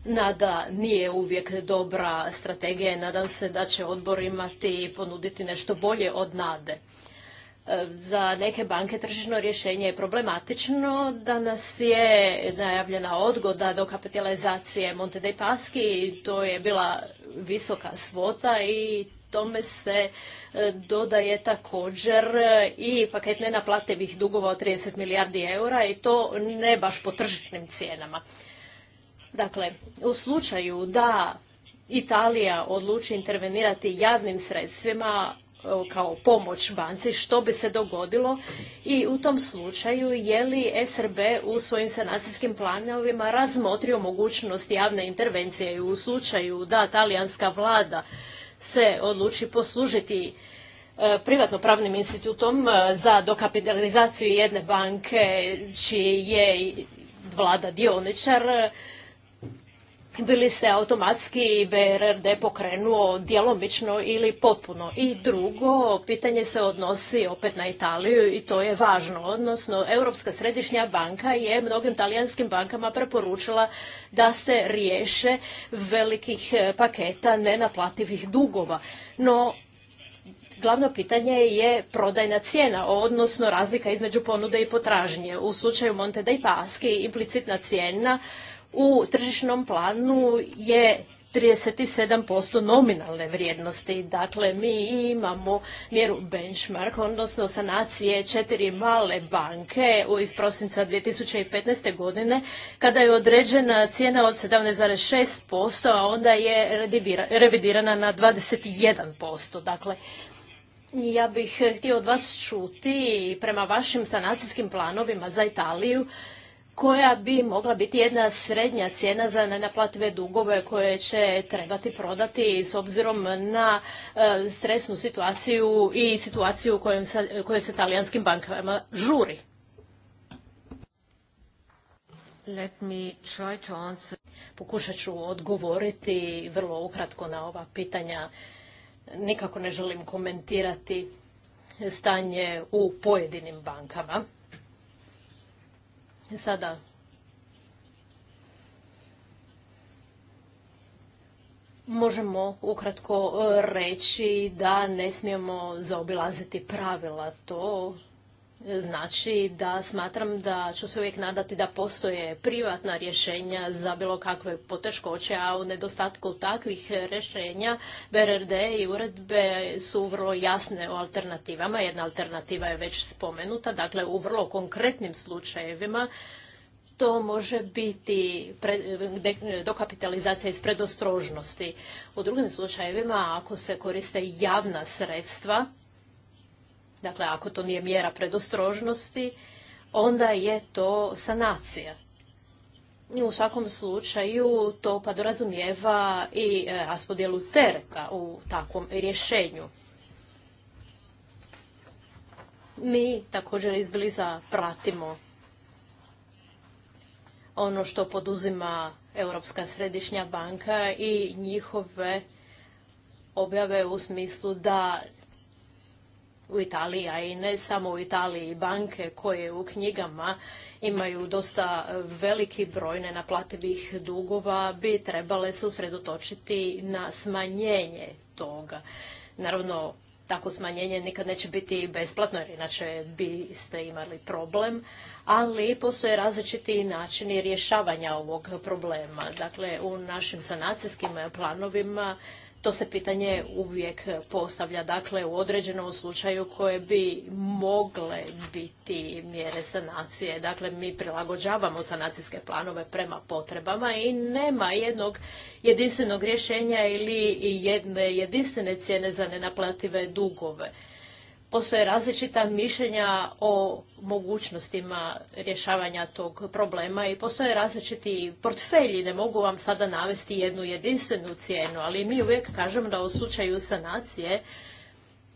nada nije uvijek dobra strategija i nadam se da će odbor imati i ponuditi nešto bolje od nade. E, za neke banke tržišno rješenje je problematično. Danas je najavljena odgoda do kapitalizacije Monte dei Paschi. To je bila visoka svota i tome se e, dodaje također i paket nenaplativih dugova od 30 milijardi eura i to ne baš po tržišnim cijenama. Dakle, u slučaju da Italija odluči intervenirati javnim sredstvima e, kao pomoć banci, što bi se dogodilo i u tom slučaju je li SRB u svojim sanacijskim planovima razmotrio mogućnost javne intervencije i u slučaju da talijanska vlada se odluči poslužiti e, privatno-pravnim institutom e, za dokapitalizaciju jedne banke čije je vlada dioničar, bili se automatski BRRD pokrenuo djelomično ili potpuno. I drugo, pitanje se odnosi opet na Italiju i to je važno. Odnosno, Europska središnja banka je mnogim talijanskim bankama preporučila da se riješe velikih eh, paketa nenaplativih dugova. No, Glavno pitanje je prodajna cijena, odnosno razlika između ponude i potražnje. U slučaju Monte dei Paschi implicitna cijena u tržišnom planu je 37% nominalne vrijednosti. Dakle, mi imamo mjeru benchmark, odnosno sanacije četiri male banke iz prosinca 2015. godine, kada je određena cijena od 17,6%, a onda je revidirana na 21%. Dakle, ja bih htio od vas čuti prema vašim sanacijskim planovima za Italiju, koja bi mogla biti jedna srednja cijena za nenaplative dugove koje će trebati prodati s obzirom na e, stresnu situaciju i situaciju u koje se talijanskim bankama žuri. Pokušat ću odgovoriti vrlo ukratko na ova pitanja. Nikako ne želim komentirati stanje u pojedinim bankama Sada, možemo ukratko e, reći da ne smijemo zaobilaziti pravila. To znači da smatram da ću se uvijek nadati da postoje privatna rješenja za bilo kakve poteškoće, a u nedostatku takvih rješenja BRD i uredbe su vrlo jasne o alternativama. Jedna alternativa je već spomenuta, dakle u vrlo konkretnim slučajevima to može biti dokapitalizacija iz predostrožnosti. U drugim slučajevima, ako se koriste javna sredstva, Dakle, ako to nije mjera predostrožnosti, onda je to sanacija. I u svakom slučaju to pa i e, raspodjelu tereta u takvom rješenju. Mi također izbliza pratimo ono što poduzima Europska središnja banka i njihove objave u smislu da u Italiji, a i ne samo u Italiji, banke koje u knjigama imaju dosta e, veliki broj nenaplativih dugova bi trebale se usredotočiti na smanjenje toga. Naravno, tako smanjenje nikad neće biti besplatno, jer inače biste imali problem, ali postoje različiti načini rješavanja ovog problema. Dakle, u našim sanacijskim planovima to se pitanje uvijek postavlja, dakle u određenom slučaju koje bi mogle biti mjere sanacije. Dakle, mi prilagođavamo sanacijske planove prema potrebama i nema jednog jedinstvenog rješenja ili jedne jedinstvene cijene za nenaplative dugove postoje različita mišljenja o mogućnostima rješavanja tog problema i postoje različiti portfelji. Ne mogu vam sada navesti jednu jedinstvenu cijenu, ali mi uvijek kažemo da u slučaju sanacije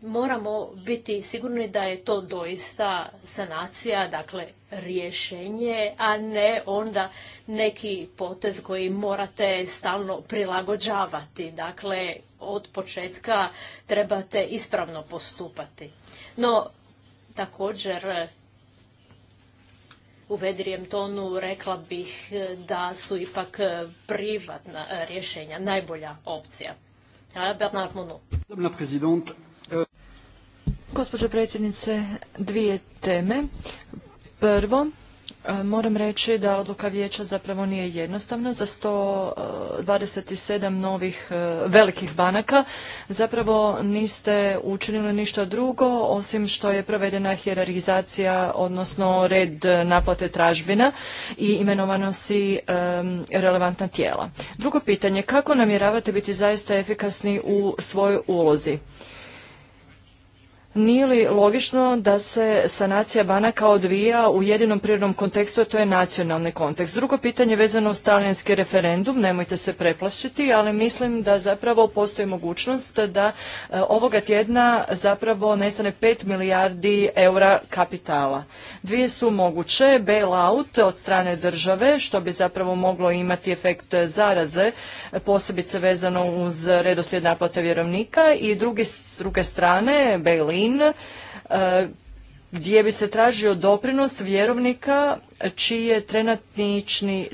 moramo biti sigurni da je to doista sanacija, dakle rješenje, a ne onda neki potez koji morate stalno prilagođavati. Dakle, od početka trebate ispravno postupati. No, također u vedrijem tonu rekla bih da su ipak privatna rješenja najbolja opcija. Bernard Monod. Gospođo predsjednice, dvije teme. Prvo, e, Moram reći da odluka vijeća zapravo nije jednostavna. Za 127 e, novih e, velikih banaka zapravo niste učinili ništa drugo osim što je provedena hjerarizacija, odnosno red naplate tražbina i imenovano si relevantna tijela. Drugo pitanje, kako namjeravate biti zaista efikasni u svojoj ulozi? Nije li logično da se sanacija banaka odvija u jedinom prirodnom kontekstu, a to je nacionalni kontekst? Drugo pitanje vezano uz talijanski referendum, nemojte se preplašiti, ali mislim da zapravo postoji mogućnost da e, ovoga tjedna zapravo nestane 5 milijardi eura kapitala. Dvije su moguće, bailout od strane države, što bi zapravo moglo imati efekt zaraze, posebice vezano uz redoslijed naplate vjerovnika i drugi, s druge strane bail Berlin e, gdje bi se tražio doprinos vjerovnika čiji je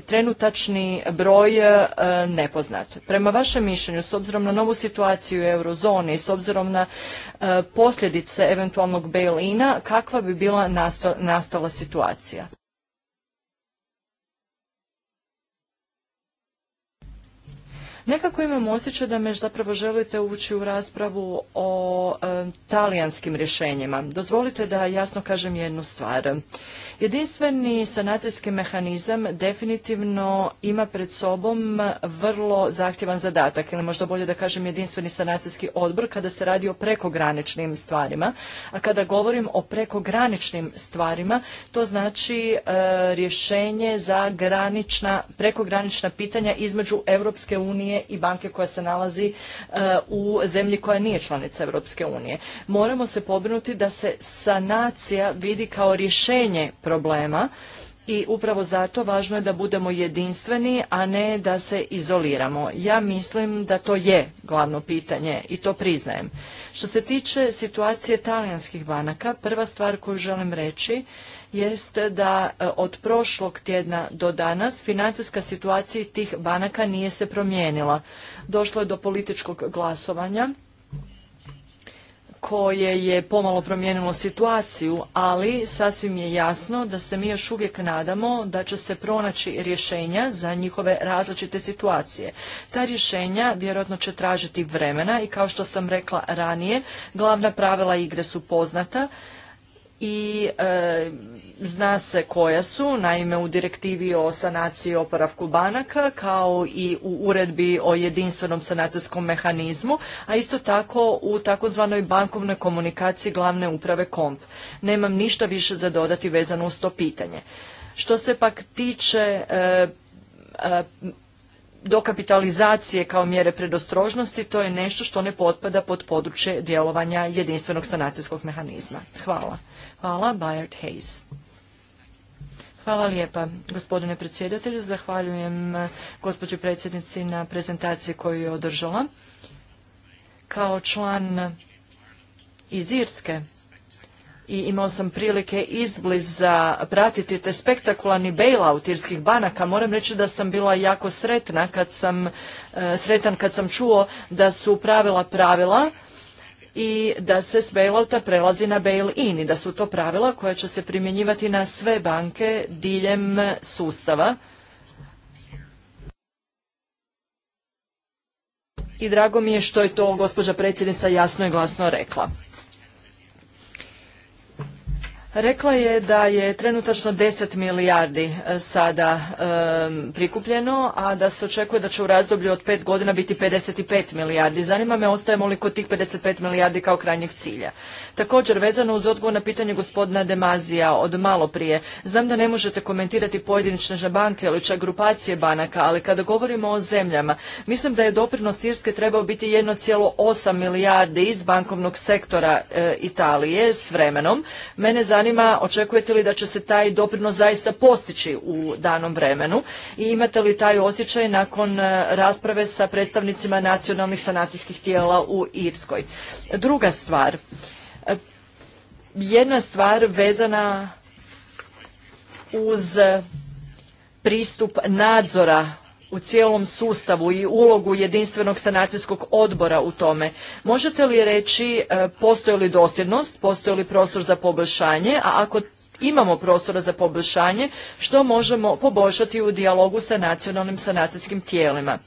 trenutačni broj e, nepoznat. Prema vašem mišljenju, s obzirom na novu situaciju u eurozoni i s obzirom na e, posljedice eventualnog bail-ina, kakva bi bila nastala situacija? Nekako imam osjećaj da me zapravo želite uvući u raspravu o e, talijanskim rješenjima. Dozvolite da jasno kažem jednu stvar. Jedinstveni sanacijski mehanizam definitivno ima pred sobom vrlo zahtjevan zadatak, ili možda bolje da kažem jedinstveni sanacijski odbor kada se radi o prekograničnim stvarima. A kada govorim o prekograničnim stvarima, to znači e, rješenje za granična, prekogranična pitanja između Europske unije i banke koja se nalazi e, u zemlji koja nije članica Europske unije. Moramo se pobrinuti da se sanacija vidi kao rješenje problema i upravo zato važno je da budemo jedinstveni, a ne da se izoliramo. Ja mislim da to je glavno pitanje i to priznajem. Što se tiče situacije talijanskih banaka, prva stvar koju želim reći jest da e, od prošlog tjedna do danas financijska situacija tih banaka nije se promijenila. Došlo je do političkog glasovanja koje je pomalo promijenilo situaciju, ali sasvim je jasno da se mi još uvijek nadamo da će se pronaći rješenja za njihove različite situacije. Ta rješenja vjerojatno će tražiti vremena i kao što sam rekla ranije, glavna pravila igre su poznata i e, zna se koja su, naime u direktivi o sanaciji oporavku banaka kao i u uredbi o jedinstvenom sanacijskom mehanizmu, a isto tako u takozvanoj bankovnoj komunikaciji glavne uprave KOMP. Nemam ništa više za dodati vezano uz to pitanje. Što se pak tiče e, e, dokapitalizacije kao mjere predostrožnosti, to je nešto što ne potpada pod područje djelovanja jedinstvenog sanacijskog mehanizma. Hvala. Hvala, Bayard Hayes. Hvala lijepa, gospodine predsjedatelju. Zahvaljujem eh, gospođi predsjednici na prezentaciji koju je održala. Kao član iz Irske, i imao sam prilike izbliza pratiti te spektakularni bailout irskih banaka. Moram reći da sam bila jako sretna kad sam, e, sretan kad sam čuo da su pravila pravila i da se s bailouta prelazi na bail-in i da su to pravila koja će se primjenjivati na sve banke diljem sustava. I drago mi je što je to gospođa predsjednica jasno i glasno rekla. Rekla je da je trenutačno 10 milijardi e, sada prikupljeno, a da se očekuje da će u razdoblju od 5 godina biti 55 milijardi. Zanima me ostajemo li kod tih 55 milijardi kao krajnjeg cilja. Također, vezano uz odgovor na pitanje gospodina Demazija od malo prije, znam da ne možete komentirati pojedinične banke ili čak grupacije banaka, ali kada govorimo o zemljama, mislim da je doprinos Irske trebao biti 1,8 milijardi iz bankovnog sektora e, Italije s vremenom. Mene zanima zanima očekujete li da će se taj doprinos zaista postići u danom vremenu i imate li taj osjećaj nakon e, rasprave sa predstavnicima nacionalnih sanacijskih tijela u Irskoj. Druga stvar, e, jedna stvar vezana uz pristup nadzora u cijelom sustavu i ulogu jedinstvenog sanacijskog odbora u tome. Možete li reći e, postoji li dosljednost, postoji li prostor za poboljšanje, a ako imamo prostora za poboljšanje, što možemo poboljšati u dijalogu sa nacionalnim sanacijskim tijelima.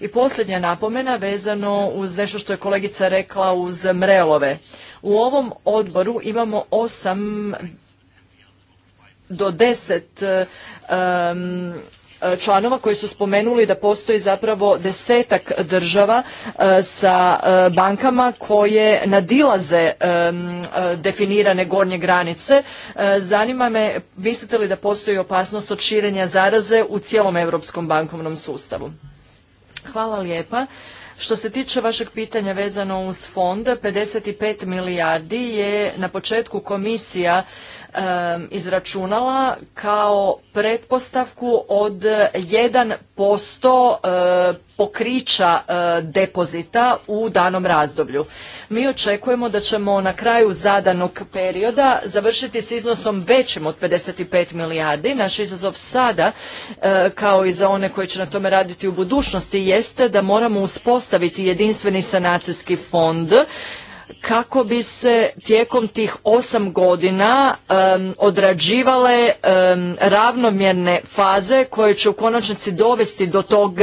I posljednja napomena vezano uz nešto što je kolegica rekla uz mrelove. U ovom odboru imamo osam do deset e, E, članova koji su spomenuli da postoji zapravo desetak država e, sa e, bankama koje nadilaze definirane gornje granice. Zanima me, mislite li da postoji opasnost od širenja zaraze u cijelom europskom bankovnom sustavu? Hvala lijepa. Što se tiče vašeg pitanja vezano uz fond, 55 milijardi je na početku komisija izračunala kao pretpostavku od 1% eh, pokrića eh, depozita u danom razdoblju. Mi očekujemo da ćemo na kraju zadanog perioda završiti s iznosom većim od 55 milijardi. Naš izazov sada, eh, kao i za one koji će na tome raditi u budućnosti, jeste da moramo uspostaviti jedinstveni sanacijski fond kako bi se tijekom tih osam godina odrađivale ravnomjerne faze koje će u konačnici dovesti do tog uh,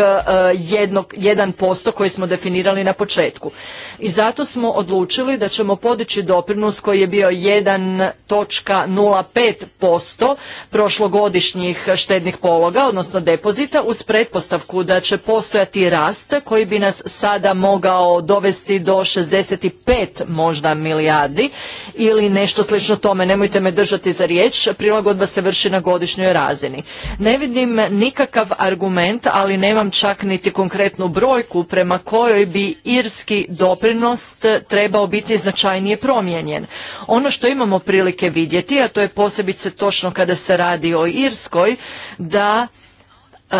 posto koji smo definirali na početku. I zato smo odlučili da ćemo podići doprinos koji je bio 1.05% prošlogodišnjih štednih pologa, odnosno depozita, uz pretpostavku da će postojati rast koji bi nas sada mogao dovesti do 65 možda milijardi ili nešto slično tome, nemojte me držati za riječ, prilagodba se vrši na godišnjoj razini. Ne vidim nikakav argument, ali nemam čak niti konkretnu brojku prema kojoj bi irski doprinos trebao biti značajnije promijenjen. Ono što imamo prilike vidjeti, a to je posebice točno kada se radi o Irskoj, da e,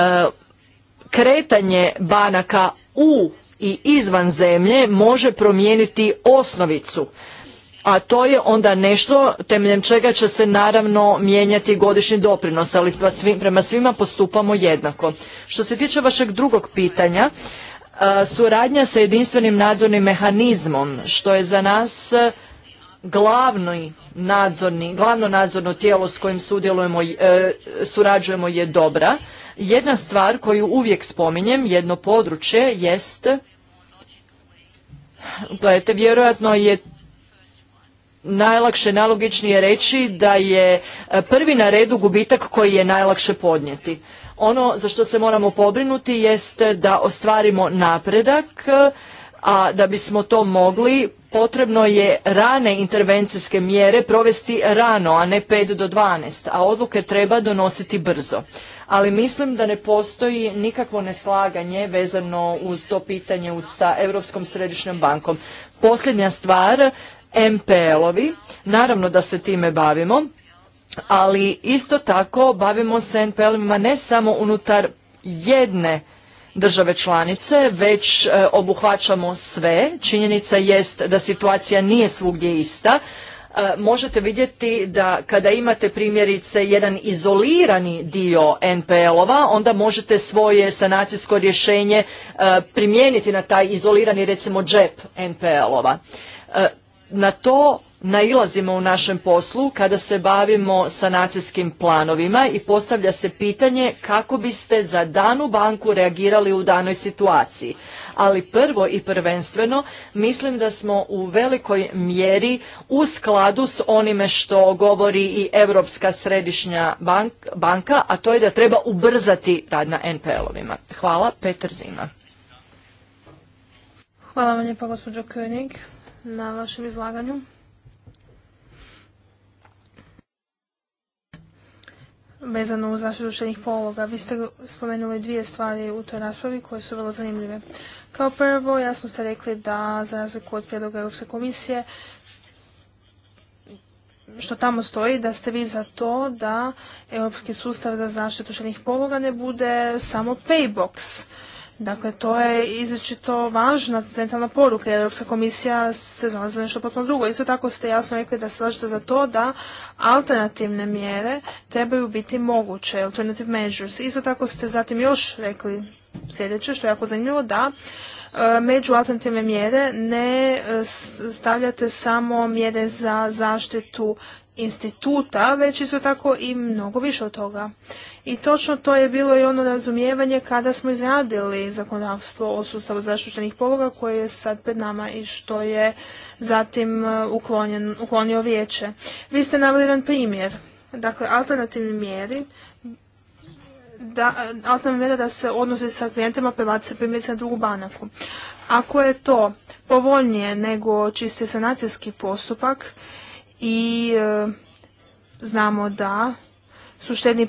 kretanje banaka u i izvan zemlje može promijeniti osnovicu a to je onda nešto temeljem čega će se naravno mijenjati godišnji doprinos, ali pa prema svima postupamo jednako. Što se tiče vašeg drugog pitanja, suradnja sa jedinstvenim nadzornim mehanizmom, što je za nas glavni nadzorni, glavno nadzorno tijelo s kojim sudjelujemo, e, surađujemo je dobra. Jedna stvar koju uvijek spominjem, jedno područje, jest Gledajte, vjerojatno je najlakše, najlogičnije reći da je e, prvi na redu gubitak koji je najlakše podnijeti. Ono za što se moramo pobrinuti jest da ostvarimo napredak, e, a da bismo to mogli potrebno je rane intervencijske mjere provesti rano, a ne 5 do 12, a odluke treba donositi brzo ali mislim da ne postoji nikakvo neslaganje vezano uz to pitanje sa Europskom središnjom bankom. Posljednja stvar, MPL-ovi, naravno da se time bavimo, ali isto tako bavimo se NPL-ima ne samo unutar jedne države članice, već e, obuhvaćamo sve. Činjenica jest da situacija nije svugdje ista. E, možete vidjeti da kada imate primjerice jedan izolirani dio NPL-ova, onda možete svoje sanacijsko rješenje e, primijeniti na taj izolirani recimo džep NPL-ova. E, na to nailazimo u našem poslu kada se bavimo sanacijskim planovima i postavlja se pitanje kako biste za danu banku reagirali u danoj situaciji. Ali prvo i prvenstveno mislim da smo u velikoj mjeri u skladu s onime što govori i Europska središnja banka, a to je da treba ubrzati rad na NPL-ovima. Hvala, Petr Zima. Hvala vam lijepa gospođo König na vašem izlaganju. vezano uz zaštitu društvenih pologa. Vi ste spomenuli dvije stvari u toj raspravi koje su vrlo zanimljive. Kao prvo, jasno ste rekli da za razliku od prijedloga Europske komisije, što tamo stoji, da ste vi za to da Europski sustav za zaštitu društvenih pologa ne bude samo box. Dakle, to je izrečito važna centralna poruka. Europska komisija se znala za nešto potpuno drugo. Isto tako ste jasno rekli da se slažete za to da alternativne mjere trebaju biti moguće, alternative measures. Isto tako ste zatim još rekli sljedeće, što je jako zanimljivo, da e, među alternativne mjere ne e, stavljate samo mjere za zaštitu instituta, već isto tako i mnogo više od toga. I točno to je bilo i ono razumijevanje kada smo izradili zakonodavstvo o sustavu zaštićenih pologa koje je sad pred nama i što je zatim e, uklonjen, uklonio vijeće. Vi ste naveli jedan primjer. Dakle, alternativni mjeri da, mjera da se odnose sa klijentima prebace primjerice na drugu banaku. Ako je to povoljnije nego čisti sanacijski postupak i e, znamo da su štedni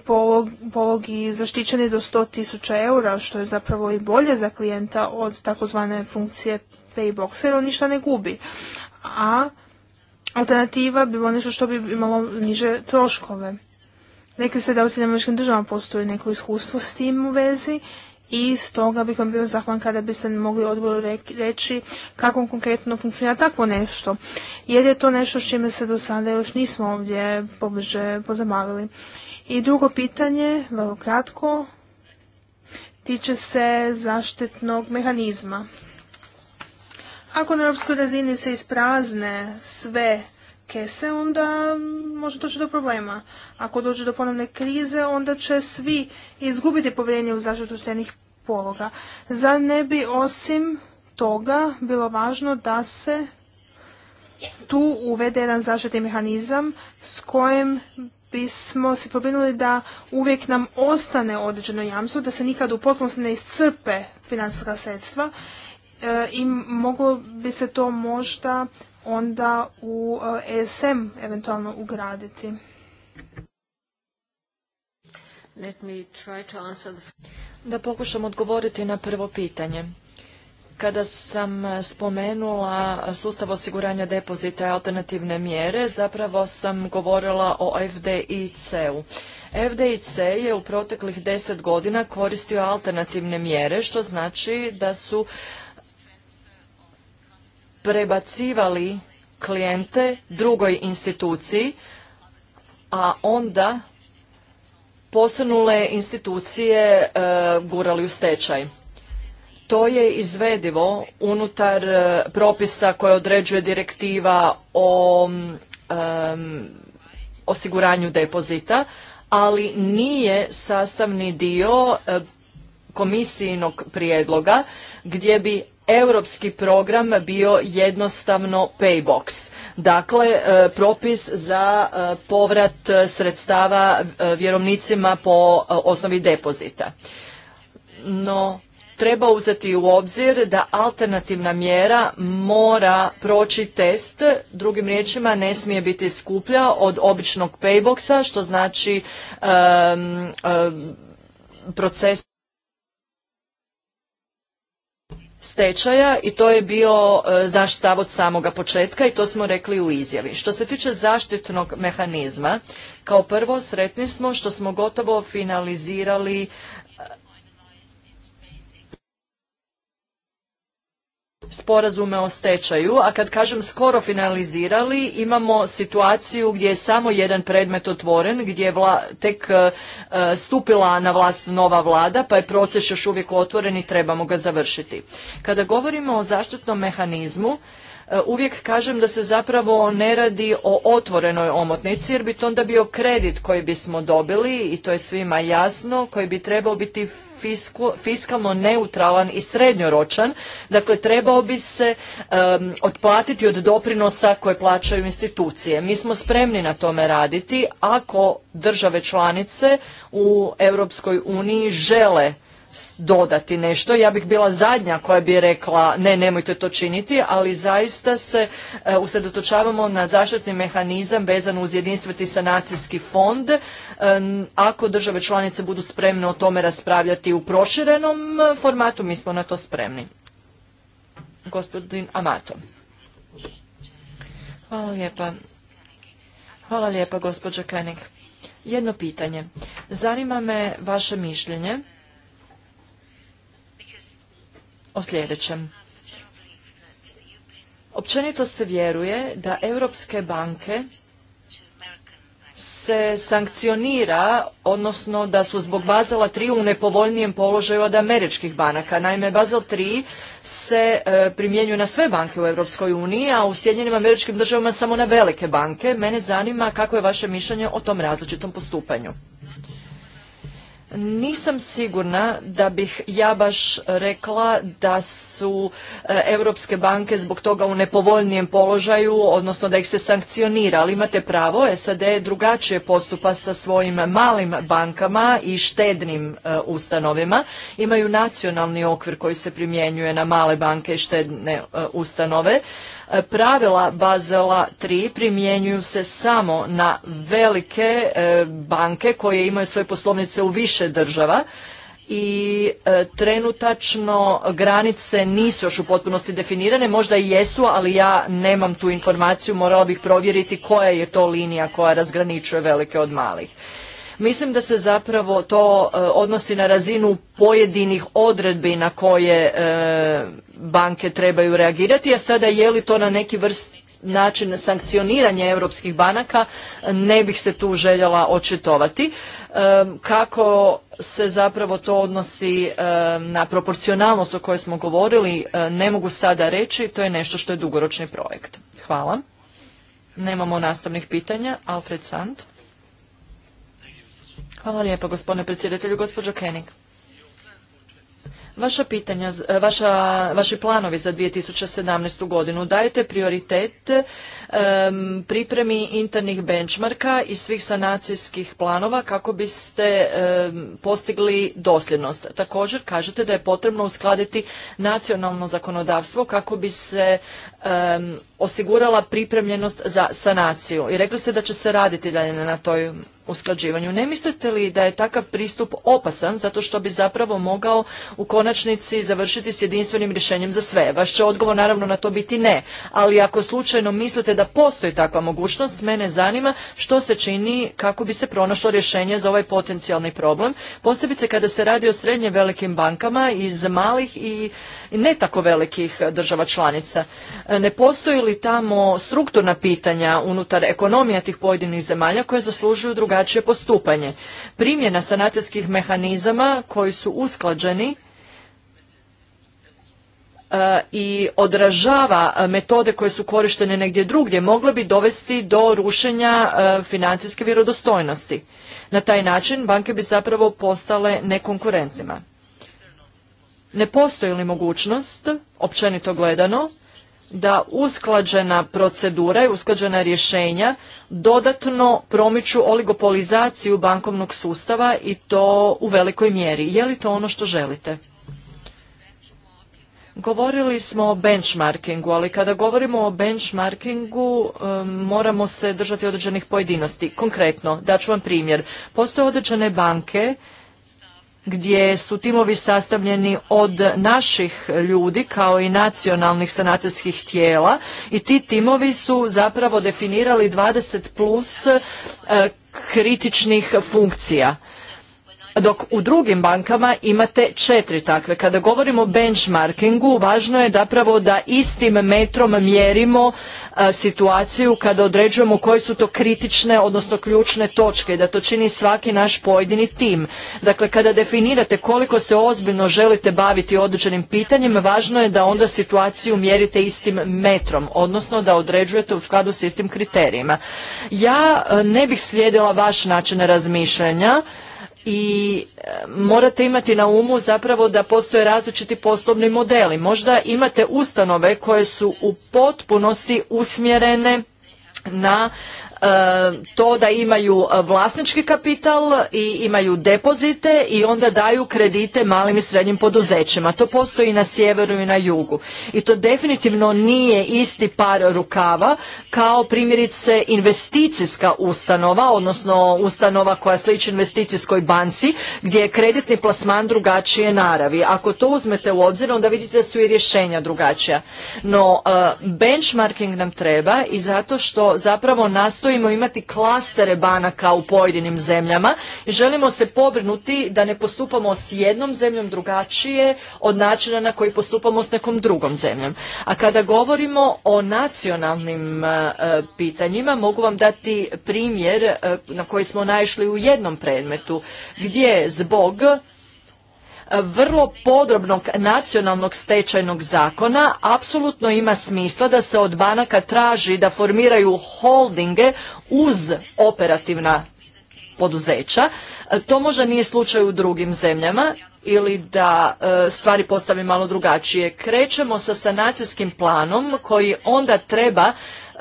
polog, zaštićeni do sto tisuća eura, što je zapravo i bolje za klijenta od takozvane funkcije paybox, jer on ništa ne gubi. A alternativa bi bilo nešto što bi imalo niže troškove. Rekli ste da u Sjedinjavačkim državama postoji neko iskustvo s tim u vezi i stoga bih vam bio zahvalan kada biste mogli odboru reći kako konkretno funkcionira takvo nešto, jer je to nešto s čime se do sada još nismo ovdje pobliže pozabavili. I drugo pitanje, vrlo kratko, tiče se zaštitnog mehanizma. Ako na europskoj razini se isprazne sve kese, onda može doći do problema. Ako dođe do ponovne krize, onda će svi izgubiti povjerenje u zaštitu štenih pologa. Zar ne bi osim toga bilo važno da se tu uvede jedan zaštitni mehanizam s kojim bismo se pobrinuli da uvijek nam ostane određeno jamstvo, da se nikad u potpunosti ne iscrpe financijska sredstva e, i moglo bi se to možda onda u ESM e eventualno ugraditi. Da pokušam odgovoriti na prvo pitanje. Kada sam spomenula sustav osiguranja depozita i alternativne mjere, zapravo sam govorila o FDIC-u. FDIC je u proteklih deset godina koristio alternativne mjere, što znači da su prebacivali klijente drugoj instituciji, a onda posrnule institucije e, gurali u stečaj to je izvedivo unutar e, propisa koje određuje direktiva o osiguranju depozita, ali nije sastavni dio e, komisijinog prijedloga gdje bi europski program bio jednostavno paybox. Dakle, e, propis za povrat sredstava vjerovnicima po osnovi depozita. No, treba uzeti u obzir da alternativna mjera mora proći test, drugim riječima ne smije biti skuplja od običnog payboxa, što znači proces stečaja i to je bio e, naš stav od samoga početka i to smo rekli u izjavi. Što se tiče zaštitnog mehanizma, kao prvo sretni smo što smo gotovo finalizirali sporazume o stečaju, a kad kažem skoro finalizirali, imamo situaciju gdje je samo jedan predmet otvoren, gdje je tek e, e, stupila na vlast nova vlada, pa je proces još uvijek otvoren i trebamo ga završiti. Kada govorimo o zaštitnom mehanizmu, E, uvijek kažem da se zapravo ne radi o otvorenoj omotnici jer bi to onda bio kredit koji bismo dobili i to je svima jasno koji bi trebao biti fiskalno neutralan i srednjoročan dakle trebao bi se otplatiti od doprinosa koje plaćaju institucije mi smo spremni na tome raditi ako države članice u Europskoj uniji žele dodati nešto. Ja bih bila zadnja koja bi rekla ne, nemojte to činiti, ali zaista se e, usredotočavamo na zaštitni mehanizam vezan uz jedinstveni sanacijski fond. E, ako države članice budu spremne o tome raspravljati u proširenom e, formatu, mi smo na to spremni. Gospodin Amato. Hvala lijepa. Hvala lijepa, gospođa Koenig. Jedno pitanje. Zanima me vaše mišljenje o sljedećem. Općenito se vjeruje da europske banke se sankcionira, odnosno da su zbog Bazela 3 u nepovoljnijem položaju od američkih banaka. Naime, Basel 3 se e, primjenjuje na sve banke u Europskoj uniji, a u Sjedinjenim američkim državama samo na velike banke. Mene zanima kako je vaše mišljenje o tom različitom postupanju nisam sigurna da bih ja baš rekla da su e, europske banke zbog toga u nepovoljnijem položaju, odnosno da ih se sankcionira, ali imate pravo, SAD drugačije postupa sa svojim malim bankama i štednim e, ustanovima. Imaju nacionalni okvir koji se primjenjuje na male banke i štedne e, ustanove. E, pravila Bazela 3 primjenjuju se samo na velike e, banke koje imaju svoje poslovnice u više država i e, trenutačno granice nisu još u potpunosti definirane, možda i jesu, ali ja nemam tu informaciju, morala bih provjeriti koja je to linija koja razgraničuje velike od malih. Mislim da se zapravo to e, odnosi na razinu pojedinih odredbi na koje e, banke trebaju reagirati, a sada je li to na neki vrst način sankcioniranja europskih banaka ne bih se tu željela očitovati. E, kako se zapravo to odnosi na proporcionalnost o kojoj smo govorili, ne mogu sada reći, to je nešto što je dugoročni projekt. Hvala. Nemamo nastavnih pitanja. Alfred Sant. Hvala lijepo, gospodine predsjedatelju. Gospođo Kenig. Vaša pitanja, e, vaša, vaši planovi za 2017. godinu dajete prioritet e, pripremi internih benchmarka i svih sanacijskih planova kako biste e, postigli dosljednost. Također kažete da je potrebno uskladiti nacionalno zakonodavstvo kako bi se osigurala pripremljenost za sanaciju. I rekli ste da će se raditi dalje na toj usklađivanju. Ne mislite li da je takav pristup opasan zato što bi zapravo mogao u konačnici završiti s jedinstvenim rješenjem za sve? Vaš će odgovor naravno na to biti ne, ali ako slučajno mislite da postoji takva mogućnost, mene zanima što se čini kako bi se pronašlo rješenje za ovaj potencijalni problem, posebice kada se radi o srednje velikim bankama iz malih i ne tako velikih država članica. Ne postoji li tamo strukturna pitanja unutar ekonomija tih pojedinih zemalja koje zaslužuju drugačije drugačije postupanje. Primjena sanacijskih mehanizama koji su usklađeni e, i odražava metode koje su korištene negdje drugdje mogle bi dovesti do rušenja e, financijske vjerodostojnosti. Na taj način banke bi zapravo postale nekonkurentnima. Ne postoji li mogućnost, općenito gledano, da usklađena procedura i usklađena rješenja dodatno promiču oligopolizaciju bankovnog sustava i to u velikoj mjeri. Je li to ono što želite? Govorili smo o benchmarkingu, ali kada govorimo o benchmarkingu um, moramo se držati određenih pojedinosti. Konkretno, daću vam primjer. Postoje određene banke gdje su timovi sastavljeni od naših ljudi kao i nacionalnih sanacijskih tijela i ti timovi su zapravo definirali 20 plus e, kritičnih funkcija dok u drugim bankama imate četiri takve. Kada govorimo o benchmarkingu, važno je zapravo da istim metrom mjerimo e, situaciju kada određujemo koje su to kritične, odnosno ključne točke, da to čini svaki naš pojedini tim. Dakle, kada definirate koliko se ozbiljno želite baviti određenim pitanjem, važno je da onda situaciju mjerite istim metrom, odnosno da određujete u skladu s istim kriterijima. Ja e, ne bih slijedila vaš način razmišljanja, i e, morate imati na umu zapravo da postoje različiti poslovni modeli. Možda imate ustanove koje su u potpunosti usmjerene na E, to da imaju e, vlasnički kapital i imaju depozite i onda daju kredite malim i srednjim poduzećima. To postoji i na sjeveru i na jugu. I to definitivno nije isti par rukava kao primjerice investicijska ustanova, odnosno ustanova koja sliči investicijskoj banci gdje je kreditni plasman drugačije naravi. Ako to uzmete u obzir onda vidite da su i rješenja drugačija. No e, benchmarking nam treba i zato što zapravo nastoji nastojimo imati klastere banaka u pojedinim zemljama i želimo se pobrinuti da ne postupamo s jednom zemljom drugačije od načina na koji postupamo s nekom drugom zemljom. A kada govorimo o nacionalnim e, e, pitanjima, mogu vam dati primjer e, na koji smo naišli u jednom predmetu, gdje zbog vrlo podrobnog nacionalnog stečajnog zakona apsolutno ima smisla da se od banaka traži da formiraju holdinge uz operativna poduzeća. To možda nije slučaj u drugim zemljama ili da e, stvari postavi malo drugačije. Krećemo sa sanacijskim planom koji onda treba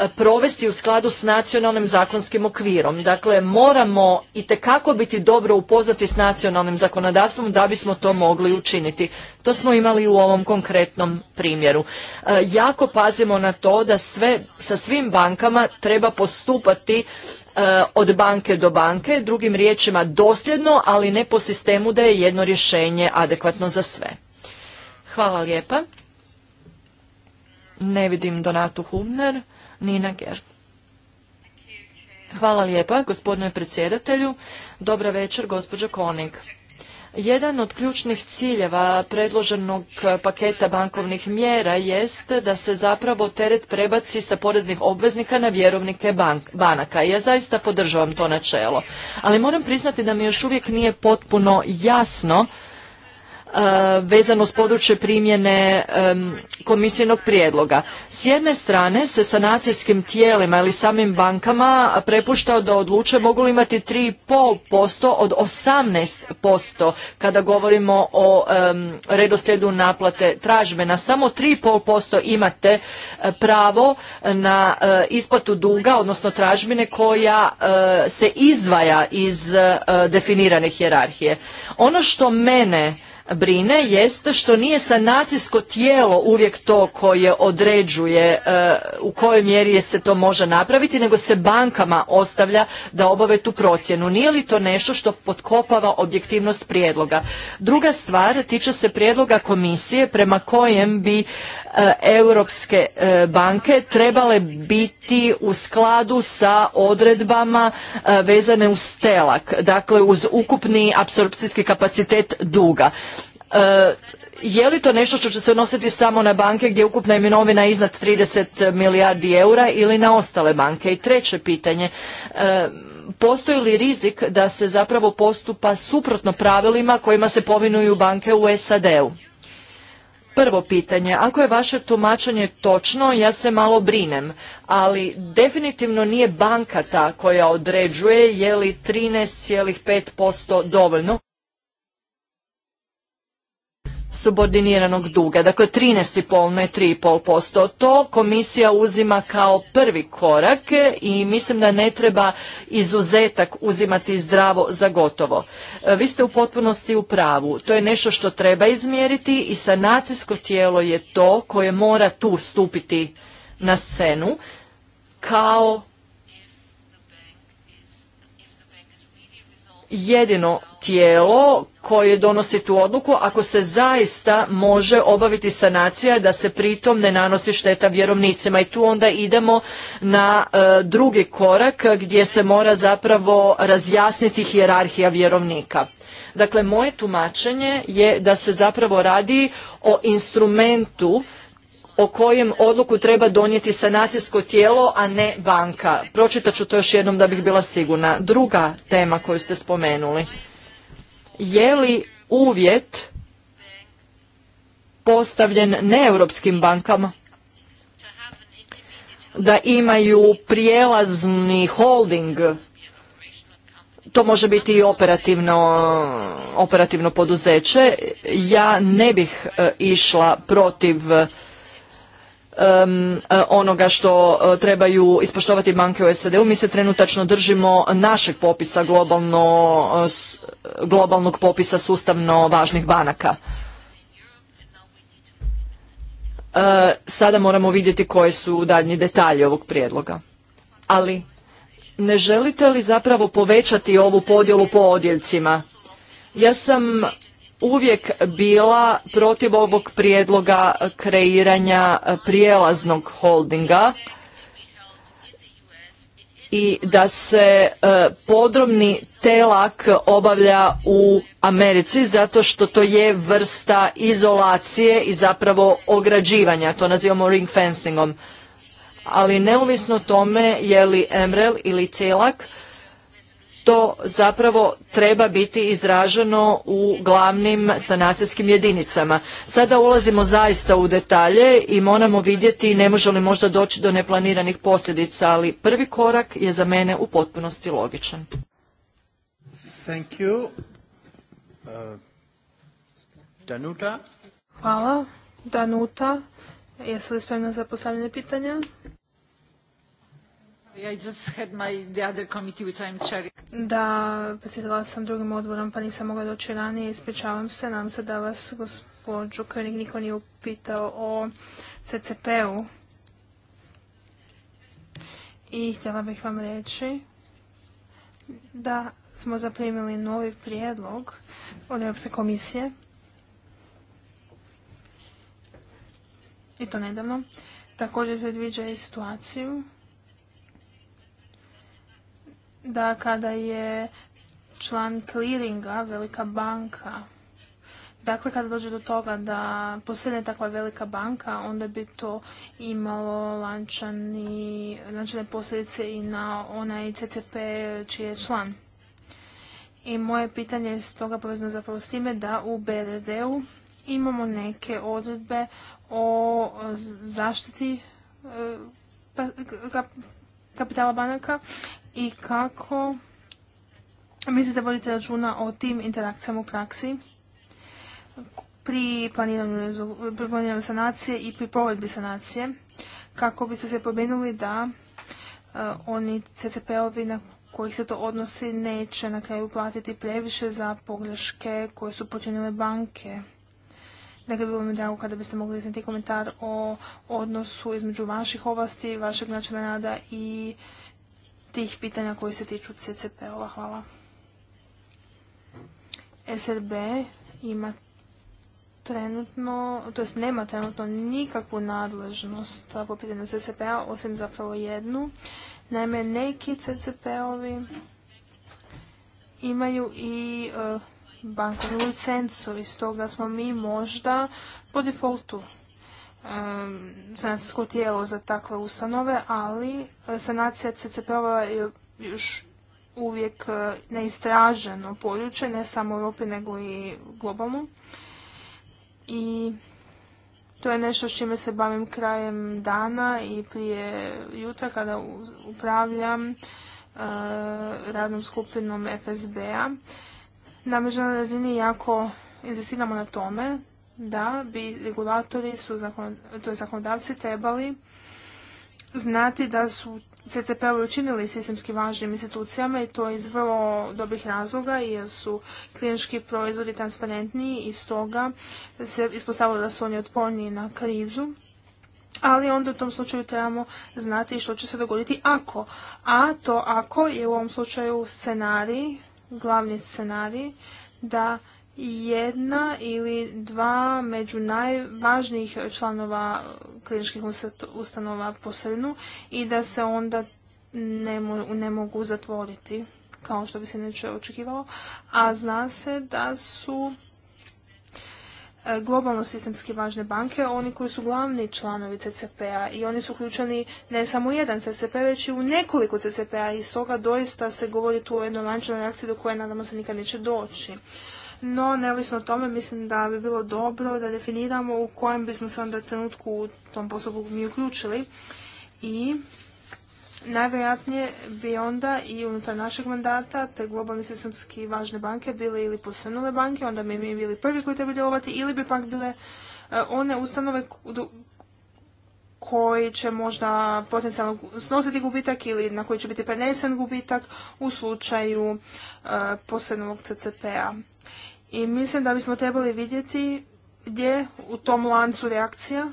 provesti u skladu s nacionalnim zakonskim okvirom. Dakle, moramo i tekako biti dobro upoznati s nacionalnim zakonodavstvom da bismo to mogli učiniti. To smo imali u ovom konkretnom primjeru. E, jako pazimo na to da sve, sa svim bankama treba postupati e, od banke do banke, drugim riječima dosljedno, ali ne po sistemu da je jedno rješenje adekvatno za sve. Hvala lijepa. Ne vidim Donatu Humner. Nina Ger. Hvala lijepa, gospodine predsjedatelju. Dobra večer, gospođo Konig. Jedan od ključnih ciljeva predloženog paketa bankovnih mjera jest da se zapravo teret prebaci sa poreznih obveznika na vjerovnike bank, banaka. Ja zaista podržavam to načelo. Ali moram priznati da mi još uvijek nije potpuno jasno E, vezano s područje primjene komisijenog prijedloga. S jedne strane se sanacijskim tijelima ili samim bankama prepuštao da odluče mogu li imati 3,5% od 18% kada govorimo o redoslijedu naplate tražbena. Samo 3,5% imate e, pravo na e, isplatu duga, odnosno tražbine koja se izdvaja iz definirane hjerarhije. Ono što mene brine jest što nije sanacijsko tijelo uvijek to koje određuje e, u kojoj mjeri se to može napraviti, nego se bankama ostavlja da obave tu procjenu. Nije li to nešto što potkopava objektivnost prijedloga? Druga stvar tiče se prijedloga komisije prema kojem bi e, europske e, banke trebale biti u skladu sa odredbama vezane uz telak, dakle uz ukupni apsorpcijski kapacitet duga. Eh, je li to nešto što će se odnositi samo na banke gdje ukupna imenovina iznad 30 milijardi eura ili na ostale banke? I treće pitanje, eh, postoji li rizik da se zapravo postupa suprotno pravilima kojima se povinuju banke u SAD-u? Prvo pitanje, ako je vaše tumačenje točno, ja se malo brinem, ali definitivno nije banka ta koja određuje je li 13,5% dovoljno subordiniranog duga, dakle 13,5 ne 3,5%. To komisija uzima kao prvi korak i mislim da ne treba izuzetak uzimati zdravo za gotovo. E, vi ste u potpunosti u pravu. To je nešto što treba izmjeriti i sanacijsko tijelo je to koje mora tu stupiti na scenu kao jedino tijelo koje donosi tu odluku ako se zaista može obaviti sanacija da se pritom ne nanosi šteta vjerovnicima i tu onda idemo na e, drugi korak gdje se mora zapravo razjasniti hijerarhija vjerovnika. Dakle, moje tumačenje je da se zapravo radi o instrumentu o kojem odluku treba donijeti sanacijsko tijelo, a ne banka. Pročitat ću to još jednom da bih bila sigurna. Druga tema koju ste spomenuli. Je li uvjet postavljen neeuropskim bankama da imaju prijelazni holding to može biti i operativno, operativno poduzeće. Ja ne bih e, išla protiv Um, uh, onoga što uh, trebaju ispoštovati banke u SAD-u. Mi se trenutačno držimo našeg popisa globalno, uh, globalnog popisa sustavno važnih banaka. sada moramo vidjeti koje su daljnji detalji ovog prijedloga. Ali ne želite li zapravo povećati ovu podjelu po odjeljcima? Ja sam uvijek bila protiv ovog prijedloga kreiranja prijelaznog holdinga i da se e, podrobni telak obavlja u Americi zato što to je vrsta izolacije i zapravo ograđivanja, to nazivamo ring fencingom. Ali neovisno tome je li Emrel ili telak to zapravo treba biti izraženo u glavnim sanacijskim jedinicama. Sada ulazimo zaista u detalje i moramo vidjeti ne može li možda doći do neplaniranih posljedica, ali prvi korak je za mene u potpunosti logičan. Thank you. Uh, Danuta. Hvala. Danuta, jesi li spremna za postavljanje pitanja? Da, predsjedala sam drugim odborom pa nisam mogla doći ranije. Ispričavam se, nam se da vas gospođu König niko nije upitao o CCP-u. I htjela bih vam reći da smo zaprimili novi prijedlog od Europske komisije. I to nedavno. Također predviđa i situaciju da kada je član clearinga, velika banka, dakle kada dođe do toga da posljedne takva velika banka, onda bi to imalo lančani, lančane posljedice i na onaj CCP čiji je član. I moje pitanje je stoga povezano zapravo s time da u BRD-u imamo neke odredbe o zaštiti e, pa, kapitala banaka i kako mislite vodite računa o tim interakcijama u praksi pri planiranju, sanacije i pri provedbi sanacije kako biste se pobrinuli da eh, oni CCP-ovi na kojih se to odnosi neće na kraju platiti previše za pogreške koje su počinile banke. Dakle, bilo mi drago kada biste mogli iznijeti komentar o odnosu između vaših ovlasti, vašeg načina rada i tih pitanja koji se tiču CCP-ova. Hvala. SRB ima trenutno, to jest nema trenutno nikakvu nadležnost po pitanju CCP-a, osim zapravo jednu. Naime, neki CCP-ovi imaju i e, bankovnu licencu i stoga smo mi možda po defaultu Um, sanacijsko tijelo za takve ustanove, ali e, sanacija CCP-ova je još uvijek e, neistraženo područje, ne samo u Europi nego i globalno. I to je nešto s čime se bavim krajem dana i prije jutra kada upravljam e, radnom skupinom FSB-a. Na međunarodnoj razini jako inzistiramo na tome da bi regulatori, su zakon, to zakonodavci trebali znati da su CTP-ovi učinili sistemski važnim institucijama i to iz vrlo dobrih razloga jer su klinički proizvodi transparentniji i stoga se ispostavilo da su oni otporniji na krizu. Ali onda u tom slučaju trebamo znati što će se dogoditi ako. A to ako je u ovom slučaju scenarij, glavni scenarij, da jedna ili dva među najvažnijih članova kliničkih ustanova posrnu i da se onda ne, mogu zatvoriti kao što bi se neče očekivalo, a zna se da su e, globalno sistemski važne banke, oni koji su glavni članovi TCP-a i oni su uključeni ne samo u jedan TCP, već i u nekoliko TCP-a i stoga doista se govori tu o jednoj reakciji do koje nadamo se nikad neće doći no neovisno o tome mislim da bi bilo dobro da definiramo u kojem bismo se onda trenutku u tom postupku mi uključili i najvjerojatnije bi onda i unutar našeg mandata te globalni sistemski važne banke bile ili posrnule banke, onda bi mi bili prvi koji treba djelovati ili bi pak bile e, one ustanove koji će možda potencijalno snositi gubitak ili na koji će biti prenesen gubitak u slučaju e, posljednog CCP-a. I mislim da bismo trebali vidjeti gdje u tom lancu reakcija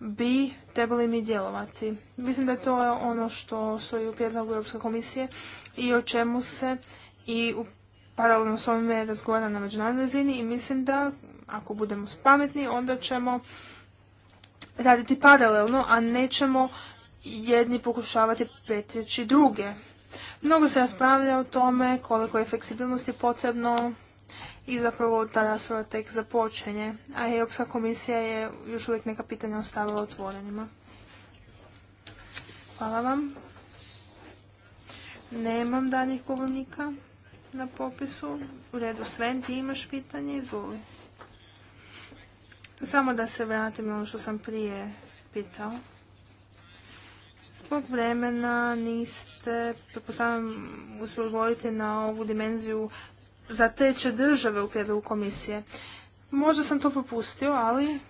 bi trebali mi djelovati. Mislim da je to ono što stoji u prijedlogu Europske komisije i o čemu se i u paralelno s ovime razgovara na međunarodnoj razini i mislim da ako budemo pametni onda ćemo raditi paralelno, a nećemo jedni pokušavati pretjeći druge. Mnogo se raspravlja o tome koliko je fleksibilnosti potrebno i zapravo ta rasprava tek započenje, a Europska komisija je još uvijek neka pitanja ostavila otvorenima. Hvala vam. Nemam danih govornika na popisu. U redu, sve, ti imaš pitanje, izvoli. Samo da se vratim na ono što sam prije pitao. Zbog vremena niste, pretpostavljam, uspjeli na ovu dimenziju za treće države u prijedlogu komisije. Možda sam to propustio, ali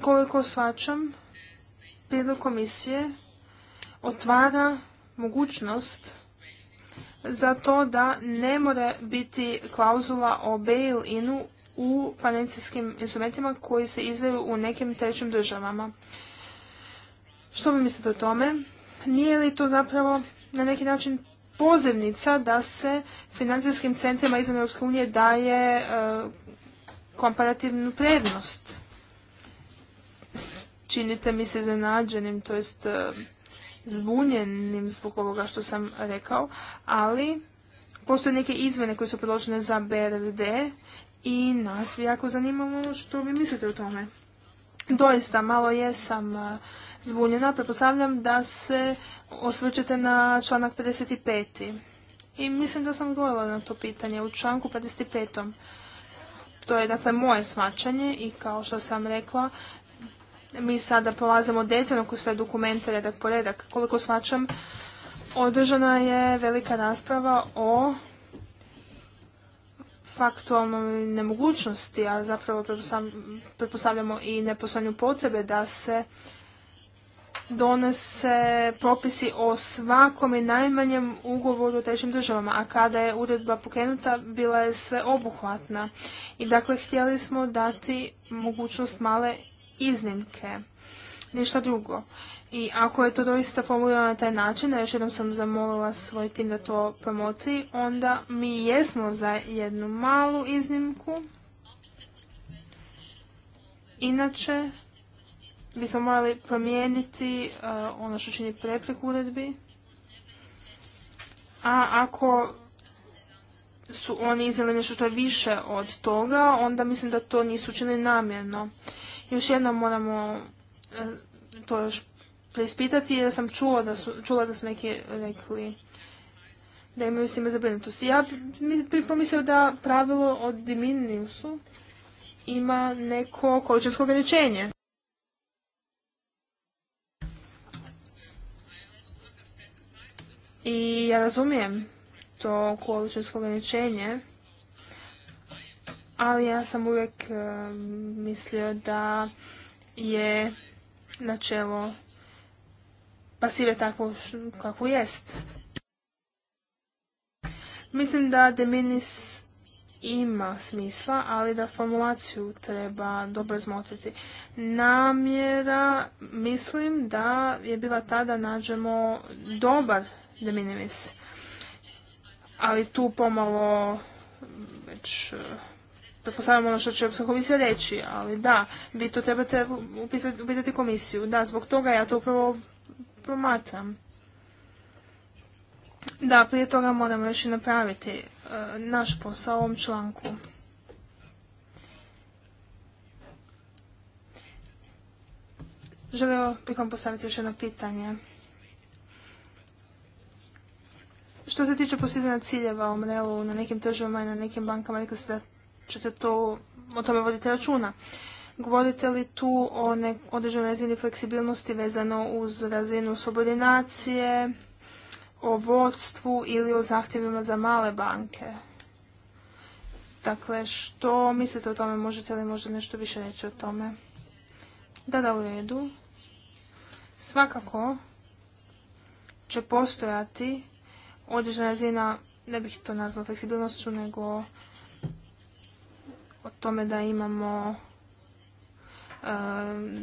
koliko svačam, prijedlog komisije otvara mogućnost za to da ne mora biti klauzula o bail-inu u financijskim instrumentima koji se izdaju u nekim trećim državama. Što vi mislite o tome? Nije li to zapravo na neki način pozivnica da se financijskim centrima izvan Europske unije daje e, komparativnu prednost? Činite mi se iznenađenim, to jest e, zbunjenim zbog ovoga što sam rekao, ali postoje neke izmjene koje su predložene za BRD i nas bi jako zanimalo što vi mislite o tome. Doista, malo jesam e, zbunjena, pretpostavljam da se osvrćete na članak 55. I mislim da sam govorila na to pitanje u članku 55. To je dakle moje smačanje i kao što sam rekla, mi sada polazimo detaljno kroz sve dokumente redak po redak. Koliko svačam, održana je velika rasprava o faktualnoj nemogućnosti, a zapravo pretpostavljamo i nepostavljanju potrebe da se donose propisi o svakom i najmanjem ugovoru u trećim državama, a kada je uredba pokrenuta bila je sve obuhvatna. I dakle htjeli smo dati mogućnost male iznimke, ništa drugo. I ako je to doista formulirano na taj način, a još jednom sam zamolila svoj tim da to promotri, onda mi jesmo za jednu malu iznimku. Inače, bismo morali promijeniti uh, ono što čini preprek uredbi, a ako su oni iznijeli nešto što je više od toga, onda mislim da to nisu učinili namjerno. Još jednom moramo uh, to još preispitati jer sam čula da su, da su neki rekli da imaju s time zabrinutost. Ja bi pomislio da pravilo o Diminusu ima neko količinsko ograničenje. I ja razumijem to količinsko ograničenje, ali ja sam uvijek eh, mislio da je načelo pasive takvo kako jest. Mislim da de minis ima smisla, ali da formulaciju treba dobro izmotriti. Namjera, mislim da je bila tada da nađemo dobar de minimis. Ali tu pomalo već e, pretpostavljam ono što će Europska komisija reći, ali da, vi to trebate upisati, upitati komisiju. Da, zbog toga ja to upravo promatram. Da, prije toga moramo još i napraviti e, naš posao u ovom članku. Želio bih vam postaviti još jedno pitanje. Što se tiče postizanja ciljeva o mrelu na nekim državama i na nekim bankama, rekli ste ćete to, o tome voditi računa. Govorite li tu o određenoj razini fleksibilnosti vezano uz razinu subordinacije, o vodstvu ili o zahtjevima za male banke? Dakle, što mislite o tome? Možete li možda nešto više reći o tome? Da, da, u redu. Svakako će postojati određena razina, ne bih to nazvala fleksibilnošću, nego o tome da imamo eh,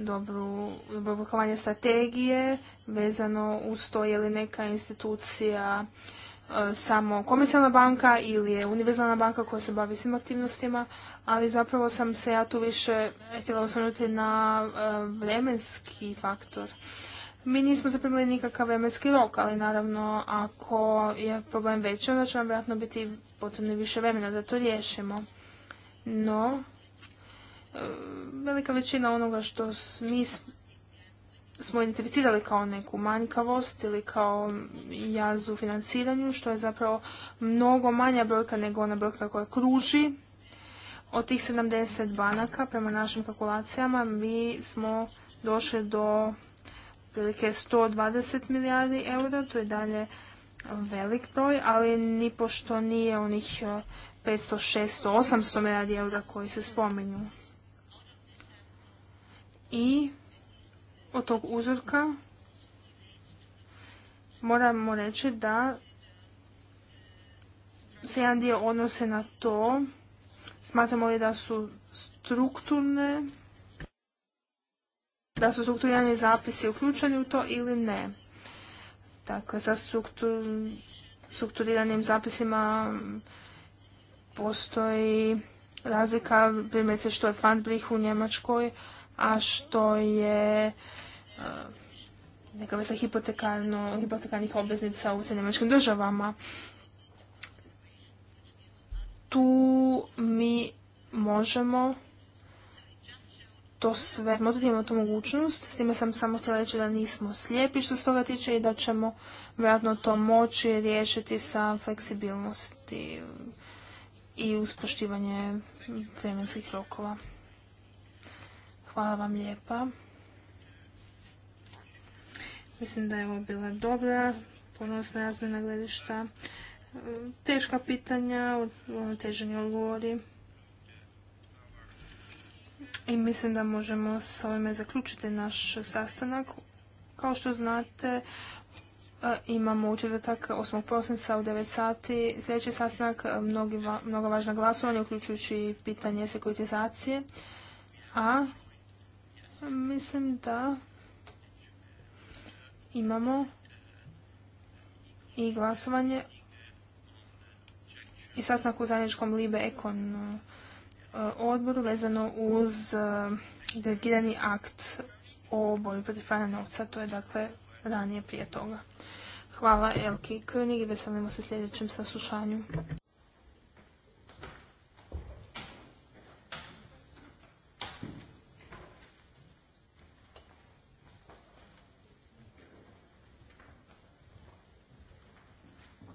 dobru, dobro oblikovanje strategije vezano uz to je li neka institucija eh, samo komercijalna banka ili je univerzalna banka koja se bavi svim aktivnostima, ali zapravo sam se ja tu više htjela osvrnuti na eh, vremenski faktor. Mi nismo zaprimili nikakav vremenski rok, ali naravno ako je problem veći, onda će nam vjerojatno biti potrebno više vremena da to riješimo. No, e, velika većina onoga što mi smo identificirali kao neku manjkavost ili kao jaz u financiranju, što je zapravo mnogo manja brojka nego ona brojka koja kruži. Od tih 70 banaka, prema našim kalkulacijama, mi smo došli do otprilike 120 milijardi eura, to je dalje velik broj, ali ni pošto nije onih 500, 600, 800 milijardi eura koji se spominju. I od tog uzorka moramo reći da se jedan dio odnose na to, smatramo li da su strukturne da su strukturirani zapisi uključeni u to ili ne. Dakle, sa strukturiranim zapisima postoji razlika, primjerice što je Pfandbrich u Njemačkoj, a što je e, neka vrsta hipotekarnih obveznica u Njemačkim državama. Tu mi možemo to sve razmotriti, imamo tu mogućnost. S time sam samo htjela reći da nismo slijepi što se toga tiče i da ćemo vjerojatno to moći riješiti sa fleksibilnosti i uspoštivanje vremenskih rokova. Hvala vam lijepa. Mislim da je ovo bila dobra, ponosna razmjena gledišta, teška pitanja, teženi odgovori. I mislim da možemo s ovime zaključiti naš sastanak. Kao što znate, e, imamo u četvrtak 8. prosinca u 9 sati sljedeći sastanak, e, mnogo mnoga važna glasovanja, uključujući i pitanje sekuritizacije. A mislim da imamo i glasovanje i sastanak u zajedničkom Libe Ekon Eh, odboru vezano uz eh, delegirani akt o borbi protiv pranja novca. To je dakle ranije prije toga. Hvala Elki König i veselimo se sljedećem saslušanju.